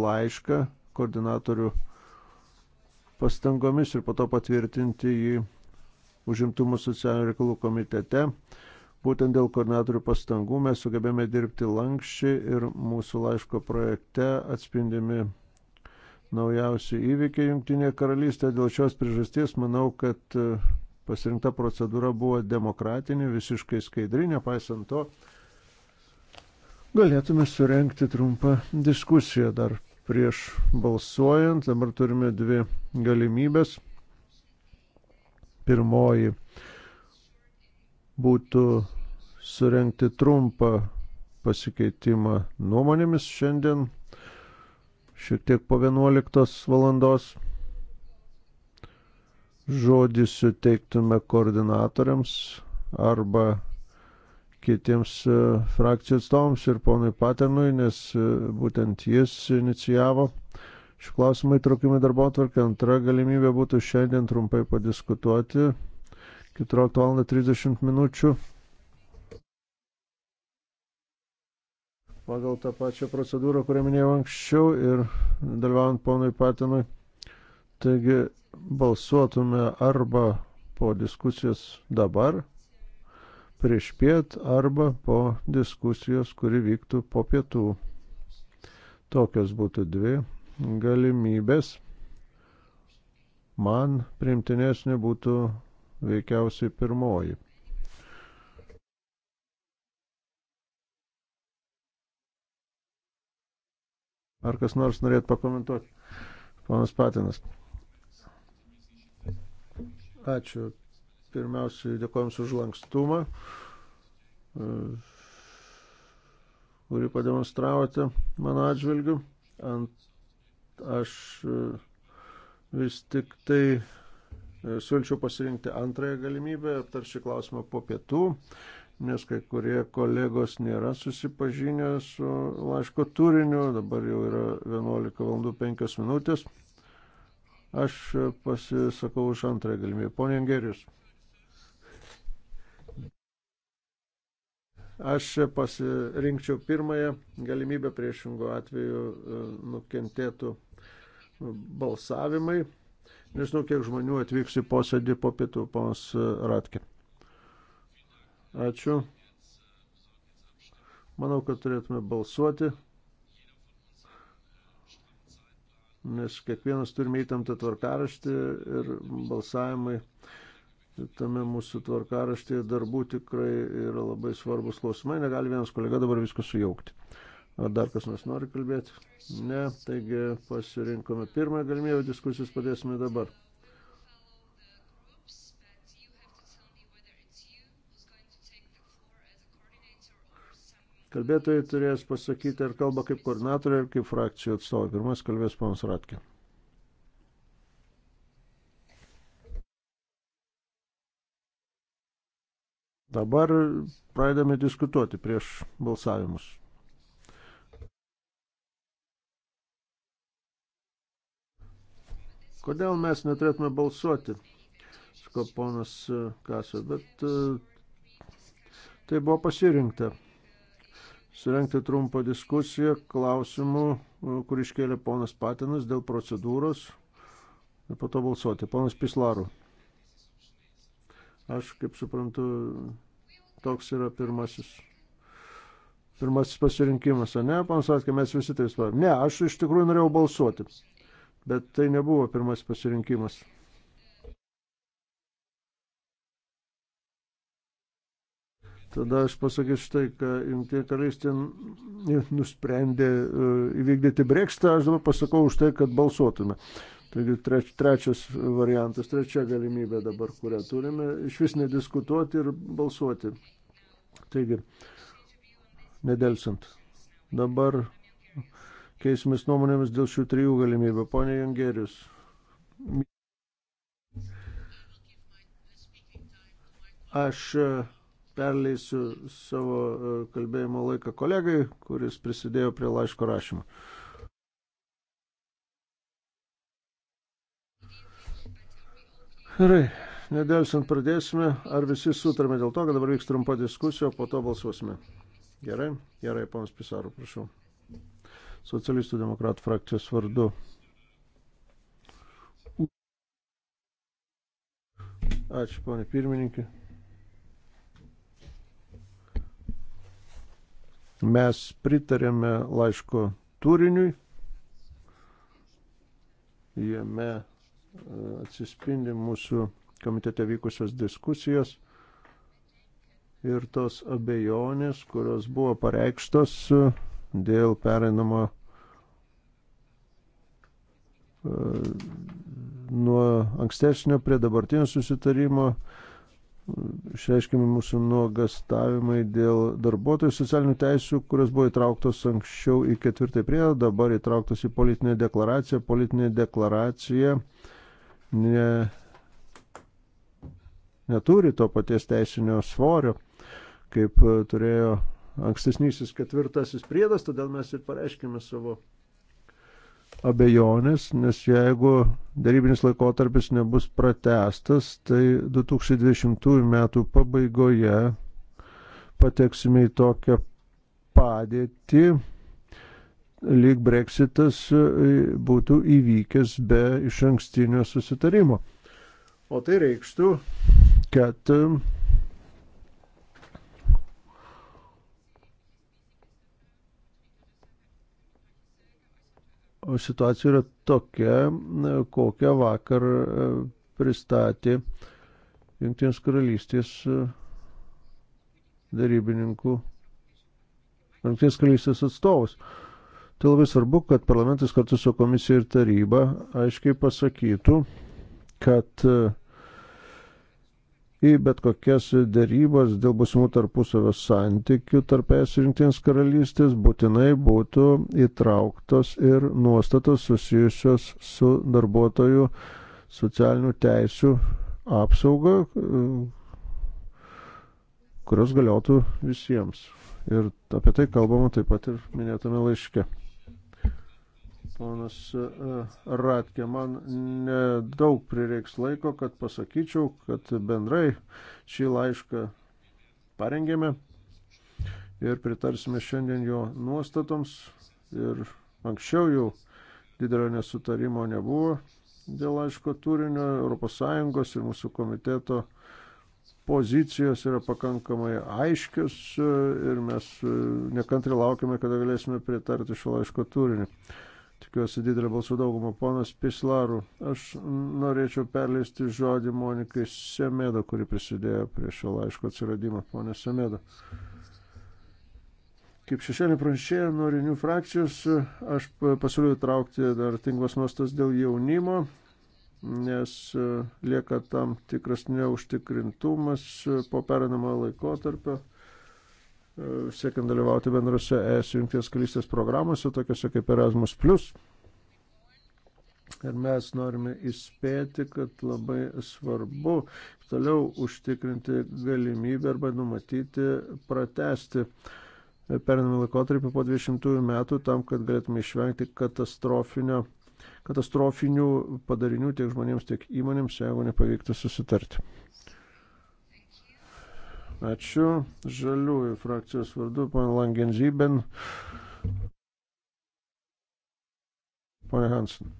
laišką koordinatorių pastangomis ir po to patvirtinti jį užimtumo socialinių reikalų komitete. Būtent dėl koordinatorių pastangų mes sugebėjome dirbti lankščiai ir mūsų laiško projekte atspindimi naujausi įvykiai Junktinėje karalystėje. Dėl šios priežasties manau, kad e, pasirinkta procedūra buvo demokratinė, visiškai skaidri, nepaisant to, galėtume surenkti trumpą diskusiją dar prieš balsuojant. Dabar turime dvi galimybės. Pirmoji būtų surenkti trumpą pasikeitimą nuomonėmis šiandien, šiek tiek po 11 valandos. Žodį suteiktume koordinatoriams arba kitiems e, frakcijų atstovams ir ponui Paternui, nes e, būtent jis inicijavo šį klausimą įtraukimą į darbo atvarkę. Antra galimybė būtų šiandien trumpai padiskutuoti 14.30 minučių. Pagal tą pačią procedūrą, kurią minėjau anksčiau ir dalyvaujant ponui Patinui. Taigi balsuotume arba po diskusijos dabar, prieš piet arba po diskusijos, kuri vyktų po pietų. Tokios būtų dvi galimybės. Man primtinesnė būtų veikiausiai pirmoji. Ar kas nors norėtų pakomentuoti? Ponas Patinas. Ačiū Pirmiausiai dėkojams už lankstumą, e, kurį pademonstravote mano atžvilgiu. Ant, aš e, vis tik tai e, siūlyčiau pasirinkti antrąją galimybę, aptaršį klausimą po pietų, nes kai kurie kolegos nėra susipažinę su laiško turiniu, dabar jau yra 11 val. 5 minutės. Aš pasisakau už antrąją galimybę. Pone Angerijus. Aš pasirinkčiau pirmąją galimybę, priešingų atveju e, nukentėtų balsavimai. Nežinau, kiek žmonių atvyks į posėdį po pietų, ponas e, Ratkė. Ačiū. Manau, kad turėtume balsuoti, nes kiekvienas turime įtamtą tvarkaraštį ir balsavimai tame mūsų tvarkaraštyje darbų tikrai yra labai svarbus klausimai. Negali vienas kolega dabar viską sujaukti. Ar dar kas nors nori kalbėti? Ne, taigi pasirinkome pirmąją galimybę, diskusijas padėsime dabar. Kalbėtojai turės pasakyti, ar kalba kaip koordinatoriai, ar kaip frakcijų atstovai. Pirmas kalbės panas Ratkė. Dabar pradedame diskutuoti prieš balsavimus. Kodėl mes neturėtume balsuoti, sako ponas e, Kaso, bet e, tai buvo pasirinkta. Surenkti trumpą diskusiją klausimų, e, kur iškėlė ponas Patinas dėl procedūros ir po to balsuoti. Ponas Pislaru. Aš, kaip suprantu, toks yra pirmasis. Pirmasis pasirinkimas, ar ne, pansat, kai mes visi tai svarbu. Ne, aš iš tikrųjų norėjau balsuoti, bet tai nebuvo pirmasis pasirinkimas. Tada aš pasakysiu štai, kad Junktinė karalystė nusprendė e, įvykdyti brekštą, aš dabar pasakau už tai, kad balsuotume. Uh, Taigi treč, trečias variantas, trečia galimybė dabar, kurią turime, iš vis nediskutuoti ir balsuoti. Taigi, nedelsant. Dabar keisimės nuomonėmis dėl šių trijų galimybių. Pone Jungerius. Aš e, perleisiu savo e, kalbėjimo laiką kolegai, kuris prisidėjo prie laiško rašymo. Gerai, nedėlsant pradėsime. Ar visi sutarėme dėl to, kad dabar vyks trumpa diskusija, o po to balsuosime? Gerai, gerai, panas Pisaru, prašau. Socialistų demokratų frakcijos vardu. Ačiū, ponė pirmininkė. Mes pritarėme laiško turiniui. Jame atsispindi mūsų komitete vykusios diskusijos ir tos abejonės, kurios buvo pareikštos e, dėl pereinamo e, nuo ankstesnio prie dabartinio susitarimo e, išreiškime mūsų nuogastavimai dėl darbuotojų socialinių teisių, kurios buvo įtrauktos anksčiau į ketvirtąjį priedą, dabar įtrauktos į politinę deklaraciją. Politinė deklaracija, politinė deklaracija ne, neturi to paties teisinio svorio, kaip e, turėjo ankstesnysis ketvirtasis priedas, todėl mes ir pareiškime savo abejonės, nes jeigu darybinis laikotarpis nebus pratestas, tai 2020 metų pabaigoje pateksime į tokią padėtį, lyg breksitas e, būtų įvykęs be iš ankstinio susitarimo. O tai reikštų, kad e, O situacija yra tokia, e, kokią vakar pristatė Junktinės karalystės darybininkų, Junktinės karalystės atstovas. Tai labai svarbu, kad parlamentas kartu su komisija ir taryba aiškiai pasakytų, kad e, į bet kokias dėrybas dėl būsimų tarpusavio santykių tarp es ir Junktinės karalystės būtinai būtų įtrauktos ir nuostatos susijusios su darbuotojų socialinių teisių apsauga, e, kurios galiotų visiems. Ir apie tai kalbama taip pat ir minėtame laiške ponas e, Ratkė. Man nedaug prireiks laiko, kad pasakyčiau, kad bendrai šį laišką parengėme ir pritarsime šiandien jo nuostatoms. Ir anksčiau jau didelio nesutarimo nebuvo dėl laiško turinio ES ir mūsų komiteto pozicijos yra pakankamai aiškios e, ir mes e, nekantri laukiame, kada galėsime pritarti šio laiško turiniu tikiuosi didelė balsų dauguma, ponas Pislaru. Aš norėčiau perleisti žodį Monikai Semedo, kuri prisidėjo prie šio laiško atsiradimo, ponė Semedo. Kaip šešėlį pranešėjo nuo Renių frakcijos, aš pasiūliau traukti dar tinklas nuostas dėl jaunimo, nes lieka tam tikras neužtikrintumas po perinamojo laikotarpio. tarpio E, siekiant dalyvauti bendrose ES jungtinės karalystės programose, tokiuose kaip Erasmus. Ir mes norime įspėti, kad labai svarbu toliau užtikrinti galimybę arba numatyti, pratesti perinamą laikotarpį po 20 metų tam, kad galėtume išvengti katastrofinio katastrofinių padarinių tiek žmonėms, tiek įmonėms, jeigu nepavyktų susitarti. Ačiū. Žaliųjų frakcijos vardu, pana Langenzyben. Pane Hansen.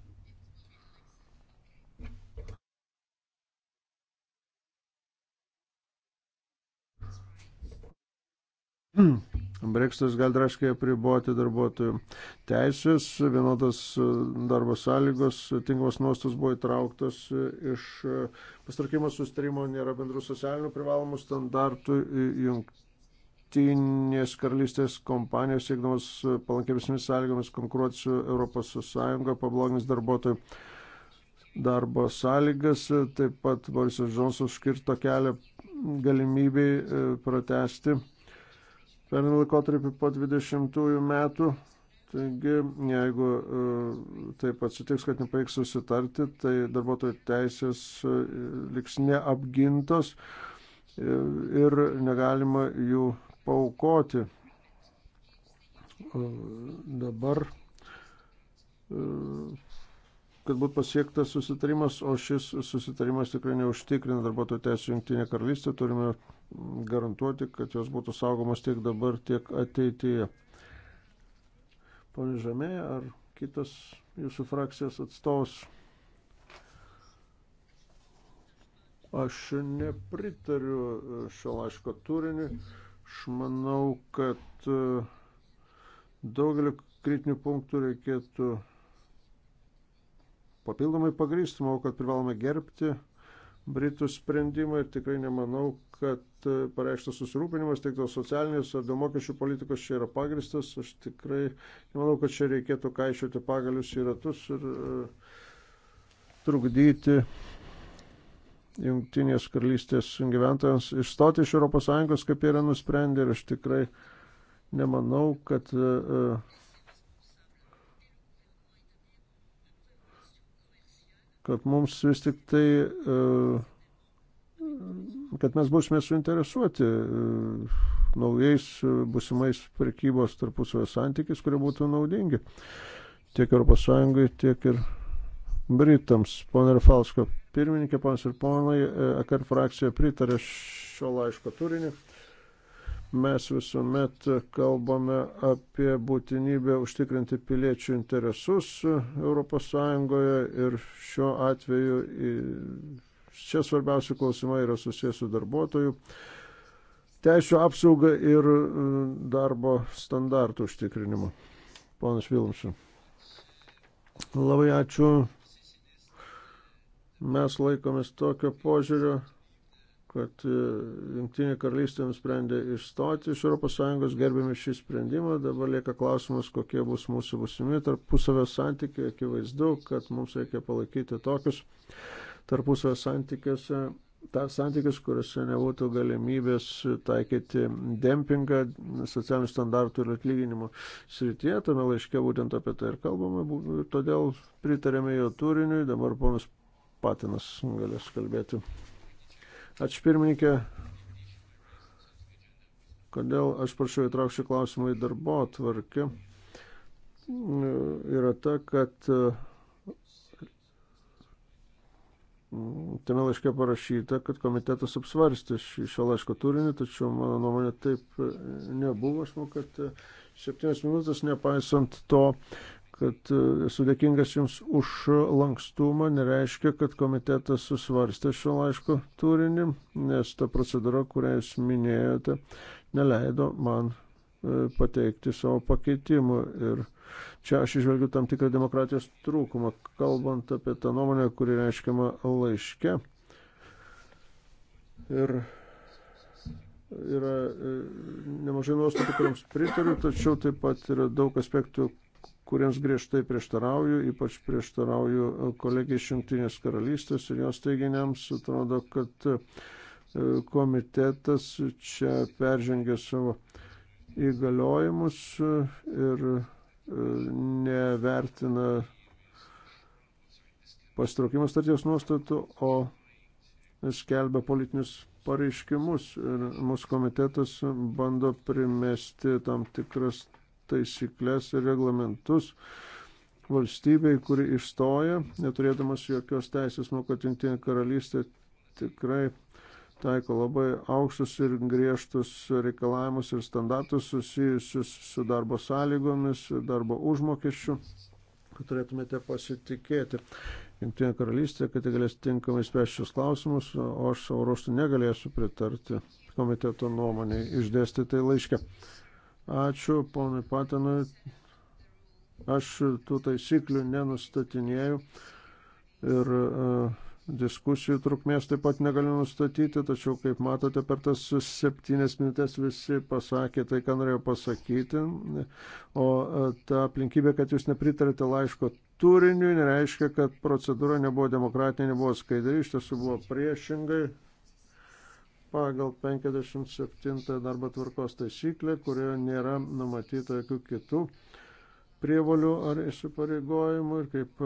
Hmm. Brexitas gali draškiai apriboti darbuotojų teisės, vienodas e, darbo sąlygos, e, tinkamos nuostos buvo įtrauktos e, iš pastarkimo sustarimo, nėra bendrų socialinių privalomų standartų jungtinės karalystės kompanijos, siekdamas palankėmis sąlygomis konkuruoti su ES, pablogins darbuotojų darbo sąlygas, taip pat Borisas Džonsas užkirto kelią galimybėj pratesti pernai laikotarpį po 20 metų. Taigi, jeigu e, taip atsitiks, kad nepaiks susitarti, tai darbuotojų teisės e, liks neapgintos e, ir negalima jų paukoti. Dabar, kad būtų pasiektas susitarimas, o šis susitarimas tikrai neužtikrina darbuotojų teisų jungtinė karalystė, turime garantuoti, kad jos būtų saugomos tiek dabar, tiek ateityje. Pone Žemė, ar kitas jūsų frakcijos atstovas? Aš nepritariu e, šio laiško turiniui. Aš manau, kad e, daugeliu kritinių punktų reikėtų papildomai pagrysti, manau, kad privalome gerbti Britų sprendimą ir tikrai nemanau, kad e, pareikštas susirūpinimas tiek dėl socialinės ar dėl mokesčių politikos čia yra pagristas. Aš tikrai nemanau, kad čia reikėtų kaišiuoti pagalius į ratus ir e, trukdyti jungtinės karalystės gyventojams išstoti iš ES, kaip jie yra nusprendę. Ir aš tikrai nemanau, kad e, kad mums vis tik tai uh, kad mes būsime suinteresuoti e, naujais e, būsimais prekybos tarpusavio santykiais, kurie būtų naudingi tiek ES, tiek ir Britams. Pone Rafalsko, pirmininkė, panas ir ponai, e, AKR frakcija pritarė šio laiško turinį. Mes visuomet kalbame apie būtinybę užtikrinti piliečių interesus ES ir šiuo atveju Čia svarbiausia klausimai yra susijęs su darbuotojų teisų apsauga ir mm, darbo standartų užtikrinimu. Ponas Vilmšin. Labai ačiū. Mes laikomės tokio požiūrio, kad e, Junktinė karalystė nusprendė išstoti iš ES, gerbėme šį sprendimą, dabar lieka klausimas, kokie bus mūsų būsimi tarpusavio santykiai, akivaizdu, kad mums reikia palaikyti tokius tarpusio santykiuose, ta santykius, kuriuose nebūtų galimybės taikyti dempingą socialinių standartų ir atlyginimų srityje. Tame laiške būtent apie tai ir kalbame, todėl pritarėme jo turiniui. Dabar ponas Patinas galės kalbėti. Ačiū pirmininkė. Kodėl aš prašau įtraukšį klausimą į darbo atvarkį? Yra ta, kad uh, tame laiške parašyta, kad komitetas apsvarstė šio laiško turinį, tačiau mano nuomonė taip e, nebuvo. Aš manau, kad e, septynės minutės, nepaisant to, kad e, esu dėkingas Jums už lankstumą, nereiškia, kad komitetas susvarstė šio laiško turinį, nes ta procedūra, kurią Jūs minėjote, neleido man pateikti savo pakeitimų. Ir Čia aš išvelgiu tam tikrą demokratijos trūkumą, kalbant apie tą nuomonę, kuri reiškiama laiške. Ir yra e, nemažai nuostatų, kuriams pritariu, tačiau taip pat yra daug aspektų, kuriems griežtai prieštarauju, ypač prieštarauju kolegiai iš Junktinės karalystės ir jos teiginiams. Atrodo, kad e, komitetas čia peržengia savo įgaliojimus e, ir nevertina pastraukimo starties nuostatų, o skelbia politinius pareiškimus ir mūsų komitetas bando primesti tam tikras taisyklės ir reglamentus valstybei, kuri išstoja, neturėdamas jokios teisės, manau, kad Junktinė karalystė tikrai taiko labai aukštus ir griežtus reikalavimus ir standartus susijusius su darbo sąlygomis, darbo užmokesčiu, kad turėtumėte pasitikėti. Junktinė karalystė, kad jie galės tinkamai spręsti šios klausimus, o aš savo ruoštų negalėsiu pritarti komiteto nuomonė išdėsti tai laiškė. Ačiū ponui Patinui. Aš tų taisyklių nenustatinėjau ir uh, Diskusijų trukmės taip pat negaliu nustatyti, tačiau, kaip matote, per tas septynės minutės visi pasakė tai, ką norėjo pasakyti. O e, ta aplinkybė, kad jūs nepritarėte laiško turiniui, nereiškia, kad procedūra nebuvo demokratinė, nebuvo skaidri, iš tiesų buvo priešingai pagal 57 darbo tvarkos taisyklę, kurioje nėra numatyta jokių kitų prievalių ar įsipareigojimų ir kaip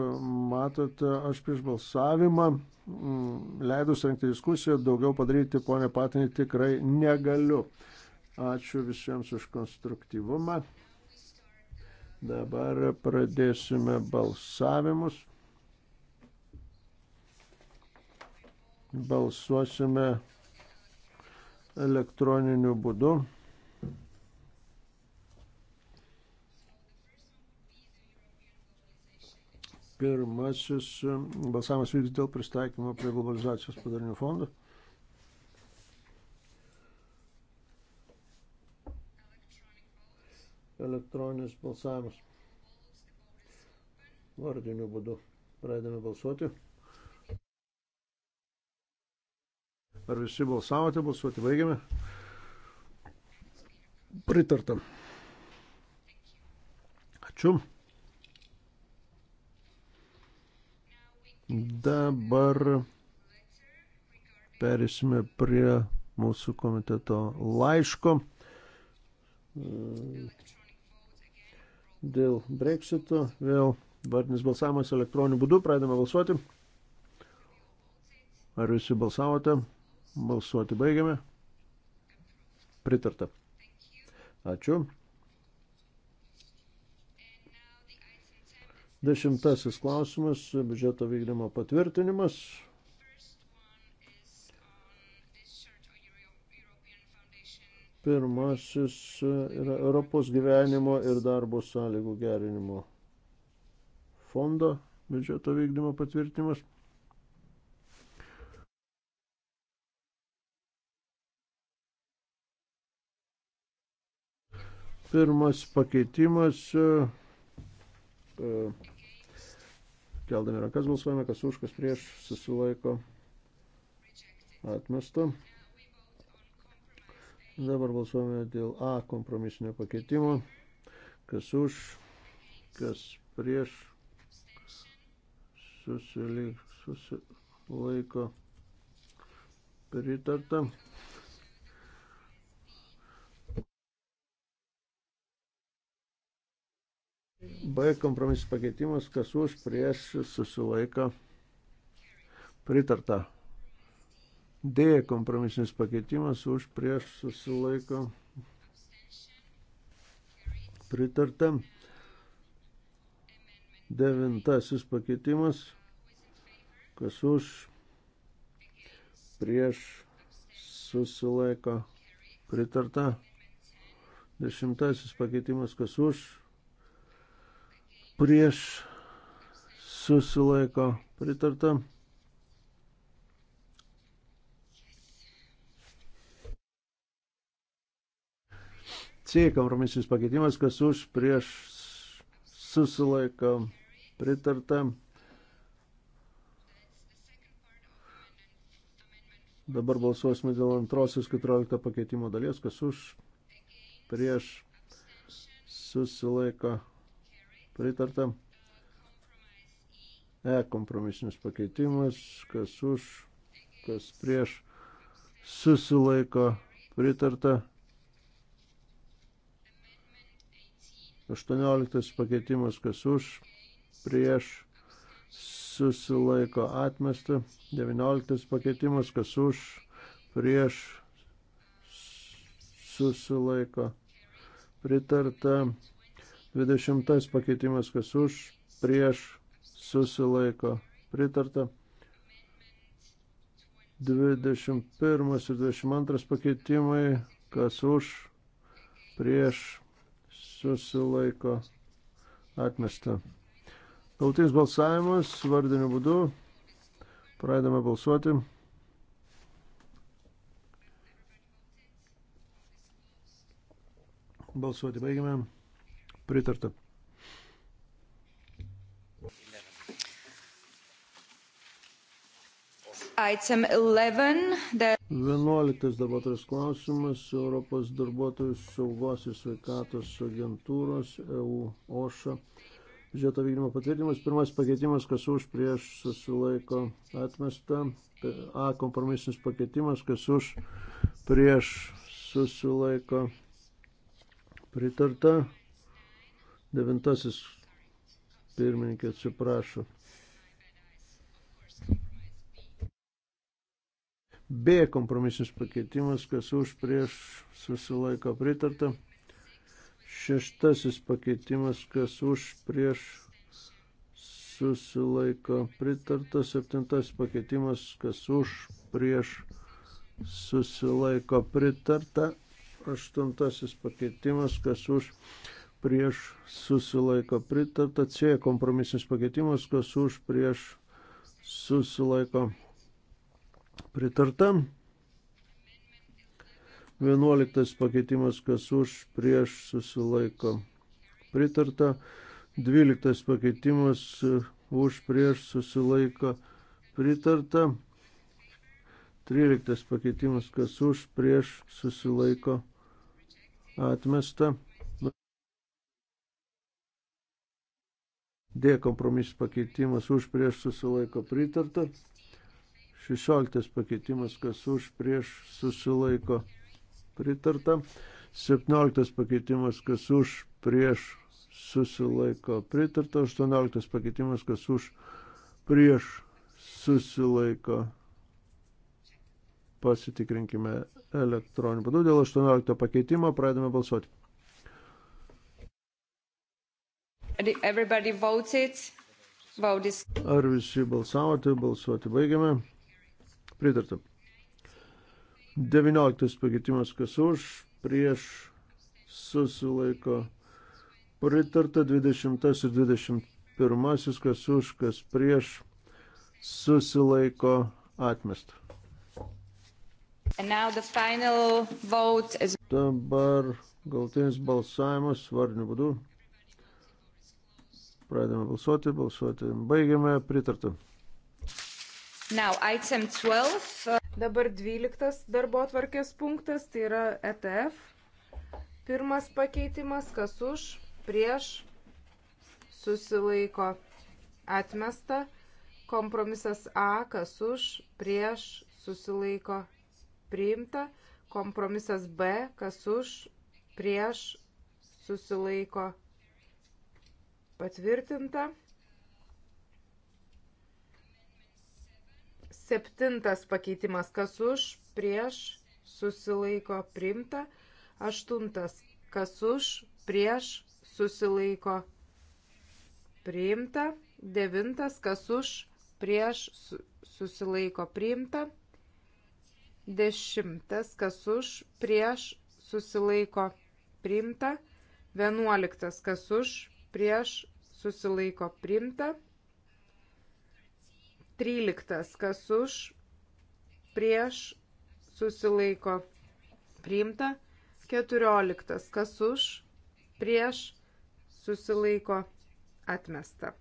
matote, aš prieš balsavimą mm, leidus rengti diskusiją daugiau padaryti, ponė Patinį, tikrai negaliu. Ačiū visiems už konstruktyvumą. Dabar pradėsime balsavimus. Balsuosime elektroniniu būdu. Pirmasis e, balsavimas vyks dėl pristaikymo prie globalizacijos padarinių fondų. Elektroninis balsavimas. Vardiniu būdu. Pradedame balsuoti. Ar visi balsavote? Balsuoti baigiame. Pritartam. Ačiū. Dabar perėsime prie mūsų komiteto laiško dėl Brexito. Vėl vardinis balsavimas elektroniniu būdu. Pradedame balsuoti. Ar visi balsavote? Balsuoti baigiame. Pritarta. Ačiū. Dešimtasis klausimas - biudžeto vykdymo patvirtinimas. Pirmasis yra Europos gyvenimo ir darbo sąlygų gerinimo fondo biudžeto vykdymo patvirtinimas. Pirmas pakeitimas. Uh, keldami rankas balsuojame, kas už, kas prieš, susilaiko atmesta. Dabar balsuojame dėl A kompromisinio pakeitimo, kas už, kas prieš, susilaiko pritarta. B kompromisas pakeitimas, kas už, prieš, susilaiko, pritarta. D kompromisinis pakeitimas, už, prieš, susilaiko, pritarta. Devintasis pakeitimas, kas už, prieš, susilaiko, pritarta. Dešimtasis pakeitimas, kas už, prieš susilaiko pritarta. C kompromisinis pakeitimas, kas už prieš susilaiko pritarta. Dabar balsuosime dėl antrosios 14 pakeitimo dalies, kas už prieš susilaiko pritarta Pritarta. E kompromisinis pakeitimas, kas už, kas prieš, susilaiko, pritarta. 18 pakeitimas, kas už, prieš, susilaiko, atmesta. 19 pakeitimas, kas už, prieš, susilaiko, pritarta. 20 pakeitimas, kas už, prieš, susilaiko, pritarta. 21 ir 22 pakeitimai, kas už, prieš, susilaiko, atmesta. Galtinis balsavimas vardiniu būdu. Pradedame balsuoti. Balsuoti baigiame. Pritarta. Item 11. The... 11 darbuotojas klausimas Europos darbuotojų saugos ir sveikatos agentūros EU OŠA. Žiūrėto vykdymo patvirtinimas. Pirmas pakeitimas, kas už prieš susilaiko atmesta. A kompromisinis pakeitimas, kas už prieš susilaiko pritarta. Devintasis pirmininkė atsiprašo. B kompromisinis pakeitimas, kas už prieš susilaiko pritarta. Šeštasis pakeitimas, kas už prieš susilaiko pritarta. Septintasis pakeitimas, kas už prieš susilaiko pritarta. Aštuntasis pakeitimas, kas už prieš prieš susilaiko pritarta, C kompromisinis pakeitimas, kas už prieš susilaiko pritarta. 11 pakeitimas, kas už prieš susilaiko pritarta. 12 pakeitimas, už prieš susilaiko pritarta. 13 pakeitimas, kas už prieš susilaiko atmesta. D kompromisis pakeitimas už prieš susilaiko pritarta. 16 pakeitimas, kas už prieš susilaiko pritarta. 17 pakeitimas, kas už prieš susilaiko pritarta. 18 pakeitimas, kas už prieš susilaiko. Pasitikrinkime elektroniniu būdu. Dėl 18 pakeitimo pradedame balsuoti. Everybody voted. Vote is... Ar visi balsavote, balsuoti baigiame. Pritarta. 19 pakeitimas, kas už, prieš, susilaiko. Pritarta 20 ir 21, kas už, kas prieš, susilaiko atmestą. Is... Dabar galtinis balsavimas varniu būdu. Pradedame balsuoti, balsuoti. Baigiame, pritarta. Now, item 12. Uh, Dabar 12 darbo atvarkės punktas, tai yra ETF. Pirmas pakeitimas, kas už, prieš, susilaiko, atmesta. Kompromisas A, kas už, prieš, susilaiko, priimta. Kompromisas B, kas už, prieš, susilaiko, atmesta Patvirtinta. Septintas pakeitimas, kas už, prieš, susilaiko, primta. Aštuntas, kas už, prieš, susilaiko, priimta. Devintas, kas už, prieš, susilaiko, priimta. Dešimtas, kas už, prieš, susilaiko, priimta. Vienuoliktas, kas už, prieš susilaiko primta. 13. Kas už prieš susilaiko primta. 14. Kas už prieš susilaiko atmesta.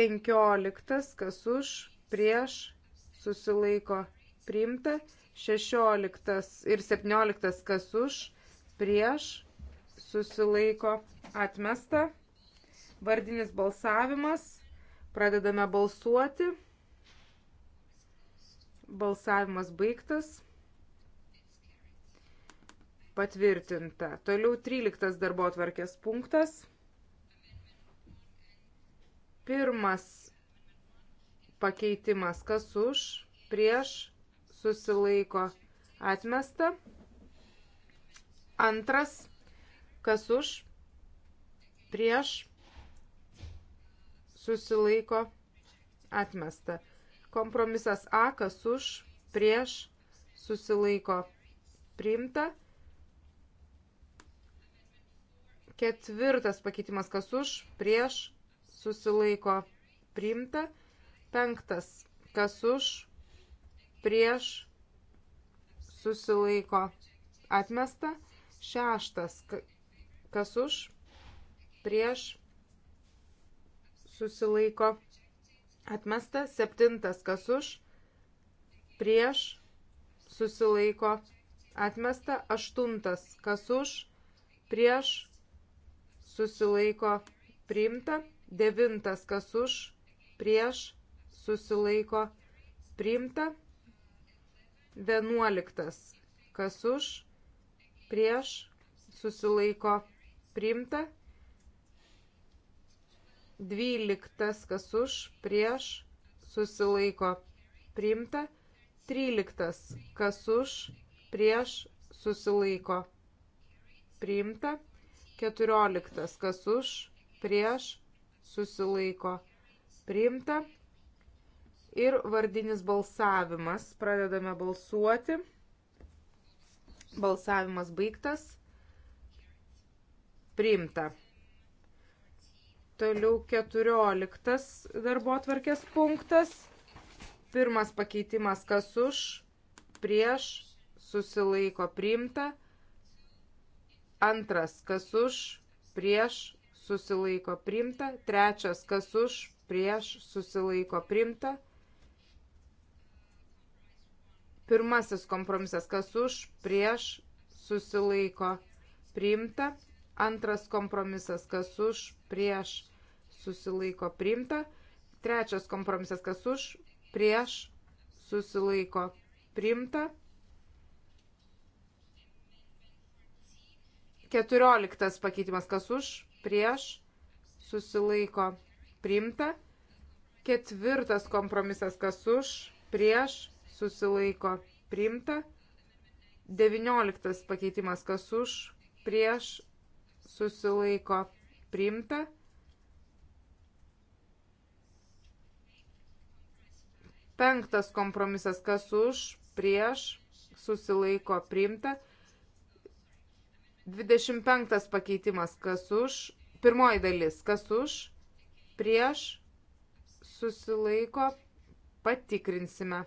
15. Kas už prieš susilaiko primta. 16 ir 17. Kas už prieš susilaiko atmesta. Vardinis balsavimas. Pradedame balsuoti. Balsavimas baigtas. Patvirtinta. Toliau 13 darbo atvarkės punktas. Pirmas pakeitimas, kas už, prieš, susilaiko, atmesta. Antras Kas už? Prieš? Susilaiko? Atmesta. Kompromisas A. Kas už? Prieš? Susilaiko? Priimta. Ketvirtas pakeitimas kas už, prieš, susilaiko, priimta. Penktas kas už, prieš, susilaiko, atmesta. Šeštas Kas už? Prieš susilaiko. Atmesta. Septintas. Kas už? Prieš susilaiko. Atmesta. Aštuntas. Kas už? Prieš susilaiko. Priimta. Devintas. Kas už? Prieš susilaiko. Priimta. Vienuoliktas. Kas už? Prieš susilaiko priimta. 12 kas už, prieš, susilaiko, priimta. 13 kas už, prieš, susilaiko, priimta. 14 kas už, prieš, susilaiko, priimta. Ir vardinis balsavimas. Pradedame balsuoti. Balsavimas baigtas priimta. Toliau 14 darbo atvarkės punktas. Pirmas pakeitimas kas už, prieš, susilaiko priimta. Antras kas už, prieš, susilaiko priimta. Trečias kas už, prieš, susilaiko priimta. Pirmasis kompromisas kas už, prieš, susilaiko priimta. Antras kompromisas, kas už, prieš, susilaiko priimta. Trečias kompromisas, kas už, prieš, susilaiko priimta. Keturioliktas pakeitimas, kas už, prieš, susilaiko priimta. Ketvirtas kompromisas, kas už, prieš, susilaiko priimta. Devynioliktas pakeitimas, kas už, prieš, susilaiko priimta. Penktas kompromisas, kas už, prieš, susilaiko priimta. 25 pakeitimas, kas už, pirmoji dalis, kas už, prieš, susilaiko, patikrinsime.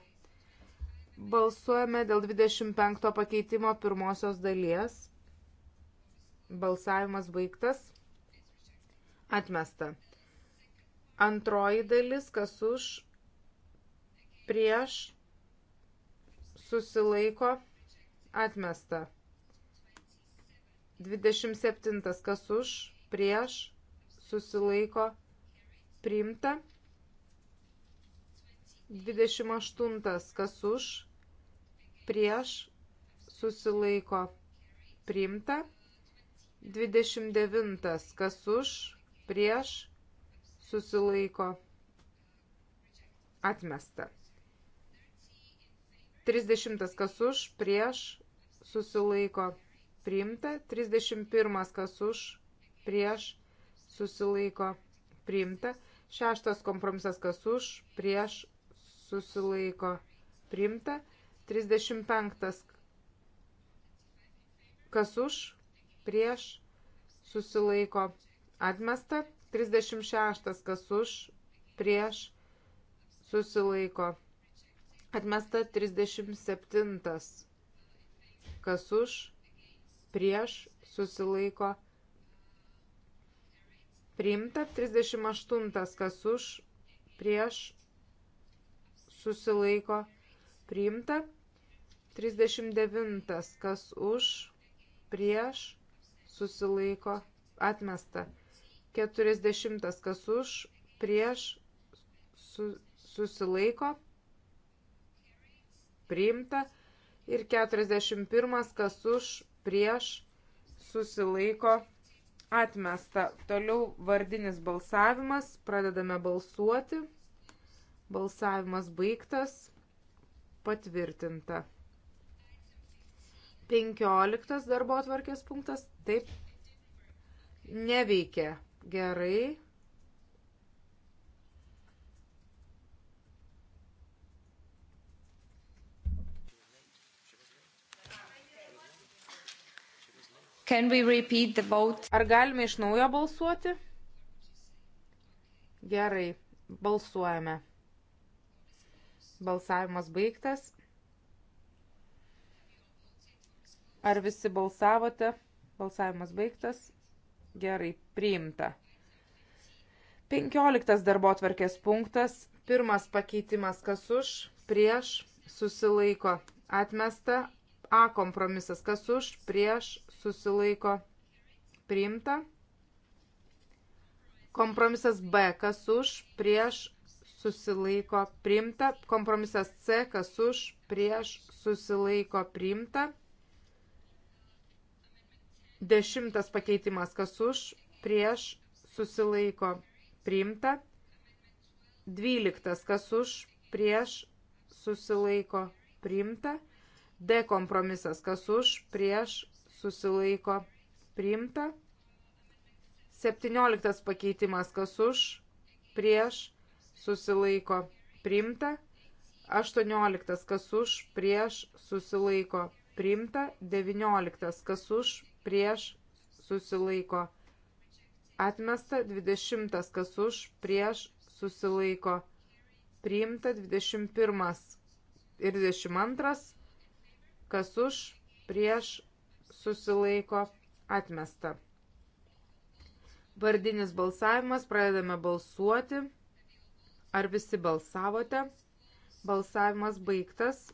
Balsuojame dėl 25 pakeitimo pirmosios dalies. Balsavimas baigtas. Atmesta. Antroji dalis, kas už, prieš, susilaiko, atmesta. 27. Kas už, prieš, susilaiko, priimta. 28. Kas už, prieš, susilaiko, priimta. 29. Kas už, prieš, susilaiko, atmesta. 30. Kas už, prieš, susilaiko, priimta. 31. Kas už, prieš, susilaiko, priimta. 6. Kompromisas kas už, prieš, susilaiko, priimta. 35. Kas už, prieš, susilaiko atmesta, 36 kas už, prieš, susilaiko atmesta, 37 kas už, prieš, susilaiko priimta, 38 kas už, prieš, susilaiko priimta, 39 kas už, prieš, susilaiko atmesta. 40 kas už, prieš su, susilaiko priimta. Ir 41 kas už, prieš susilaiko atmesta. Toliau vardinis balsavimas, pradedame balsuoti. Balsavimas baigtas, patvirtinta. 15 darbo atvarkės punktas taip neveikia gerai. Ar galime iš naujo balsuoti? Gerai, balsuojame. Balsavimas baigtas. Ar visi balsavote? Balsavimas baigtas. Gerai, priimta. 15 darbo tvarkės punktas. Pirmas pakeitimas kas už, prieš, susilaiko, atmesta. A kompromisas kas už, prieš, susilaiko, priimta. Kompromisas B kas už, prieš, susilaiko, priimta. Kompromisas C kas už, prieš, susilaiko, priimta. Dešimtas pakeitimas, kas už, prieš, susilaiko, priimta. Dvyliktas, kas už, prieš, susilaiko, priimta. D kompromisas, kas už, prieš, susilaiko, priimta. Septynioliktas pakeitimas, kas už, prieš, susilaiko, priimta. 18. Kas už, prieš, susilaiko, primta. 19. Kas už, prieš susilaiko. Atmesta 20, kas už, prieš susilaiko. Priimta 21 ir 22, kas už, prieš susilaiko. Atmesta. Vardinis balsavimas, pradedame balsuoti. Ar visi balsavote? Balsavimas baigtas.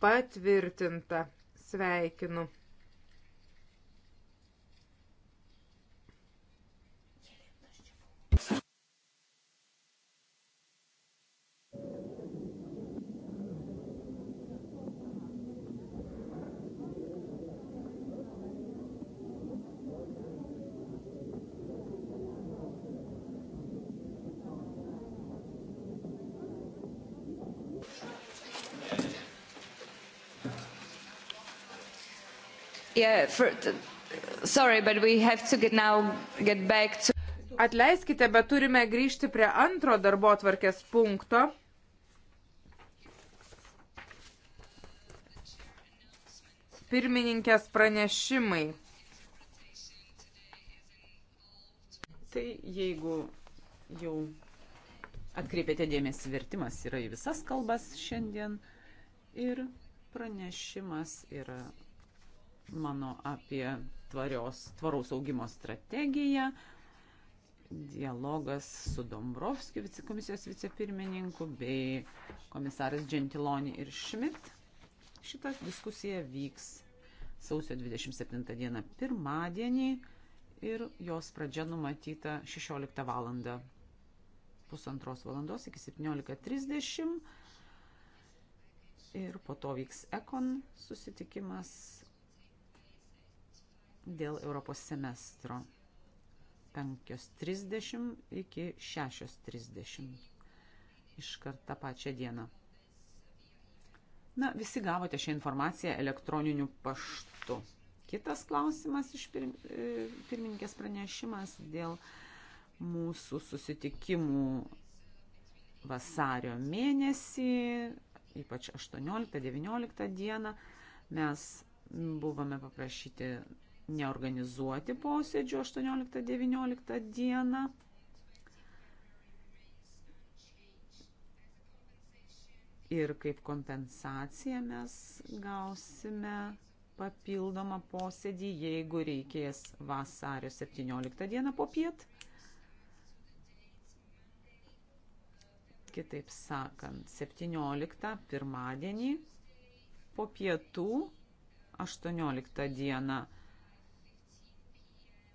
Patvirtinta. Sveikinu. Yeah, for, sorry, but we have to get now get back to. Atleiskite, bet turime grįžti prie antro darbo atvarkės punkto. Pirmininkės pranešimai. Tai jeigu jau atkreipėte dėmesį, vertimas yra į visas kalbas šiandien ir pranešimas yra mano apie tvarios, tvaraus augimo strategiją, dialogas su Dombrovskiu, komisijos vicepirmininku, bei komisaras Gentiloni ir Šmit. Šita diskusija vyks sausio 27 dieną pirmadienį ir jos pradžia numatyta 16 val. pusantros valandos iki 17.30 ir po to vyks ekon susitikimas dėl Europos semestro. 5.30 iki 6.30. Iškart tą pačią dieną. Na, visi gavote šią informaciją elektroniniu paštu. Kitas klausimas iš pirm, e, pirmininkės pranešimas dėl mūsų susitikimų vasario mėnesį, ypač 18-19 dieną. Mes buvome paprašyti neorganizuoti posėdžių 18-19 dieną. Ir kaip kompensaciją mes gausime papildomą posėdį, jeigu reikės vasario 17 dieną po piet. Kitaip sakant, 17 pirmadienį po pietų 18 dieną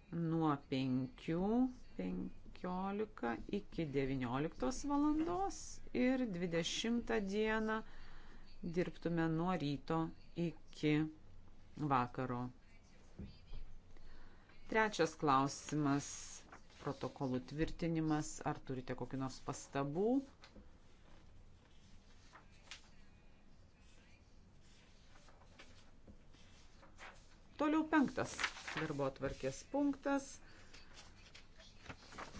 nuo 5.15 iki 19 valandos ir 20 dieną dirbtume nuo ryto iki vakaro. Trečias klausimas - protokolų tvirtinimas. Ar turite kokį nors pastabų? Toliau penktas darbo atvarkės punktas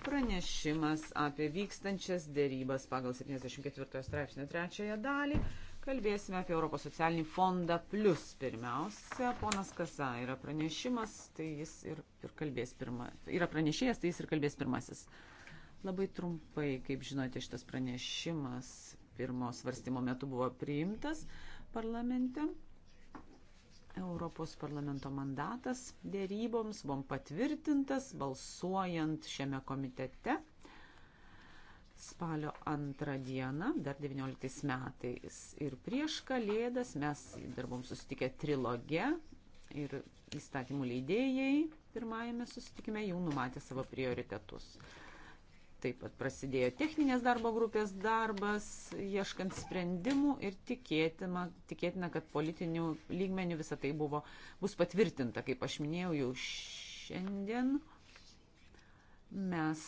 pranešimas apie vykstančias dėrybas pagal 74 straipsnio trečiąją dalį. Kalbėsime apie Europos socialinį fondą plus. Pirmiausia, ponas Kasa yra pranešimas, tai jis ir, ir kalbės pirmasis. Yra pranešėjas, tai jis ir kalbės pirmasis. Labai trumpai, kaip žinote, šitas pranešimas pirmo svarstymo metu buvo priimtas parlamente. Europos parlamento mandatas dėryboms buvom patvirtintas balsuojant šiame komitete spalio antrą dieną, dar 19 metais. Ir prieš kalėdas mes dirbom susitikę trilogę ir įstatymų leidėjai pirmajame susitikime jau numatė savo prioritetus. Taip pat prasidėjo techninės darbo grupės darbas, ieškant sprendimų ir tikėtina, tikėtina kad politinių lygmenių visą tai buvo, bus patvirtinta, kaip aš minėjau jau šiandien. Mes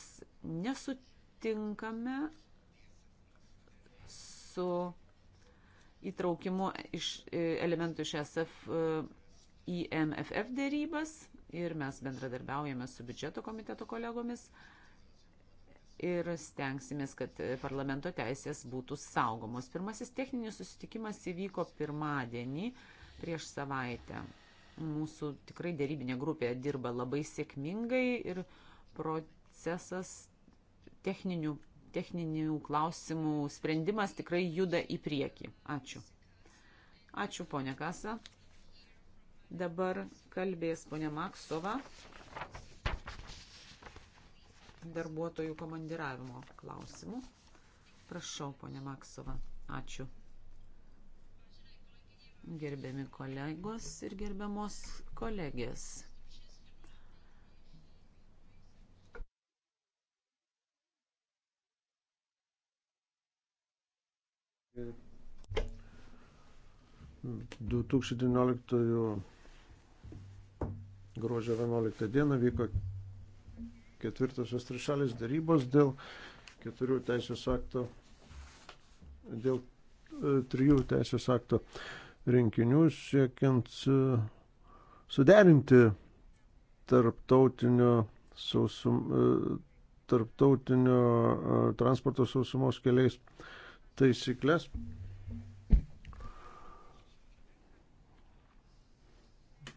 nesutinkame su įtraukimu iš e, elementų iš SF į e, MFF dėrybas ir mes bendradarbiaujame su biudžeto komiteto kolegomis ir stengsimės, kad e, parlamento teisės būtų saugomos. Pirmasis techninis susitikimas įvyko pirmadienį prieš savaitę. Mūsų tikrai dėrybinė grupė dirba labai sėkmingai ir procesas techninių, techninių klausimų sprendimas tikrai juda į priekį. Ačiū. Ačiū, ponia Kasa. Dabar kalbės ponia Maksova darbuotojų komandiravimo klausimų. Prašau, ponė Maksova. Ačiū. Gerbiami kolegos ir gerbiamos kolegės. Ir 2019 gruodžio 11 dieną vyko ketvirtosios trišalės darybos dėl keturių teisės akto, dėl e, trijų teisės akto rinkinių siekiant e, suderinti tarptautinio, sausum, e, tarptautinio transporto sausumos keliais taisyklės.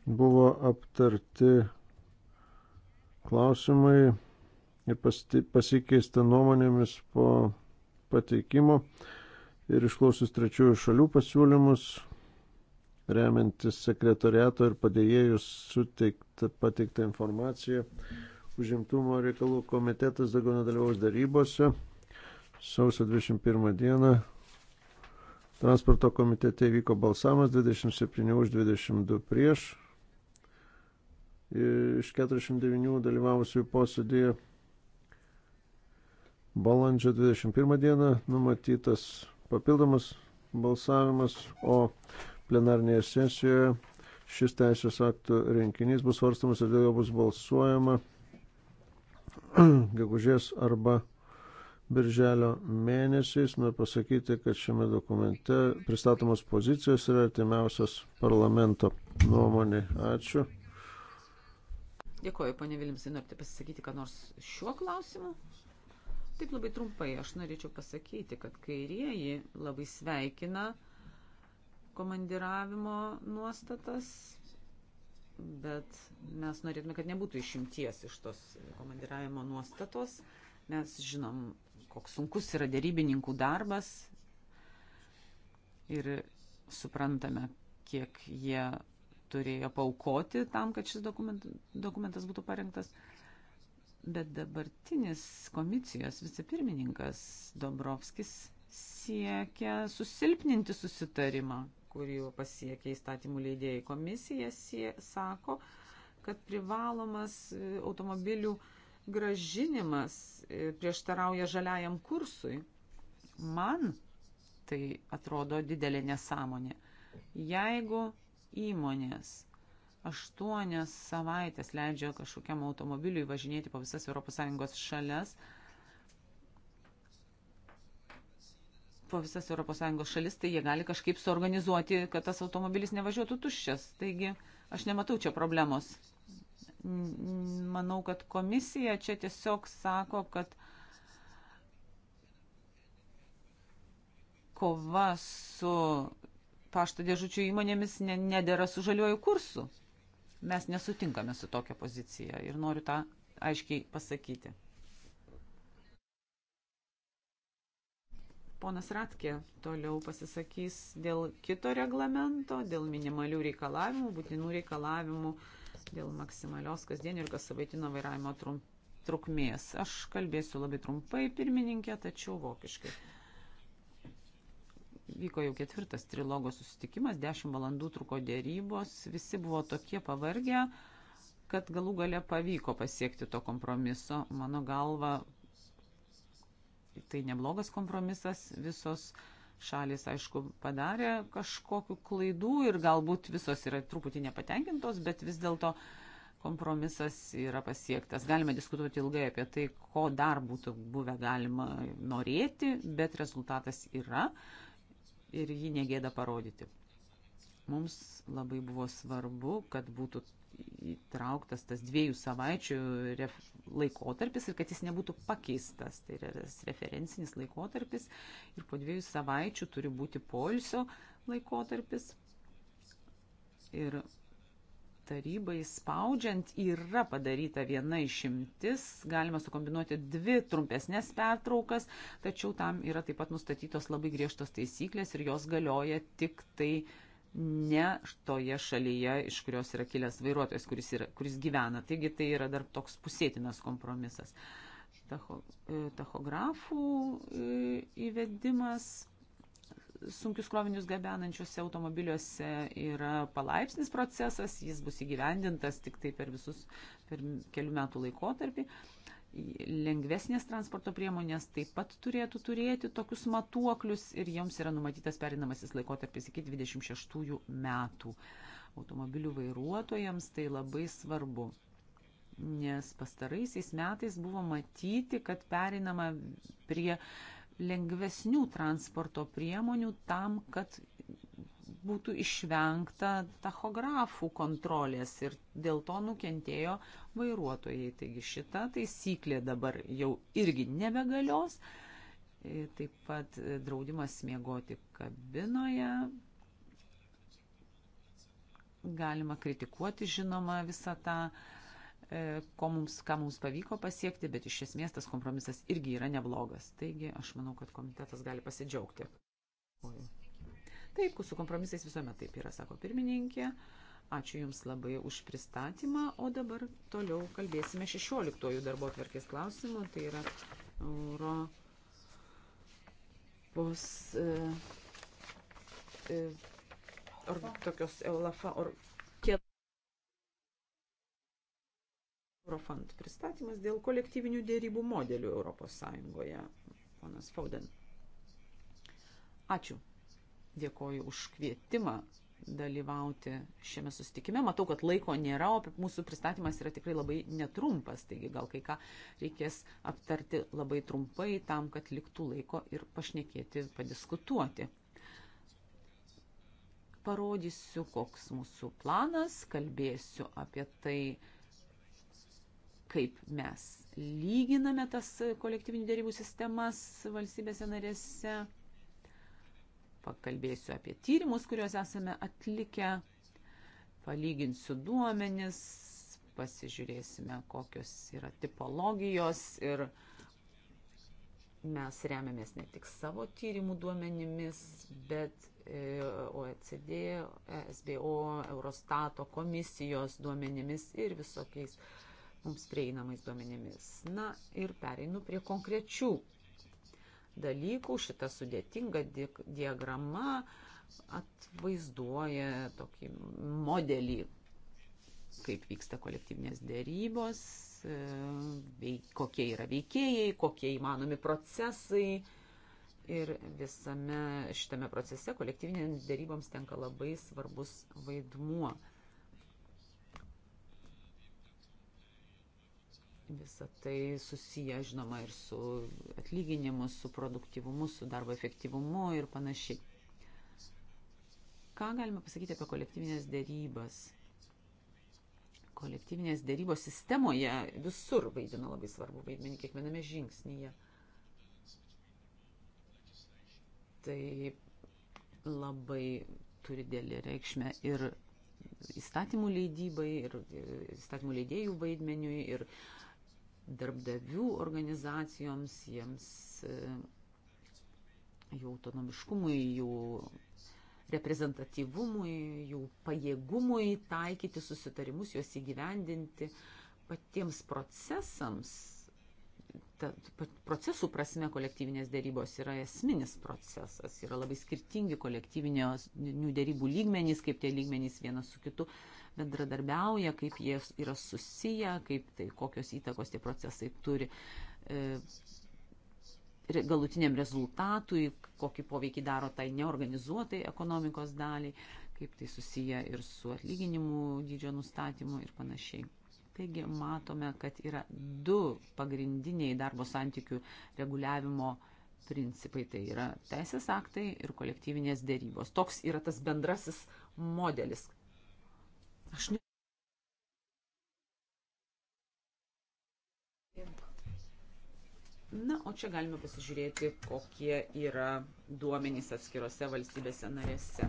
Buvo aptarti klausimai ir pasikeista nuomonėmis po pateikimo ir išklausus trečiųjų šalių pasiūlymus, remiantis sekretoriato ir padėjėjus pateiktą informaciją. Užimtumo reikalų komitetas daugiau nedalyvaus darybose. Sausio 21 dieną transporto komitete vyko balsavimas 27 už 22 prieš iš 49 dalyvavusių posėdėje balandžio 21 dieną numatytas papildomas balsavimas, o plenarnėje sesijoje šis teisės aktų rinkinys bus svarstamas ir dėl jo bus balsuojama (clears throat) gegužės arba birželio mėnesiais. Noriu pasakyti, kad šiame dokumente pristatomos pozicijos yra artimiausios parlamento nuomonė. Ačiū. Dėkoju, ponė Vilimsai, norite pasisakyti, ką nors šiuo klausimu? Taip labai trumpai, aš norėčiau pasakyti, kad kairieji labai sveikina komandiravimo nuostatas, bet mes norėtume, kad nebūtų išimties iš tos komandiravimo nuostatos. Mes žinom, koks sunkus yra dėrybininkų darbas ir suprantame, kiek jie turėjo paukoti tam, kad šis dokument, dokumentas būtų parengtas. Bet dabartinis komisijos vicepirmininkas Dombrovskis siekia susilpninti susitarimą, kurį pasiekė įstatymų leidėjai. Komisija sie, sako, kad privalomas e, automobilių gražinimas e, prieštarauja žaliajam kursui. Man tai atrodo didelė nesąmonė. Jeigu įmonės aštuonias savaitės leidžia kažkokiam automobiliui važinėti po visas ES šalias, po visas ES šalis, tai jie gali kažkaip suorganizuoti, kad tas automobilis nevažiuotų tuščias. Taigi aš nematau čia problemos. Manau, kad komisija čia tiesiog sako, kad kova su pašto dėžučių įmonėmis nedėra su žaliuoju kursu. Mes nesutinkame su tokia pozicija ir noriu tą aiškiai pasakyti. Ponas Ratkė toliau pasisakys dėl kito reglamento, dėl minimalių reikalavimų, būtinų reikalavimų, dėl maksimalios kasdienio ir kas savaitinio vairavimo trump, trukmės. Aš kalbėsiu labai trumpai, pirmininkė, tačiau vokiškai vyko jau ketvirtas trilogo susitikimas, dešimt valandų truko dėrybos, visi buvo tokie pavargę, kad galų gale pavyko pasiekti to kompromiso. Mano galva, tai neblogas kompromisas, visos šalis, aišku, padarė kažkokiu klaidų ir galbūt visos yra truputį nepatenkintos, bet vis dėlto kompromisas yra pasiektas. Galime diskutuoti ilgai apie tai, ko dar būtų buvę galima norėti, bet rezultatas yra. Uh, ir jį negėda parodyti. Mums labai buvo svarbu, kad būtų įtrauktas tas dviejų savaičių laikotarpis ir kad jis nebūtų pakeistas. Tai yra tas referencinis laikotarpis ir po dviejų savaičių turi būti polsio laikotarpis. Ir tarybai spaudžiant yra padaryta viena išimtis, galima sukombinuoti dvi trumpesnės pertraukas, tačiau tam yra taip pat nustatytos labai griežtos taisyklės ir jos galioja tik tai ne toje šalyje, iš kurios yra kilęs vairuotojas, kuris, yra, kuris gyvena. Taigi tai yra dar toks pusėtinas kompromisas. Tacho, e, tachografų e, įvedimas sunkius krovinius gabenančiuose automobiliuose yra palaipsnis procesas, jis bus įgyvendintas tik tai per visus, per kelių metų laikotarpį. Lengvesnės transporto priemonės taip pat turėtų turėti tokius matuoklius ir joms yra numatytas perinamasis laikotarpis iki 26 metų. Automobilių vairuotojams tai labai svarbu, nes pastaraisiais metais buvo matyti, kad perinama prie uh, lengvesnių transporto priemonių tam, kad būtų išvengta tachografų kontrolės ir dėl to nukentėjo vairuotojai. Taigi šita taisyklė dabar jau irgi nebegalios. E, taip pat e, draudimas miegoti kabinoje. Galima kritikuoti, žinoma, visą tą ta E, ko mums, ką mums pavyko pasiekti, bet iš esmės tas kompromisas irgi yra neblogas. Taigi aš manau, kad komitetas gali pasidžiaugti. Oi. Taip, su kompromisais visuomet taip yra, sako pirmininkė. Ačiū Jums labai už pristatymą, o dabar toliau kalbėsime 16 darbo atverkės klausimų, tai yra euro bus e, e, or, tokios Eulafa or, Eurofond pristatymas dėl kolektyvinių dėrybų modelių ES. Ponas Fauden. Ačiū. Dėkoju už kvietimą dalyvauti šiame sustikime. Matau, kad laiko nėra, o mūsų pristatymas yra tikrai labai netrumpas, taigi gal kai ką reikės aptarti labai trumpai tam, kad liktų laiko ir pašnekėti, padiskutuoti. Parodysiu, koks mūsų planas, kalbėsiu apie tai, kaip mes lyginame tas kolektyvinių dėrybų sistemas valstybėse narėse. Pakalbėsiu apie tyrimus, kuriuos esame atlikę, palyginsiu duomenis, pasižiūrėsime, kokios yra tipologijos ir mes remiamės ne tik savo tyrimų duomenimis, bet e, OECD, e SBO, Eurostato komisijos duomenimis ir visokiais uh, mums prieinamais duomenimis. Na ir pereinu prie konkrečių dalykų. Šita sudėtinga diagrama atvaizduoja tokį modelį, kaip vyksta kolektyvinės dėrybos, e, kokie yra veikėjai, kokie įmanomi procesai. Ir visame šitame procese kolektyvinėms dėryboms tenka labai svarbus vaidmuo. Visą tai susiję, žinoma, ir su atlyginimu, su produktyvumu, su darbo efektyvumu ir panašiai. Ką galime pasakyti apie kolektyvinės dėrybas? Kolektyvinės dėrybos sistemoje visur vaidina labai svarbu vaidmenį kiekviename žingsnyje. Tai labai turi dėlį reikšmę ir įstatymų leidybai, ir įstatymų leidėjų vaidmeniui, ir darbdavių organizacijoms, jiems e, jų autonomiškumui, jų reprezentatyvumui, jų pajėgumui taikyti susitarimus, juos įgyvendinti, patiems procesams, ta, procesų prasme kolektyvinės dėrybos yra esminis procesas, yra labai skirtingi kolektyvinio dėrybų lygmenys, kaip tie lygmenys vienas su kitu bendradarbiauja, kaip jie yra susiję, kaip tai, kokios įtakos tie procesai turi e, galutiniam rezultatui, kokį poveikį daro tai neorganizuotai ekonomikos daliai, kaip tai susiję ir su atlyginimu dydžio nustatymu ir panašiai. Taigi matome, kad yra du pagrindiniai darbo santykių reguliavimo principai tai yra teisės aktai ir kolektyvinės dėrybos. Toks yra tas bendrasis modelis, Aš ne. Na, o čia galime pasižiūrėti, kokie yra duomenys atskirose valstybėse narėse.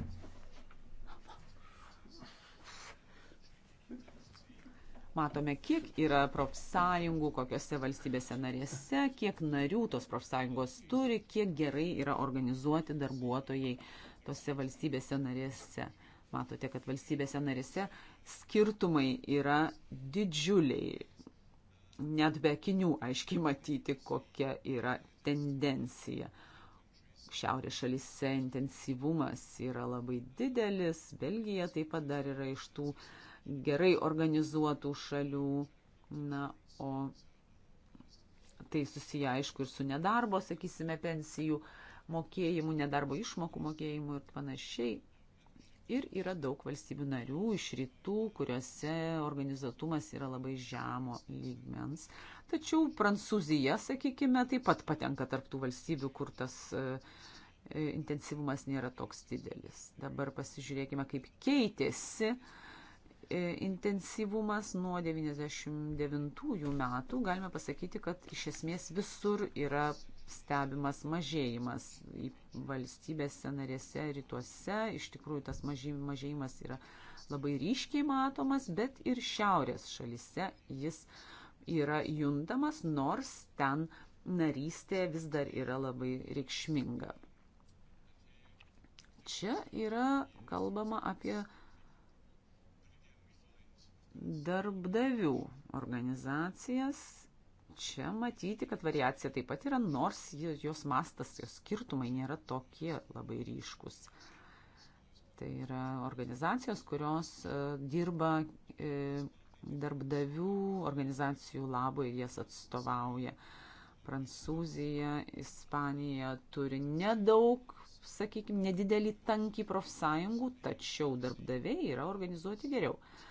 Matome, kiek yra profsąjungų, kokiose valstybėse narėse, kiek narių tos profsąjungos turi, kiek gerai yra organizuoti darbuotojai tose valstybėse narėse. Matote, kad valstybėse narėse skirtumai yra didžiuliai. Net be akinių aiškiai matyti, kokia yra tendencija. Šiaurės šalyse intensyvumas yra labai didelis, Belgija taip pat dar yra iš tų gerai organizuotų šalių. Na, o tai susiję aišku ir su nedarbo, sakysime, pensijų mokėjimu, nedarbo išmokų mokėjimu ir panašiai. Ir yra daug valstybių narių iš rytų, kuriuose organizuotumas yra labai žemo lygmens. Tačiau Prancūzija, sakykime, taip pat patenka tarptų valstybių, kur tas e, e, intensyvumas nėra toks didelis. Dabar pasižiūrėkime, kaip keitėsi e, intensyvumas nuo 99 metų. Galime pasakyti, kad iš esmės visur yra stebimas mažėjimas į valstybėse narėse rytuose. Iš tikrųjų, tas mažėjimas yra labai ryškiai matomas, bet ir šiaurės šalise jis yra juntamas, nors ten narystė vis dar yra labai reikšminga. Čia yra kalbama apie darbdavių organizacijas čia matyti, kad variacija taip pat yra, nors jos mastas, jos skirtumai nėra tokie labai ryškus. Tai yra organizacijos, kurios e, dirba e, darbdavių organizacijų labai ir jas atstovauja. Prancūzija, Ispanija turi nedaug, sakykime, nedidelį tankį profsąjungų, tačiau darbdaviai yra organizuoti geriau. Uh,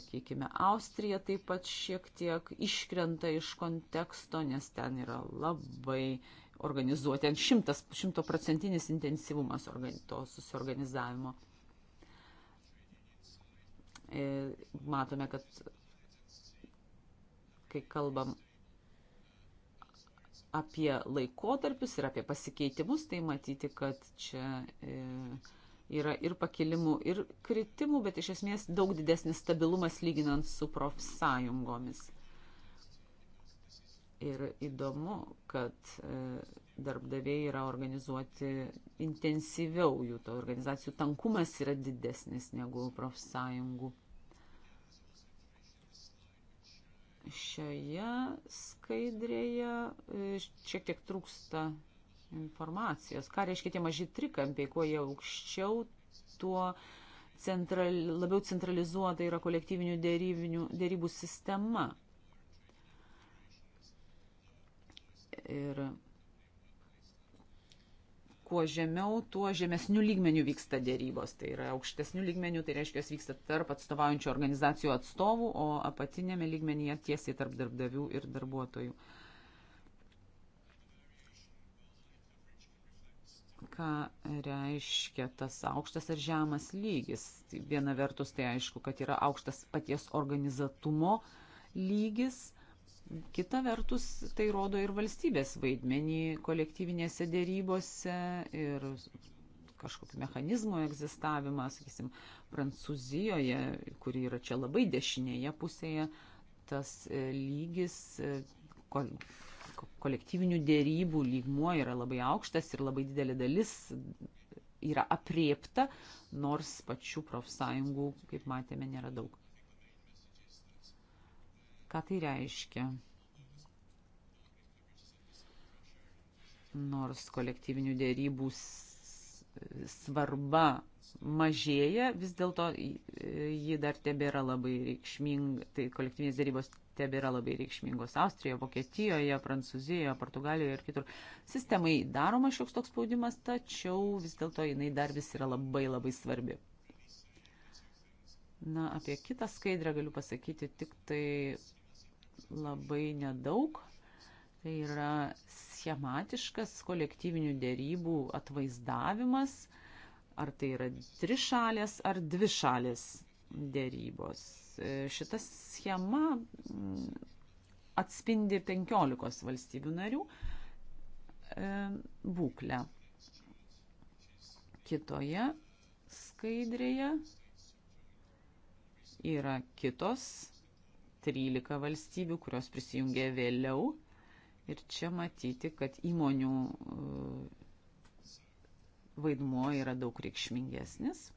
sakykime, Austrija taip pat šiek tiek iškrenta iš konteksto, nes ten yra labai organizuoti, ant šimtas, šimtoprocentinis intensyvumas to susiorganizavimo. E, matome, kad kai kalbam apie laikotarpius ir apie pasikeitimus, tai matyti, kad čia e, Yra ir pakilimų, ir kritimų, bet iš esmės daug didesnis stabilumas lyginant su profsąjungomis. Ir įdomu, kad e, darbdaviai yra organizuoti intensyviau, jų to organizacijų tankumas yra didesnis negu profsąjungų. Šioje skaidrėje e, šiek tiek trūksta informacijos. Ką reiškia tie maži trikampiai, kuo jie aukščiau, tuo central, labiau centralizuota yra kolektyvinių dėrybinių, dėrybų sistema. Ir kuo žemiau, tuo žemesnių lygmenių vyksta dėrybos. Tai yra aukštesnių lygmenių, tai reiškia, jos vyksta tarp atstovaujančių organizacijų atstovų, o apatinėme lygmenyje tiesiai tarp darbdavių ir darbuotojų. Uh, ką reiškia tas aukštas ar žemas lygis. Tai viena vertus tai aišku, kad yra aukštas paties organizatumo lygis, kita vertus tai rodo ir valstybės vaidmenį kolektyvinėse dėrybose ir kažkokiu mechanizmu egzistavimą, sakysim, Prancūzijoje, kuri yra čia labai dešinėje pusėje, tas lygis kolektyvinių dėrybų lygmuo yra labai aukštas ir labai didelė dalis yra apriepta, nors pačių profsąjungų, kaip matėme, nėra daug. Ką tai reiškia? Nors kolektyvinių dėrybų svarba mažėja, vis dėlto ji dar tebėra labai reikšminga, tai kolektyvinės dėrybos tebėra labai reikšmingos Austrijoje, Vokietijoje, Prancūzijoje, Portugalijoje ir kitur. Sistemai daroma šioks toks spaudimas, tačiau vis dėlto jinai dar vis yra labai labai svarbi. Na, apie kitą skaidrę galiu pasakyti tik tai labai nedaug. Tai yra schematiškas kolektyvinių dėrybų atvaizdavimas, ar tai yra trišalės ar dvišalės dėrybos E, šita schema mm, atspindi 15 valstybių narių e, būklę. Kitoje skaidrėje yra kitos 13 valstybių, kurios prisijungė vėliau. Ir čia matyti, kad įmonių e, vaidmuo yra daug reikšmingesnis.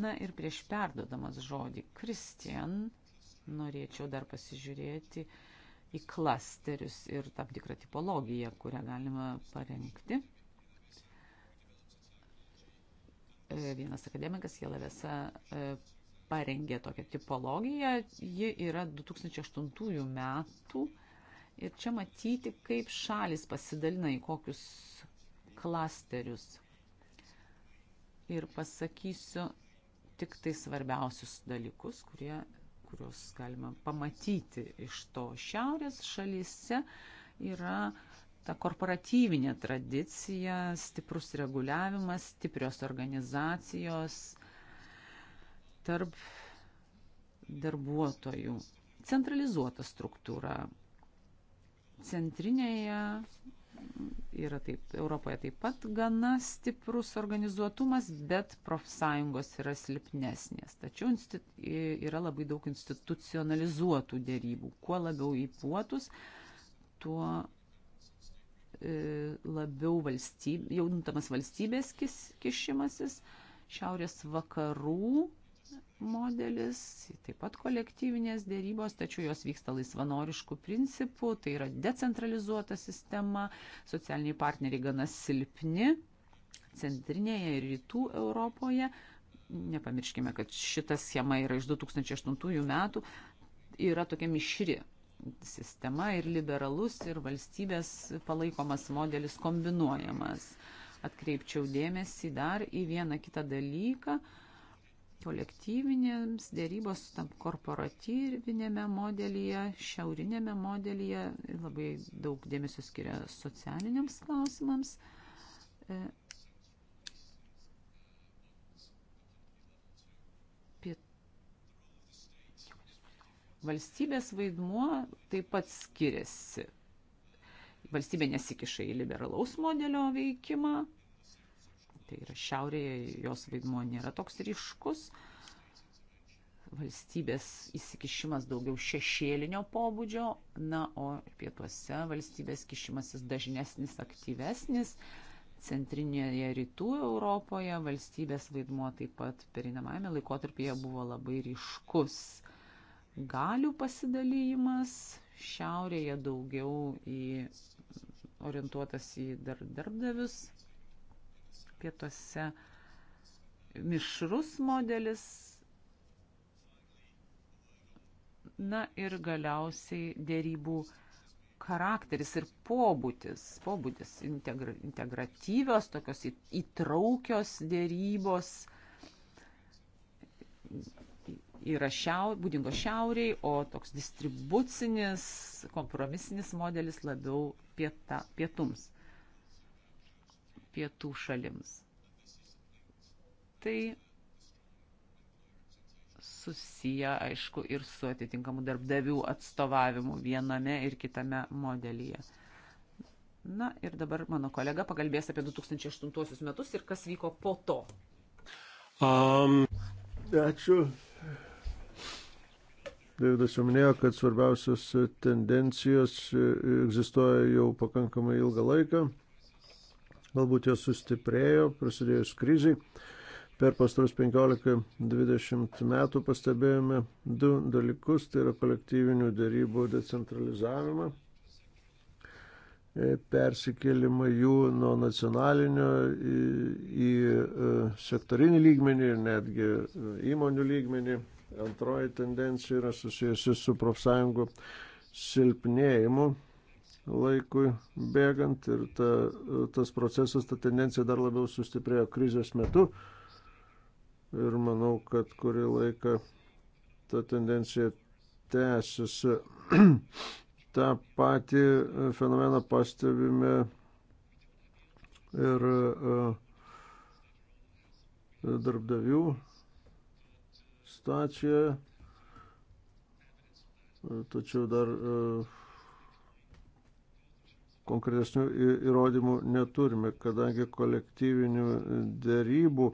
Na ir prieš perdodamas žodį Kristian, norėčiau dar pasižiūrėti į klasterius ir tam tikrą tipologiją, kurią galima parengti. E, vienas akademikas Jelavesa e, parengė tokią tipologiją. Ji yra 2008 metų ir čia matyti, kaip šalis pasidalina į kokius klasterius. Ir pasakysiu tik tai svarbiausius dalykus, kurie, kuriuos galima pamatyti iš to. Šiaurės šalyse yra ta korporatyvinė tradicija, stiprus reguliavimas, stiprios organizacijos tarp darbuotojų. Centralizuota struktūra. Centrinėje yra taip, Europoje taip pat gana stiprus organizuotumas, bet profsąjungos yra silpnesnės. Tačiau yra labai daug institucionalizuotų dėrybų. Kuo labiau į puotus, tuo e, labiau valstybė, jauntamas valstybės kišimasis. Šiaurės vakarų modelis, taip pat kolektyvinės dėrybos, tačiau jos vyksta laisvanoriškų principų, tai yra decentralizuota sistema, socialiniai partneriai gana silpni centrinėje ir rytų Europoje. Nepamirškime, kad šita schema yra iš 2008 metų, yra tokia mišri sistema ir liberalus, ir valstybės palaikomas modelis kombinuojamas. Atkreipčiau dėmesį dar į vieną kitą dalyką, uh, kolektyvinėms dėrybos tam korporatyvinėme modelyje, šiaurinėme modelyje labai daug dėmesio skiria socialiniams klausimams. E, Valstybės vaidmuo taip pat skiriasi. Valstybė nesikiša į liberalaus modelio veikimą, Tai yra šiaurėje jos vaidmuo nėra toks ryškus. Valstybės įsikišimas daugiau šešėlinio pobūdžio, na, o pietuose valstybės kišimasis dažnesnis, aktyvesnis. Centrinėje rytų Europoje valstybės vaidmuo taip pat perinamajame laikotarpyje buvo labai ryškus. Galių pasidalymas šiaurėje daugiau į orientuotas į dar, darbdavius, pietuose mišrus modelis. Na ir galiausiai dėrybų charakteris ir pobūdis, pobūdis integra, integratyvios, tokios įtraukios dėrybos yra šiau, būdingo šiauriai, o toks distribucinis, kompromisinis modelis labiau pieta, pietums pietų šalims. Tai susiję, aišku, ir su atitinkamu darbdavių atstovavimu viename ir kitame modelyje. Na ir dabar mano kolega pakalbės apie 2008 metus ir kas vyko po to. Um, ačiū. Davidas jau minėjo, kad svarbiausios tendencijos e, egzistuoja jau pakankamai ilgą laiką galbūt jos sustiprėjo prasidėjus krizai. Per pastarus 15-20 metų pastebėjome du dalykus, tai yra kolektyvinių dėrybų decentralizavimą, e, persikėlimą jų nuo nacionalinio į, į e, sektorinį lygmenį ir netgi e, įmonių lygmenį. Antroji tendencija yra susijusi su profsąjungų silpnėjimu laikui bėgant ir ta, tas procesas, ta tendencija dar labiau sustiprėjo krizės metu. Ir manau, kad kurį laiką ta tendencija tęsis. tą patį fenomeną pastebime ir e, darbdavių stacijoje, tačiau dar uh, konkretesnių įrodymų neturime, kadangi kolektyvinių dėrybų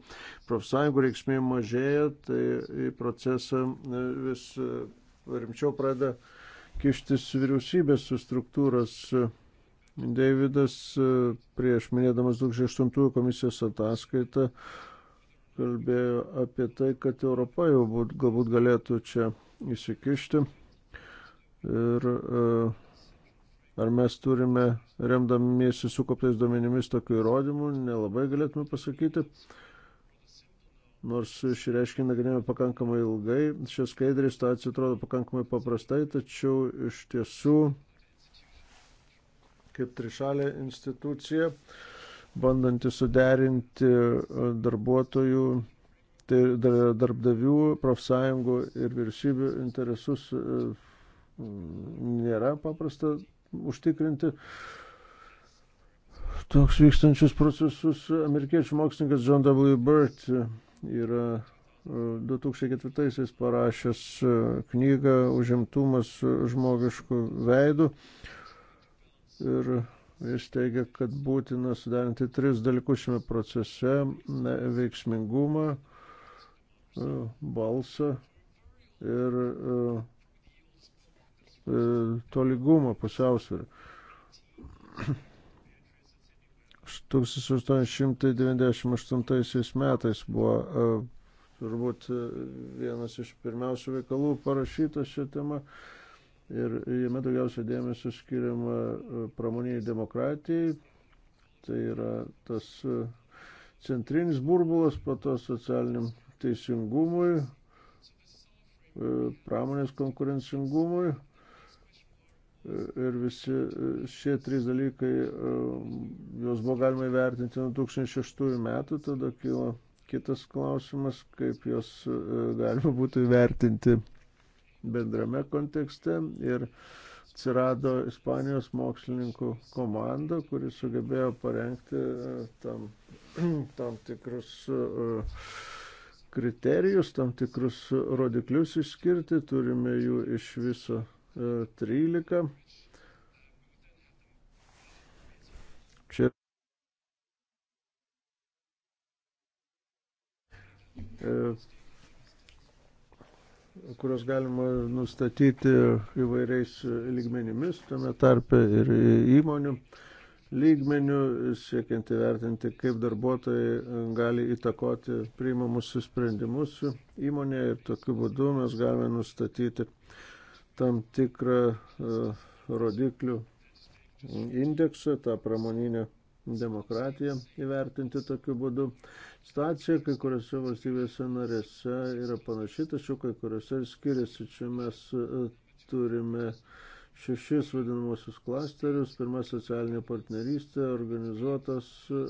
profsąjungų reikšmė mažėja, tai į procesą e, vis e, rimčiau pradeda kištis vyriausybės struktūros. Davidas e, prieš minėdamas 2008 komisijos ataskaitą kalbėjo apie tai, kad Europa jau būt, galbūt galėtų čia įsikišti. Ir uh, Ar mes turime, remdamiesi sukoptais duomenimis, tokių įrodymų, nelabai galėtume pasakyti. Nors šį reiškinį nagrinėjome pakankamai ilgai, šią skaidrį situacija atrodo pakankamai paprastai, tačiau iš tiesų, kaip trišalė institucija, bandanti suderinti darbuotojų tai darbdavių, profsąjungų ir vyriausybių interesus e, nėra paprasta užtikrinti toks vykstančius procesus. Amerikiečių mokslininkas John W. Burt yra 2004-aisiais e, parašęs e, knygą Užimtumas žmogiškų veidų. Ir jis teigia, kad būtina sudarinti tris dalykus šiame procese - veiksmingumą, e, balsą ir E, tolygumą, pusiausvyrą. 1898 metais buvo e, turbūt e, vienas iš pirmiausių veikalų parašytas šią temą ir jame daugiausia dėmesio skiriama pramoniniai demokratijai. Tai yra tas centrinis burbulas, po to socialiniam teisingumui, pramonės konkurencingumui ir visi e, šie trys dalykai, e, juos buvo galima įvertinti nuo 2006 metų, tada kilo kitas klausimas, kaip juos e, galima būtų įvertinti bendrame kontekste ir atsirado Ispanijos mokslininkų komanda, kuri sugebėjo parengti tam, (clears throat) tam tikrus kriterijus, tam tikrus rodiklius išskirti, turime jų iš viso 13. Čia e, kurios galima nustatyti įvairiais lygmenimis, tame tarpe ir įmonių lygmenių, siekiant įvertinti, kaip darbuotojai gali įtakoti priimamus sprendimus įmonėje ir tokiu būdu mes galime nustatyti uh, tam tikrą e, rodiklių indeksą, tą pramoninę demokratiją įvertinti tokiu būdu. Stacija kai kuriuose valstybėse narėse yra panaši, tačiau kai kuriuose skiriasi. Čia mes e, turime šešis vadinamosius klasterius. Pirma socialinė partnerystė, organizuotas e,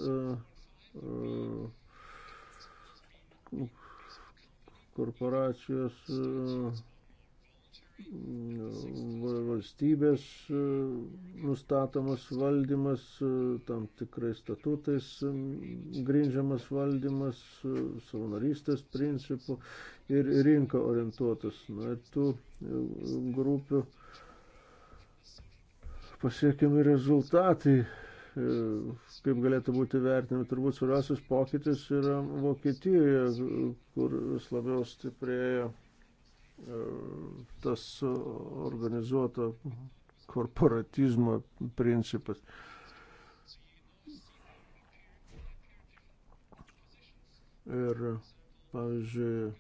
korporacijos valstybės e, nustatomas valdymas, e, tam tikrais statutais e, grindžiamas valdymas, savanorystės principų ir rinka orientuotas. Na ir tų grupių pasiekiami rezultatai, kaip galėtų būti vertinami. Turbūt svarbiausias pokytis yra Vokietijoje, kur vis labiau stiprėjo tas organizuoto korporatizmo principas. Ir, pavyzdžiui,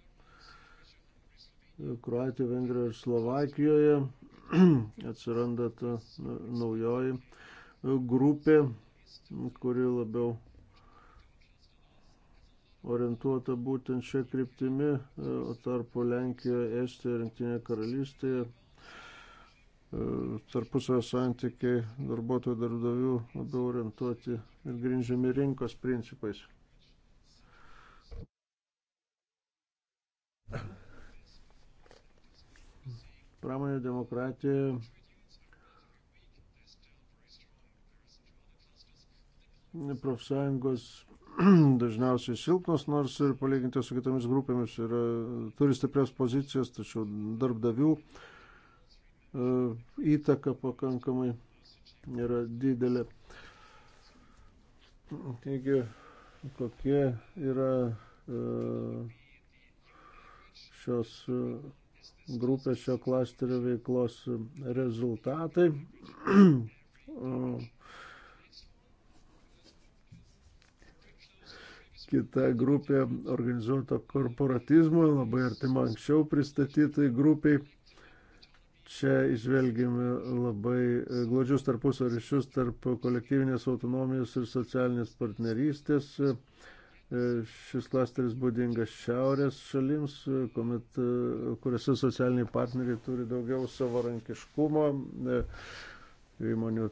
Kroatijoje, Vengrijoje ir Slovakijoje (clears throat) atsiranda ta naujoji grupė, kuri labiau orientuota būtent šią kryptimį, e, o tarpu Lenkijoje, Estijoje, Rinktinėje karalystėje e, tarpusavio santykiai darbuotojų darbdavių labiau orientuoti ir grindžiami rinkos principais. Pramonė demokratija profsąjungos (clears throat) dažniausiai silpnos, nors ir palyginti su kitomis grupėmis yra, turi stiprias pozicijas, tačiau darbdavių e, įtaka pakankamai yra didelė. Taigi, kokie yra e, šios e, grupės, šio klasterio veiklos rezultatai. (clears throat) kita grupė organizuoto korporatizmo, labai artima anksčiau pristatytai grupiai. Čia išvelgiame labai glaudžius tarpusio ryšius tarp kolektyvinės autonomijos ir socialinės partnerystės. Šis klasteris būdingas šiaurės šalims, kuomet, kuriuose socialiniai partneriai turi daugiau savarankiškumo. E, įmonių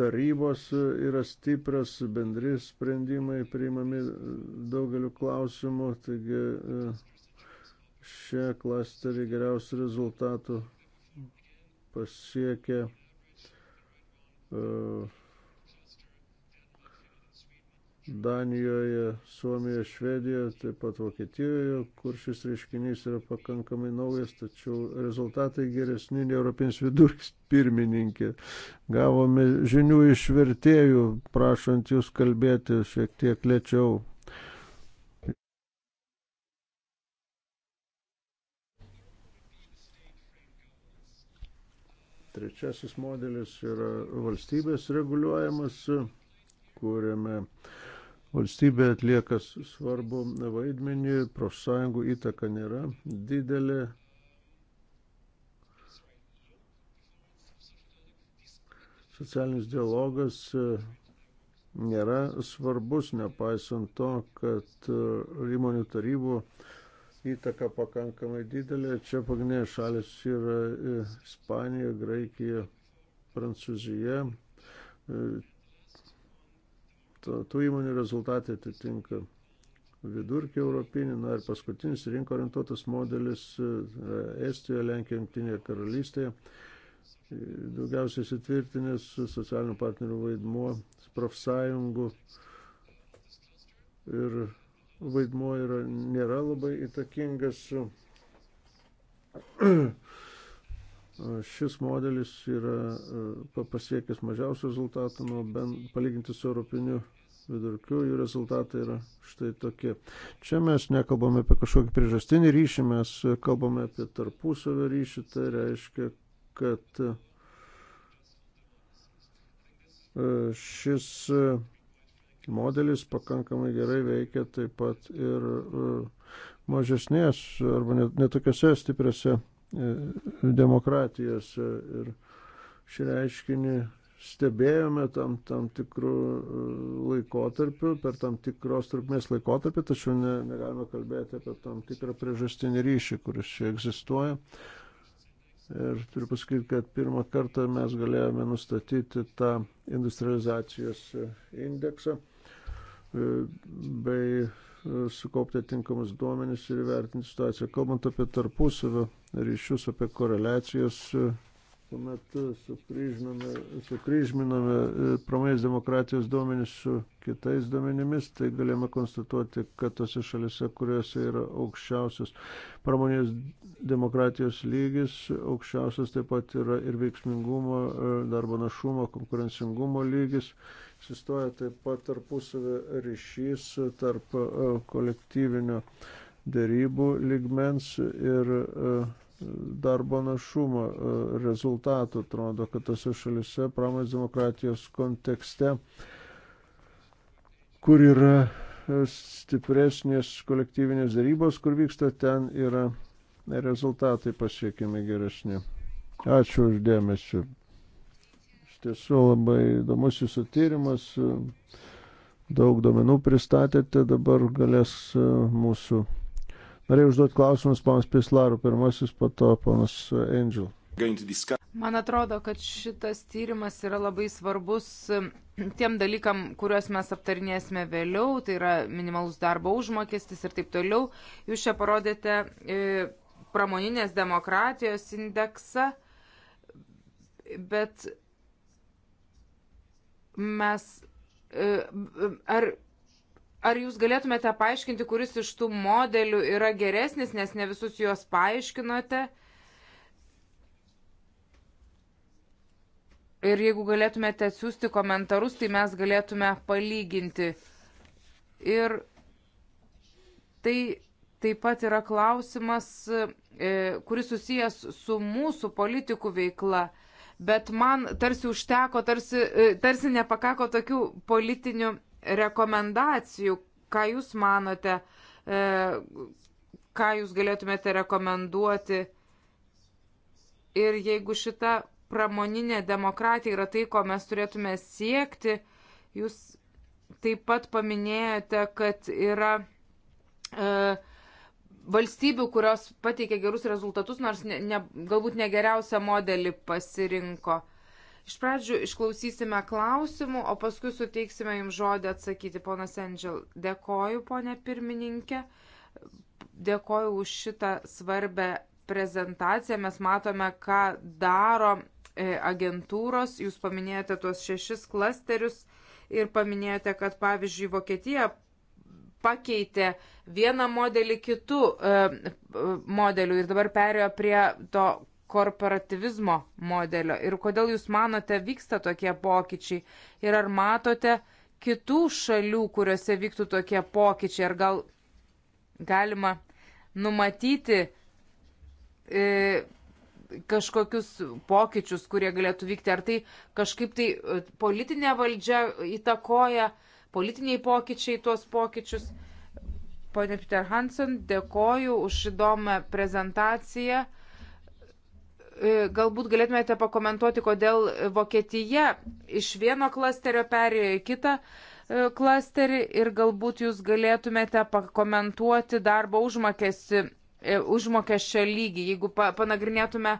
tarybos yra stipras, bendri sprendimai priimami daugeliu klausimų, taigi e, šie klasteriai geriausių rezultatų pasiekė uh, e, Danijoje, Suomijoje, Švedijoje, taip pat Vokietijoje, kur šis reiškinys yra pakankamai naujas, tačiau rezultatai geresni nei Europinis vidurkis pirmininkė. Gavome žinių iš vertėjų, prašant jūs kalbėti šiek tiek lėčiau. Trečiasis modelis yra valstybės reguliuojamas, kuriame uh, Valstybė atlieka svarbu vaidmenį, profsąjungų įtaka nėra didelė. Socialinis dialogas e, nėra svarbus, nepaisant to, kad e, įmonių tarybų įtaka pakankamai didelė. Čia pagrindinės šalis yra e, Ispanija, Graikija, Prancūzija tų įmonių rezultatai atitinka vidurkį europinį. Na ir paskutinis rinko orientuotas modelis e, Estijoje, Lenkijoje, Junktinėje karalystėje. E, daugiausiai sutvirtinęs socialinių partnerių vaidmuo, profsąjungų ir vaidmuo yra, nėra labai įtakingas. (clears throat) Šis modelis yra e, pasiekęs mažiausių rezultatų, nu, bent palyginti su europiniu vidurkių, jų rezultatai yra štai tokie. Čia mes nekalbame apie kažkokį priežastinį ryšį, mes kalbame apie tarpusavio ryšį, tai reiškia, kad e, šis e, modelis pakankamai gerai veikia taip pat ir e, mažesnės arba netokiose stipriose demokratijose. Ir šį reiškinį stebėjome tam, tam tikrų e, laikotarpių, per tam tikros trukmės laikotarpį, tačiau ne, negalime kalbėti apie tam tikrą priežastinį ryšį, kuris čia egzistuoja. Ir turiu pasakyti, kad pirmą kartą mes galėjome nustatyti tą industrializacijos indeksą e, bei e, sukaupti atinkamus duomenis ir įvertinti situaciją. Kalbant apie tarpusavio ryšius, apie koreliacijos kuomet e, sukryžminame, sukryžminame e, pramais demokratijos duomenys su kitais duomenimis, tai galime konstatuoti, kad tose šalise, kuriuose yra aukščiausias pramonės demokratijos lygis, aukščiausias taip pat yra ir veiksmingumo, e, darbo našumo, konkurencingumo lygis. Sistoja taip pat tarpusavio ryšys tarp kolektyvinio dėrybų ligmens ir uh, darbo našumo e, rezultatų. Atrodo, kad tose šalise pramonės demokratijos kontekste, kur yra e, stipresnės kolektyvinės darybos, kur vyksta, ten yra rezultatai pasiekiami geresni. Ačiū uždėmesi. Iš tiesų labai įdomus jūsų tyrimas. E, daug domenų pristatėte, dabar galės mūsų Norėjau užduoti klausimus panas Pislaru, pirmasis, po to panas Angel. Man atrodo, kad šitas tyrimas yra labai svarbus ehm, tiem dalykam, kuriuos mes aptarinėsime vėliau, tai yra minimalus darbo užmokestis ir taip toliau. Jūs čia parodėte e, pramoninės demokratijos indeksą, bet mes. E, ar ar jūs galėtumėte paaiškinti, kuris iš tų modelių yra geresnis, nes ne visus juos paaiškinote? Ir jeigu galėtumėte atsiųsti komentarus, tai mes galėtume palyginti. Ir tai taip pat yra klausimas, e, kuris susijęs su mūsų politikų veikla bet man tarsi užteko, tarsi, e, tarsi nepakako tokių politinių rekomendacijų, ką jūs manote, e, ką jūs galėtumėte rekomenduoti. Ir jeigu šita pramoninė demokratija yra tai, ko mes turėtume siekti, jūs taip pat paminėjote, kad yra e, valstybių, kurios pateikė gerus rezultatus, nors ne, ne, galbūt ne geriausią modelį pasirinko. E, Iš pradžių išklausysime klausimų, o paskui suteiksime jums žodį atsakyti. Ponas Endžel, dėkoju, ponė pirmininkė, dėkoju už šitą svarbę prezentaciją. Mes matome, ką daro e, agentūros. Jūs paminėjote tuos šešis klasterius ir paminėjote, kad pavyzdžiui Vokietija pakeitė vieną modelį kitų e, modelių ir dabar perėjo prie to korporativizmo modelio ir kodėl jūs manote vyksta tokie pokyčiai ir ar matote kitų šalių, kuriuose vyktų tokie pokyčiai, ar gal galima numatyti e, kažkokius pokyčius, kurie galėtų vykti, ar tai kažkaip tai e, politinė valdžia įtakoja, politiniai pokyčiai tuos pokyčius. Pone Peter Hansen, dėkoju už įdomią prezentaciją. E, galbūt galėtumėte pakomentuoti, kodėl Vokietija iš vieno klasterio perėjo į kitą e, klasterį ir galbūt jūs galėtumėte pakomentuoti darbo užmokestį, e, užmokesčio lygį, jeigu pa, panagrinėtume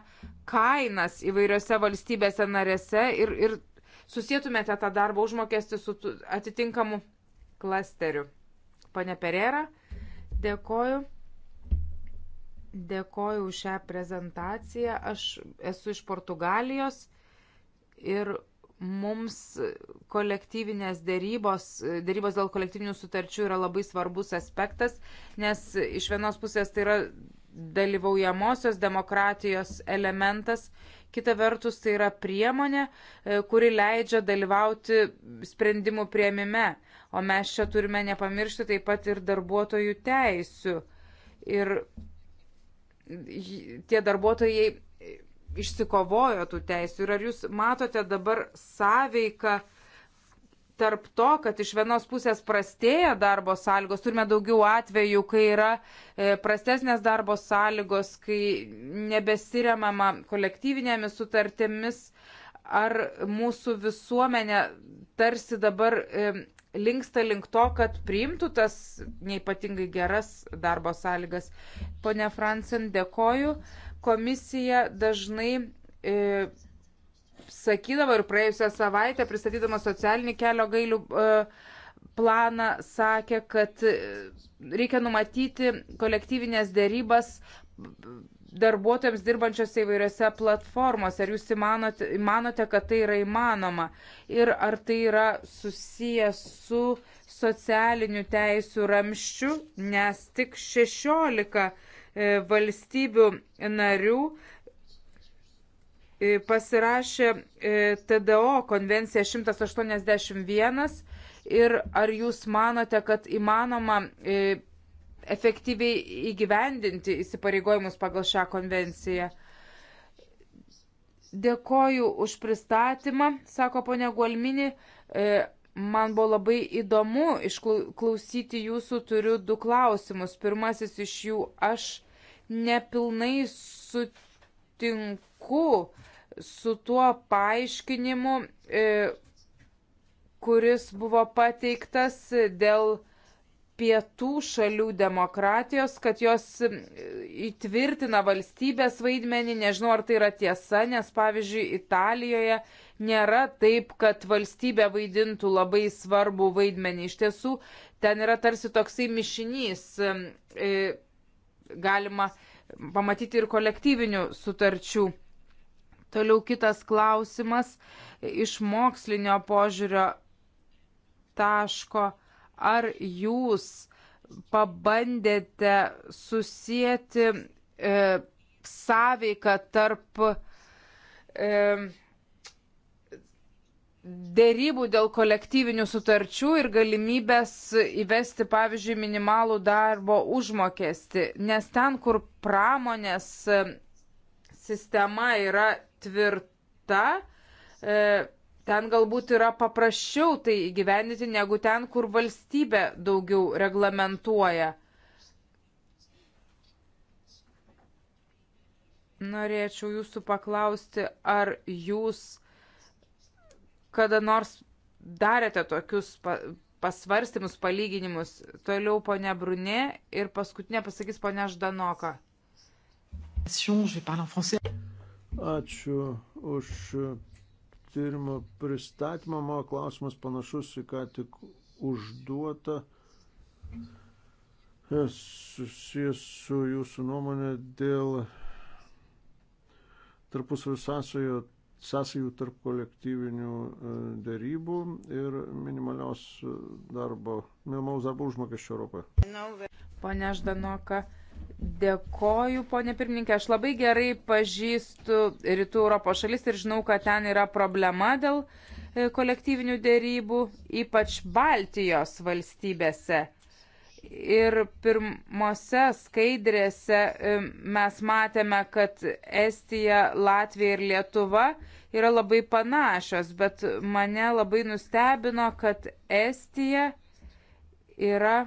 kainas įvairiose valstybėse narėse ir, ir susijėtumėte tą darbo užmokestį su atitinkamu klasteriu. Pane Perėra, dėkoju. Dėkoju už šią prezentaciją. Aš esu iš Portugalijos ir mums kolektyvinės dėrybos, dėrybos dėl kolektyvinių sutarčių yra labai svarbus aspektas, nes iš vienos pusės tai yra dalyvaujamosios demokratijos elementas, kita vertus tai yra priemonė, e, kuri leidžia dalyvauti sprendimų prieimime, o mes čia turime nepamiršti taip pat ir darbuotojų teisių. Ir tie darbuotojai išsikovojo tų teisų. Ir ar jūs matote dabar sąveiką tarp to, kad iš vienos pusės prastėja darbo sąlygos, turime daugiau atvejų, kai yra e, prastesnės darbo sąlygos, kai nebesiremama kolektyvinėmis sutartėmis, ar mūsų visuomenė tarsi dabar e, linksta link to, kad priimtų tas neipatingai geras darbo sąlygas. Pone Fransen, dėkoju. Komisija dažnai e, sakydavo ir praėjusią savaitę, pristatydama socialinį kelio gailių e, planą, sakė, kad e, reikia numatyti kolektyvinės dėrybas darbuotojams dirbančiose įvairiose platformose. Ar jūs įmanote, manote, kad tai yra įmanoma? Ir ar tai yra susijęs su socialinių teisų ramščiu, nes tik 16 e, valstybių narių e, pasirašė e, TDO konvenciją 181 ir ar jūs manote, kad įmanoma efektyviai įgyvendinti įsipareigojimus pagal šią konvenciją. Dėkoju už pristatymą, sako ponia Gualmini. E, man buvo labai įdomu išklausyti jūsų, turiu du klausimus. Pirmasis iš jų aš nepilnai sutinku su tuo paaiškinimu, e, kuris buvo pateiktas dėl pietų šalių demokratijos, kad jos įtvirtina valstybės vaidmenį. Nežinau, ar tai yra tiesa, nes pavyzdžiui, Italijoje nėra taip, kad valstybė vaidintų labai svarbų vaidmenį. Iš tiesų, ten yra tarsi toksai mišinys. E, galima pamatyti ir kolektyvinių sutarčių. Toliau kitas klausimas iš mokslinio požiūrio taško ar jūs pabandėte susijęti e, sąveiką tarp e, dėrybų dėl kolektyvinių sutarčių ir galimybės įvesti, pavyzdžiui, minimalų darbo užmokestį, nes ten, kur pramonės e, sistema yra tvirta, e, Ten galbūt yra paprasčiau tai gyvendyti negu ten, kur valstybė daugiau reglamentuoja. Norėčiau jūsų paklausti, ar jūs kada nors darėte tokius pasvarstymus, palyginimus. Toliau ponia Brunė ir paskutinė pasakys ponia Ždanoka. Ačiū už tyrimo pristatymą. Mano klausimas panašus į ką tik užduotą susijęs su jūsų nuomonė dėl tarpusavio sąsajų, sąsajų tarp kolektyvinių e, dėrybų ir minimalios e, darbo, minimalaus darbo užmokesčio Europoje. Pane Ždanoka, Dėkoju, ponė pirmininkė. Aš labai gerai pažįstu rytų Europos šalis ir žinau, kad ten yra problema dėl e, kolektyvinių dėrybų, ypač Baltijos valstybėse. Ir pirmose skaidrėse e, mes matėme, kad Estija, Latvija ir Lietuva yra labai panašios, bet mane labai nustebino, kad Estija yra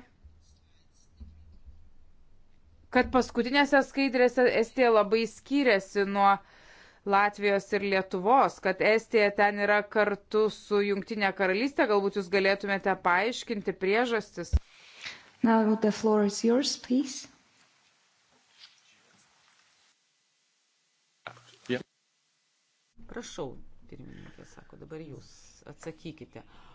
kad paskutinėse skaidrėse Estija labai skiriasi nuo Latvijos ir Lietuvos, kad Estija ten yra kartu su Junktinė karalystė, galbūt jūs galėtumėte paaiškinti priežastis. Now the floor is yours, please. Prašau, pirmininkė sako, dabar jūs atsakykite. Uh,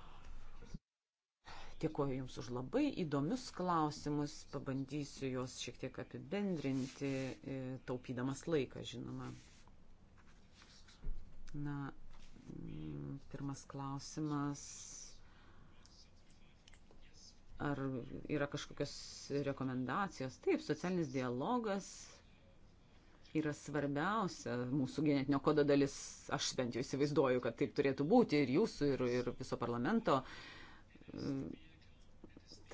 Dėkuoju Jums už labai įdomius klausimus, pabandysiu juos šiek tiek apibendrinti, e, taupydamas laiką, žinoma. Na, pirmas klausimas. Ar yra kažkokios rekomendacijos? Taip, socialinis dialogas yra svarbiausia mūsų genetinio kodo dalis. Aš bent jau įsivaizduoju, kad taip turėtų būti ir jūsų, ir, ir viso parlamento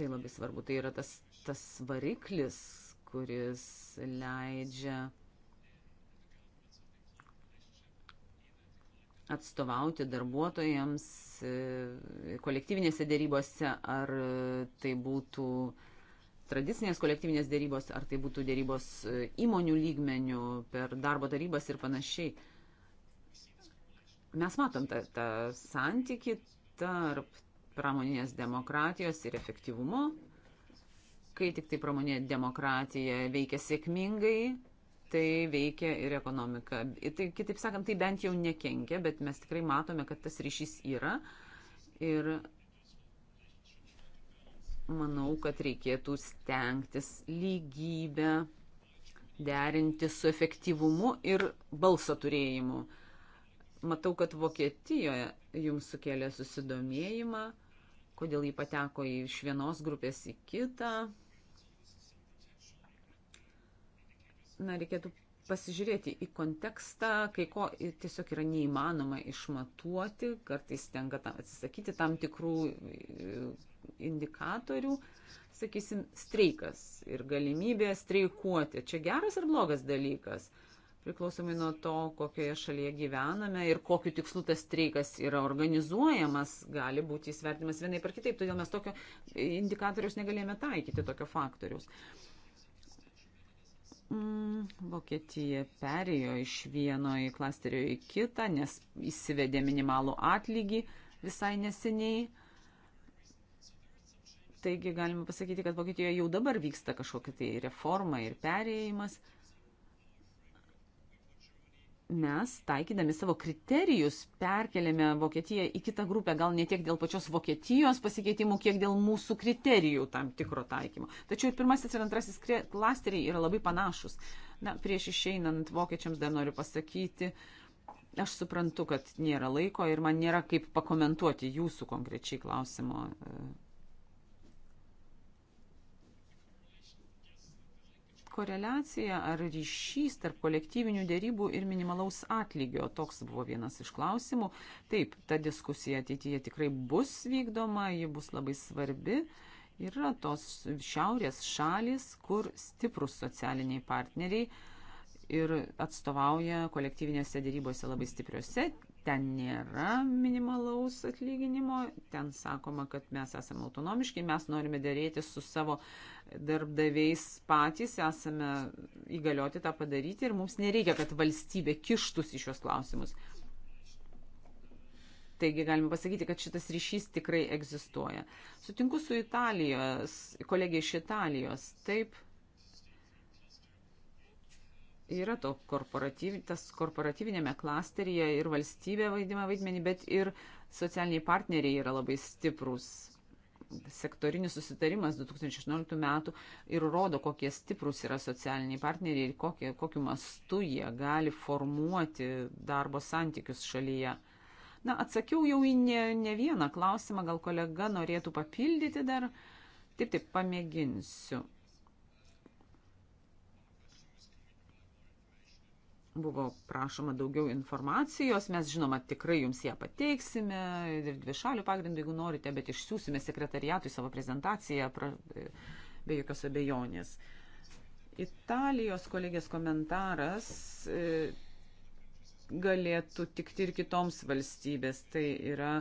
Tai labai svarbu. Tai yra tas, tas variklis, kuris leidžia atstovauti darbuotojams e, kolektyvinėse dėrybose, ar tai būtų tradicinės kolektyvinės dėrybos, ar tai būtų dėrybos e, įmonių lygmenių per darbo darybas ir panašiai. Mes matom tą, tą santyki tarp pramoninės demokratijos ir efektyvumu. Kai tik tai pramoninė demokratija veikia sėkmingai, tai veikia ir ekonomika. Tai, kitaip sakant, tai bent jau nekenkia, bet mes tikrai matome, kad tas ryšys yra. Ir manau, kad reikėtų stengtis lygybę derinti su efektyvumu ir balso turėjimu. Matau, kad Vokietijoje jums sukėlė susidomėjimą kodėl jį pateko iš vienos grupės į kitą. Na, reikėtų pasižiūrėti į kontekstą, kai ko tiesiog yra neįmanoma išmatuoti, kartais tenka atsisakyti tam tikrų e, indikatorių, sakysim, streikas ir galimybė streikuoti. Čia geras ar blogas dalykas? priklausomai nuo to, kokioje šalyje gyvename ir kokiu tikslu tas streikas yra organizuojamas, gali būti įsvertimas vienai par kitaip. Todėl mes tokio indikatoriaus negalėjome taikyti, tokio faktoriaus. Mm, Vokietija perėjo iš vieno į klasterio į kitą, nes įsivedė minimalų atlygį visai neseniai. Taigi galima pasakyti, kad Vokietijoje jau dabar vyksta kažkokia tai reforma ir perėjimas mes, taikydami savo kriterijus, perkeliame Vokietiją į kitą grupę, gal ne tiek dėl pačios Vokietijos pasikeitimų, kiek dėl mūsų kriterijų tam tikro taikymo. Tačiau ir pirmasis ir antrasis klasteriai yra labai panašus. Na, prieš išeinant vokiečiams dar noriu pasakyti, aš suprantu, kad nėra laiko ir man nėra kaip pakomentuoti jūsų konkrečiai klausimo e, koreliacija ar ryšys tarp kolektyvinių dėrybų ir minimalaus atlygio? Toks buvo vienas iš klausimų. Taip, ta diskusija ateityje tikrai bus vykdoma, ji bus labai svarbi. Yra tos šiaurės šalis, kur stiprus socialiniai partneriai ir atstovauja kolektyvinėse dėrybose labai stipriuose. Ten nėra minimalaus atlyginimo, ten sakoma, kad mes esame autonomiški, mes norime dėrėti su savo uh, darbdaviais patys esame įgalioti tą padaryti ir mums nereikia, kad valstybė kištus į šios klausimus. Taigi galime pasakyti, kad šitas ryšys tikrai egzistuoja. Sutinku su Italijos, kolegė iš Italijos. Taip, yra to korporatyv, tas korporatyvinėme klasteryje ir valstybė vaidina vaidmenį, bet ir socialiniai partneriai yra labai stiprus sektorinis susitarimas 2018 metų ir rodo, kokie stiprus yra socialiniai partneriai ir kokie, kokiu mastu jie gali formuoti darbo santykius šalyje. Na, atsakiau jau į ne, ne vieną klausimą, gal kolega norėtų papildyti dar. Taip, taip, pamėginsiu. buvo prašoma daugiau informacijos, mes žinoma tikrai jums ją pateiksime ir dvišalių pagrindų, jeigu norite, bet išsiųsime sekretariatui savo prezentaciją pra, be jokios abejonės. Italijos kolegės komentaras e, galėtų tikti ir kitoms valstybės, tai yra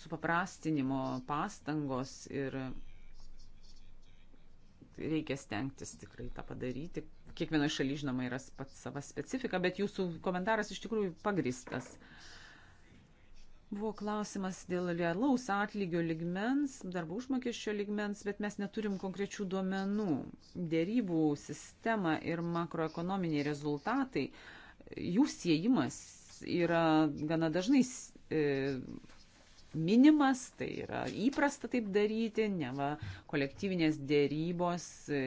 supaprastinimo pastangos ir reikia stengtis tikrai tą padaryti, Kiekvienoje šalyje, žinoma, yra pats savas specifika, bet jūsų komentaras iš tikrųjų pagristas. Buvo klausimas dėl realaus atlygio ligmens, darbo užmokesčio ligmens, bet mes neturim konkrečių duomenų. Dėrybų sistema ir makroekonominiai rezultatai, jų siejimas yra gana dažnai e, minimas, tai yra įprasta taip daryti, neva kolektyvinės dėrybos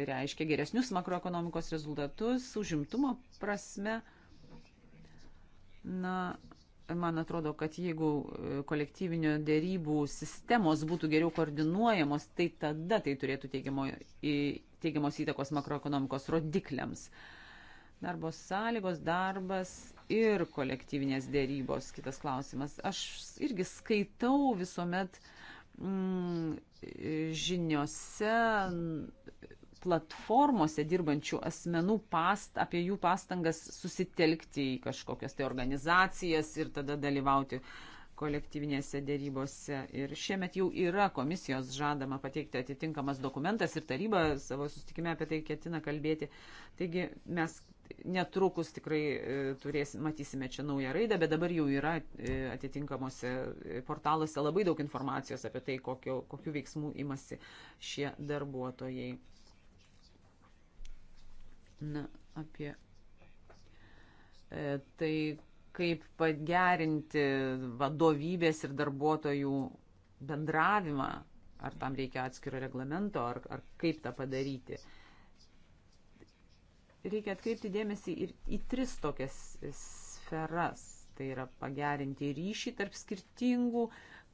reiškia geresnius makroekonomikos rezultatus užimtumo prasme. Na, man atrodo, kad jeigu e, kolektyvinio dėrybų sistemos būtų geriau koordinuojamos, tai tada tai turėtų teigiamo, teigiamos įtakos makroekonomikos rodikliams. Darbo sąlygos, darbas, ir kolektyvinės dėrybos, kitas klausimas. Aš irgi skaitau visuomet mm, žiniuose platformose dirbančių asmenų past, apie jų pastangas susitelkti į kažkokias tai organizacijas ir tada dalyvauti kolektyvinėse dėrybose. Ir šiemet jau yra komisijos žadama pateikti atitinkamas dokumentas ir taryba savo sustikime apie tai ketina kalbėti. Taigi mes netrukus tikrai e, turės, matysime čia naują raidą, bet dabar jau yra e, atitinkamuose e, portaluose labai daug informacijos apie tai, kokio, kokiu veiksmu imasi šie darbuotojai. Na, apie tai, kaip pagerinti vadovybės ir darbuotojų bendravimą, ar tam reikia atskiro reglamento, ar, ar kaip tą padaryti. Uh, reikia atkreipti dėmesį ir į tris tokias sferas. Tai yra pagerinti ryšį tarp skirtingų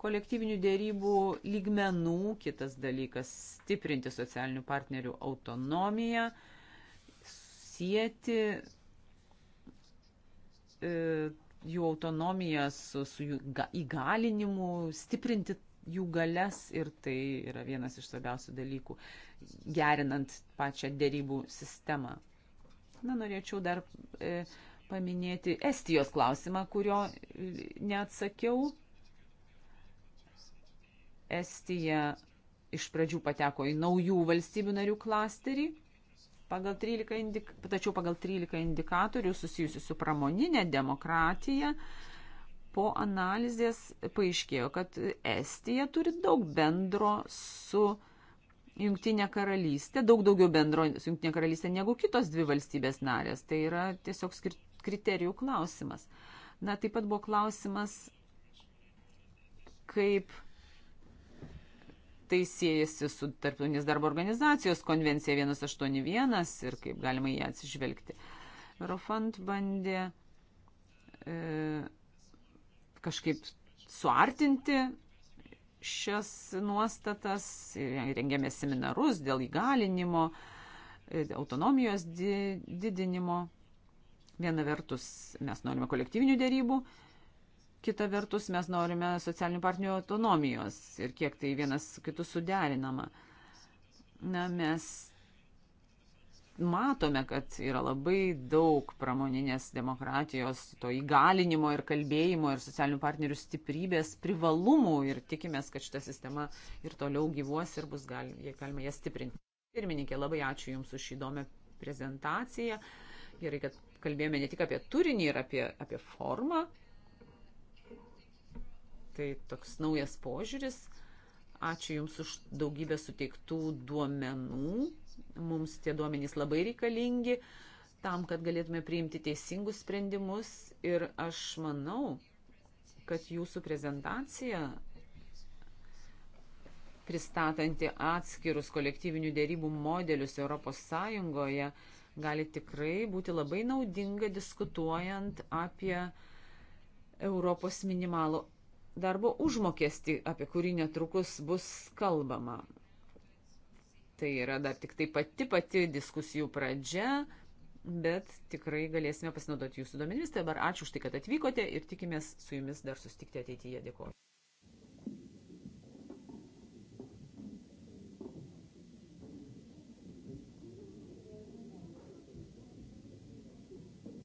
kolektyvinių dėrybų lygmenų, kitas dalykas - stiprinti socialinių partnerių autonomiją, sieti e, jų autonomiją su, su jų įgalinimu, stiprinti jų galias ir tai yra vienas iš svarbiausių dalykų, gerinant pačią dėrybų sistemą. Na, norėčiau dar e, paminėti Estijos klausimą, kurio neatsakiau. Estija iš pradžių pateko į naujų valstybių narių klasterį, pagal 13 indik... tačiau pagal 13 indikatorių susijusių su pramoninė demokratija. Po analizės paaiškėjo, kad Estija turi daug bendro su Junktinė karalystė daug daugiau bendro su Junktinė karalystė negu kitos dvi valstybės narės. Tai yra tiesiog kriterijų klausimas. Na, taip pat buvo klausimas, kaip tai siejasi su Tarptautinės darbo organizacijos konvencija 181 ir kaip galima į ją atsižvelgti. Rofant bandė e, kažkaip suartinti šias nuostatas, rengėme seminarus dėl įgalinimo, autonomijos didinimo. Viena vertus mes norime kolektyvinių dėrybų, kita vertus mes norime socialinių partnerių autonomijos ir kiek tai vienas kitus suderinama. Na, mes matome, kad yra labai daug pramoninės demokratijos, to įgalinimo ir kalbėjimo ir socialinių partnerių stiprybės privalumų ir tikimės, kad šita sistema ir toliau gyvuos ir bus gal, galima ją stiprinti. Pirmininkė, labai ačiū Jums už įdomią prezentaciją. Gerai, kad kalbėjome ne tik apie turinį ir apie, apie formą. Tai toks naujas požiūris. Ačiū Jums už daugybę suteiktų duomenų Mums tie duomenys labai reikalingi tam, kad galėtume priimti teisingus sprendimus ir aš manau, kad jūsų prezentacija pristatanti atskirus kolektyvinių dėrybų modelius ES gali tikrai būti labai naudinga diskutuojant apie Europos minimalų darbo užmokestį, apie kurį netrukus bus kalbama. Tai yra dar tik tai pati pati diskusijų pradžia, bet tikrai galėsime pasinaudoti jūsų duomenimis. Tai dabar ačiū už tai, kad atvykote ir tikimės su jumis dar susitikti ateityje. Dėkuoju.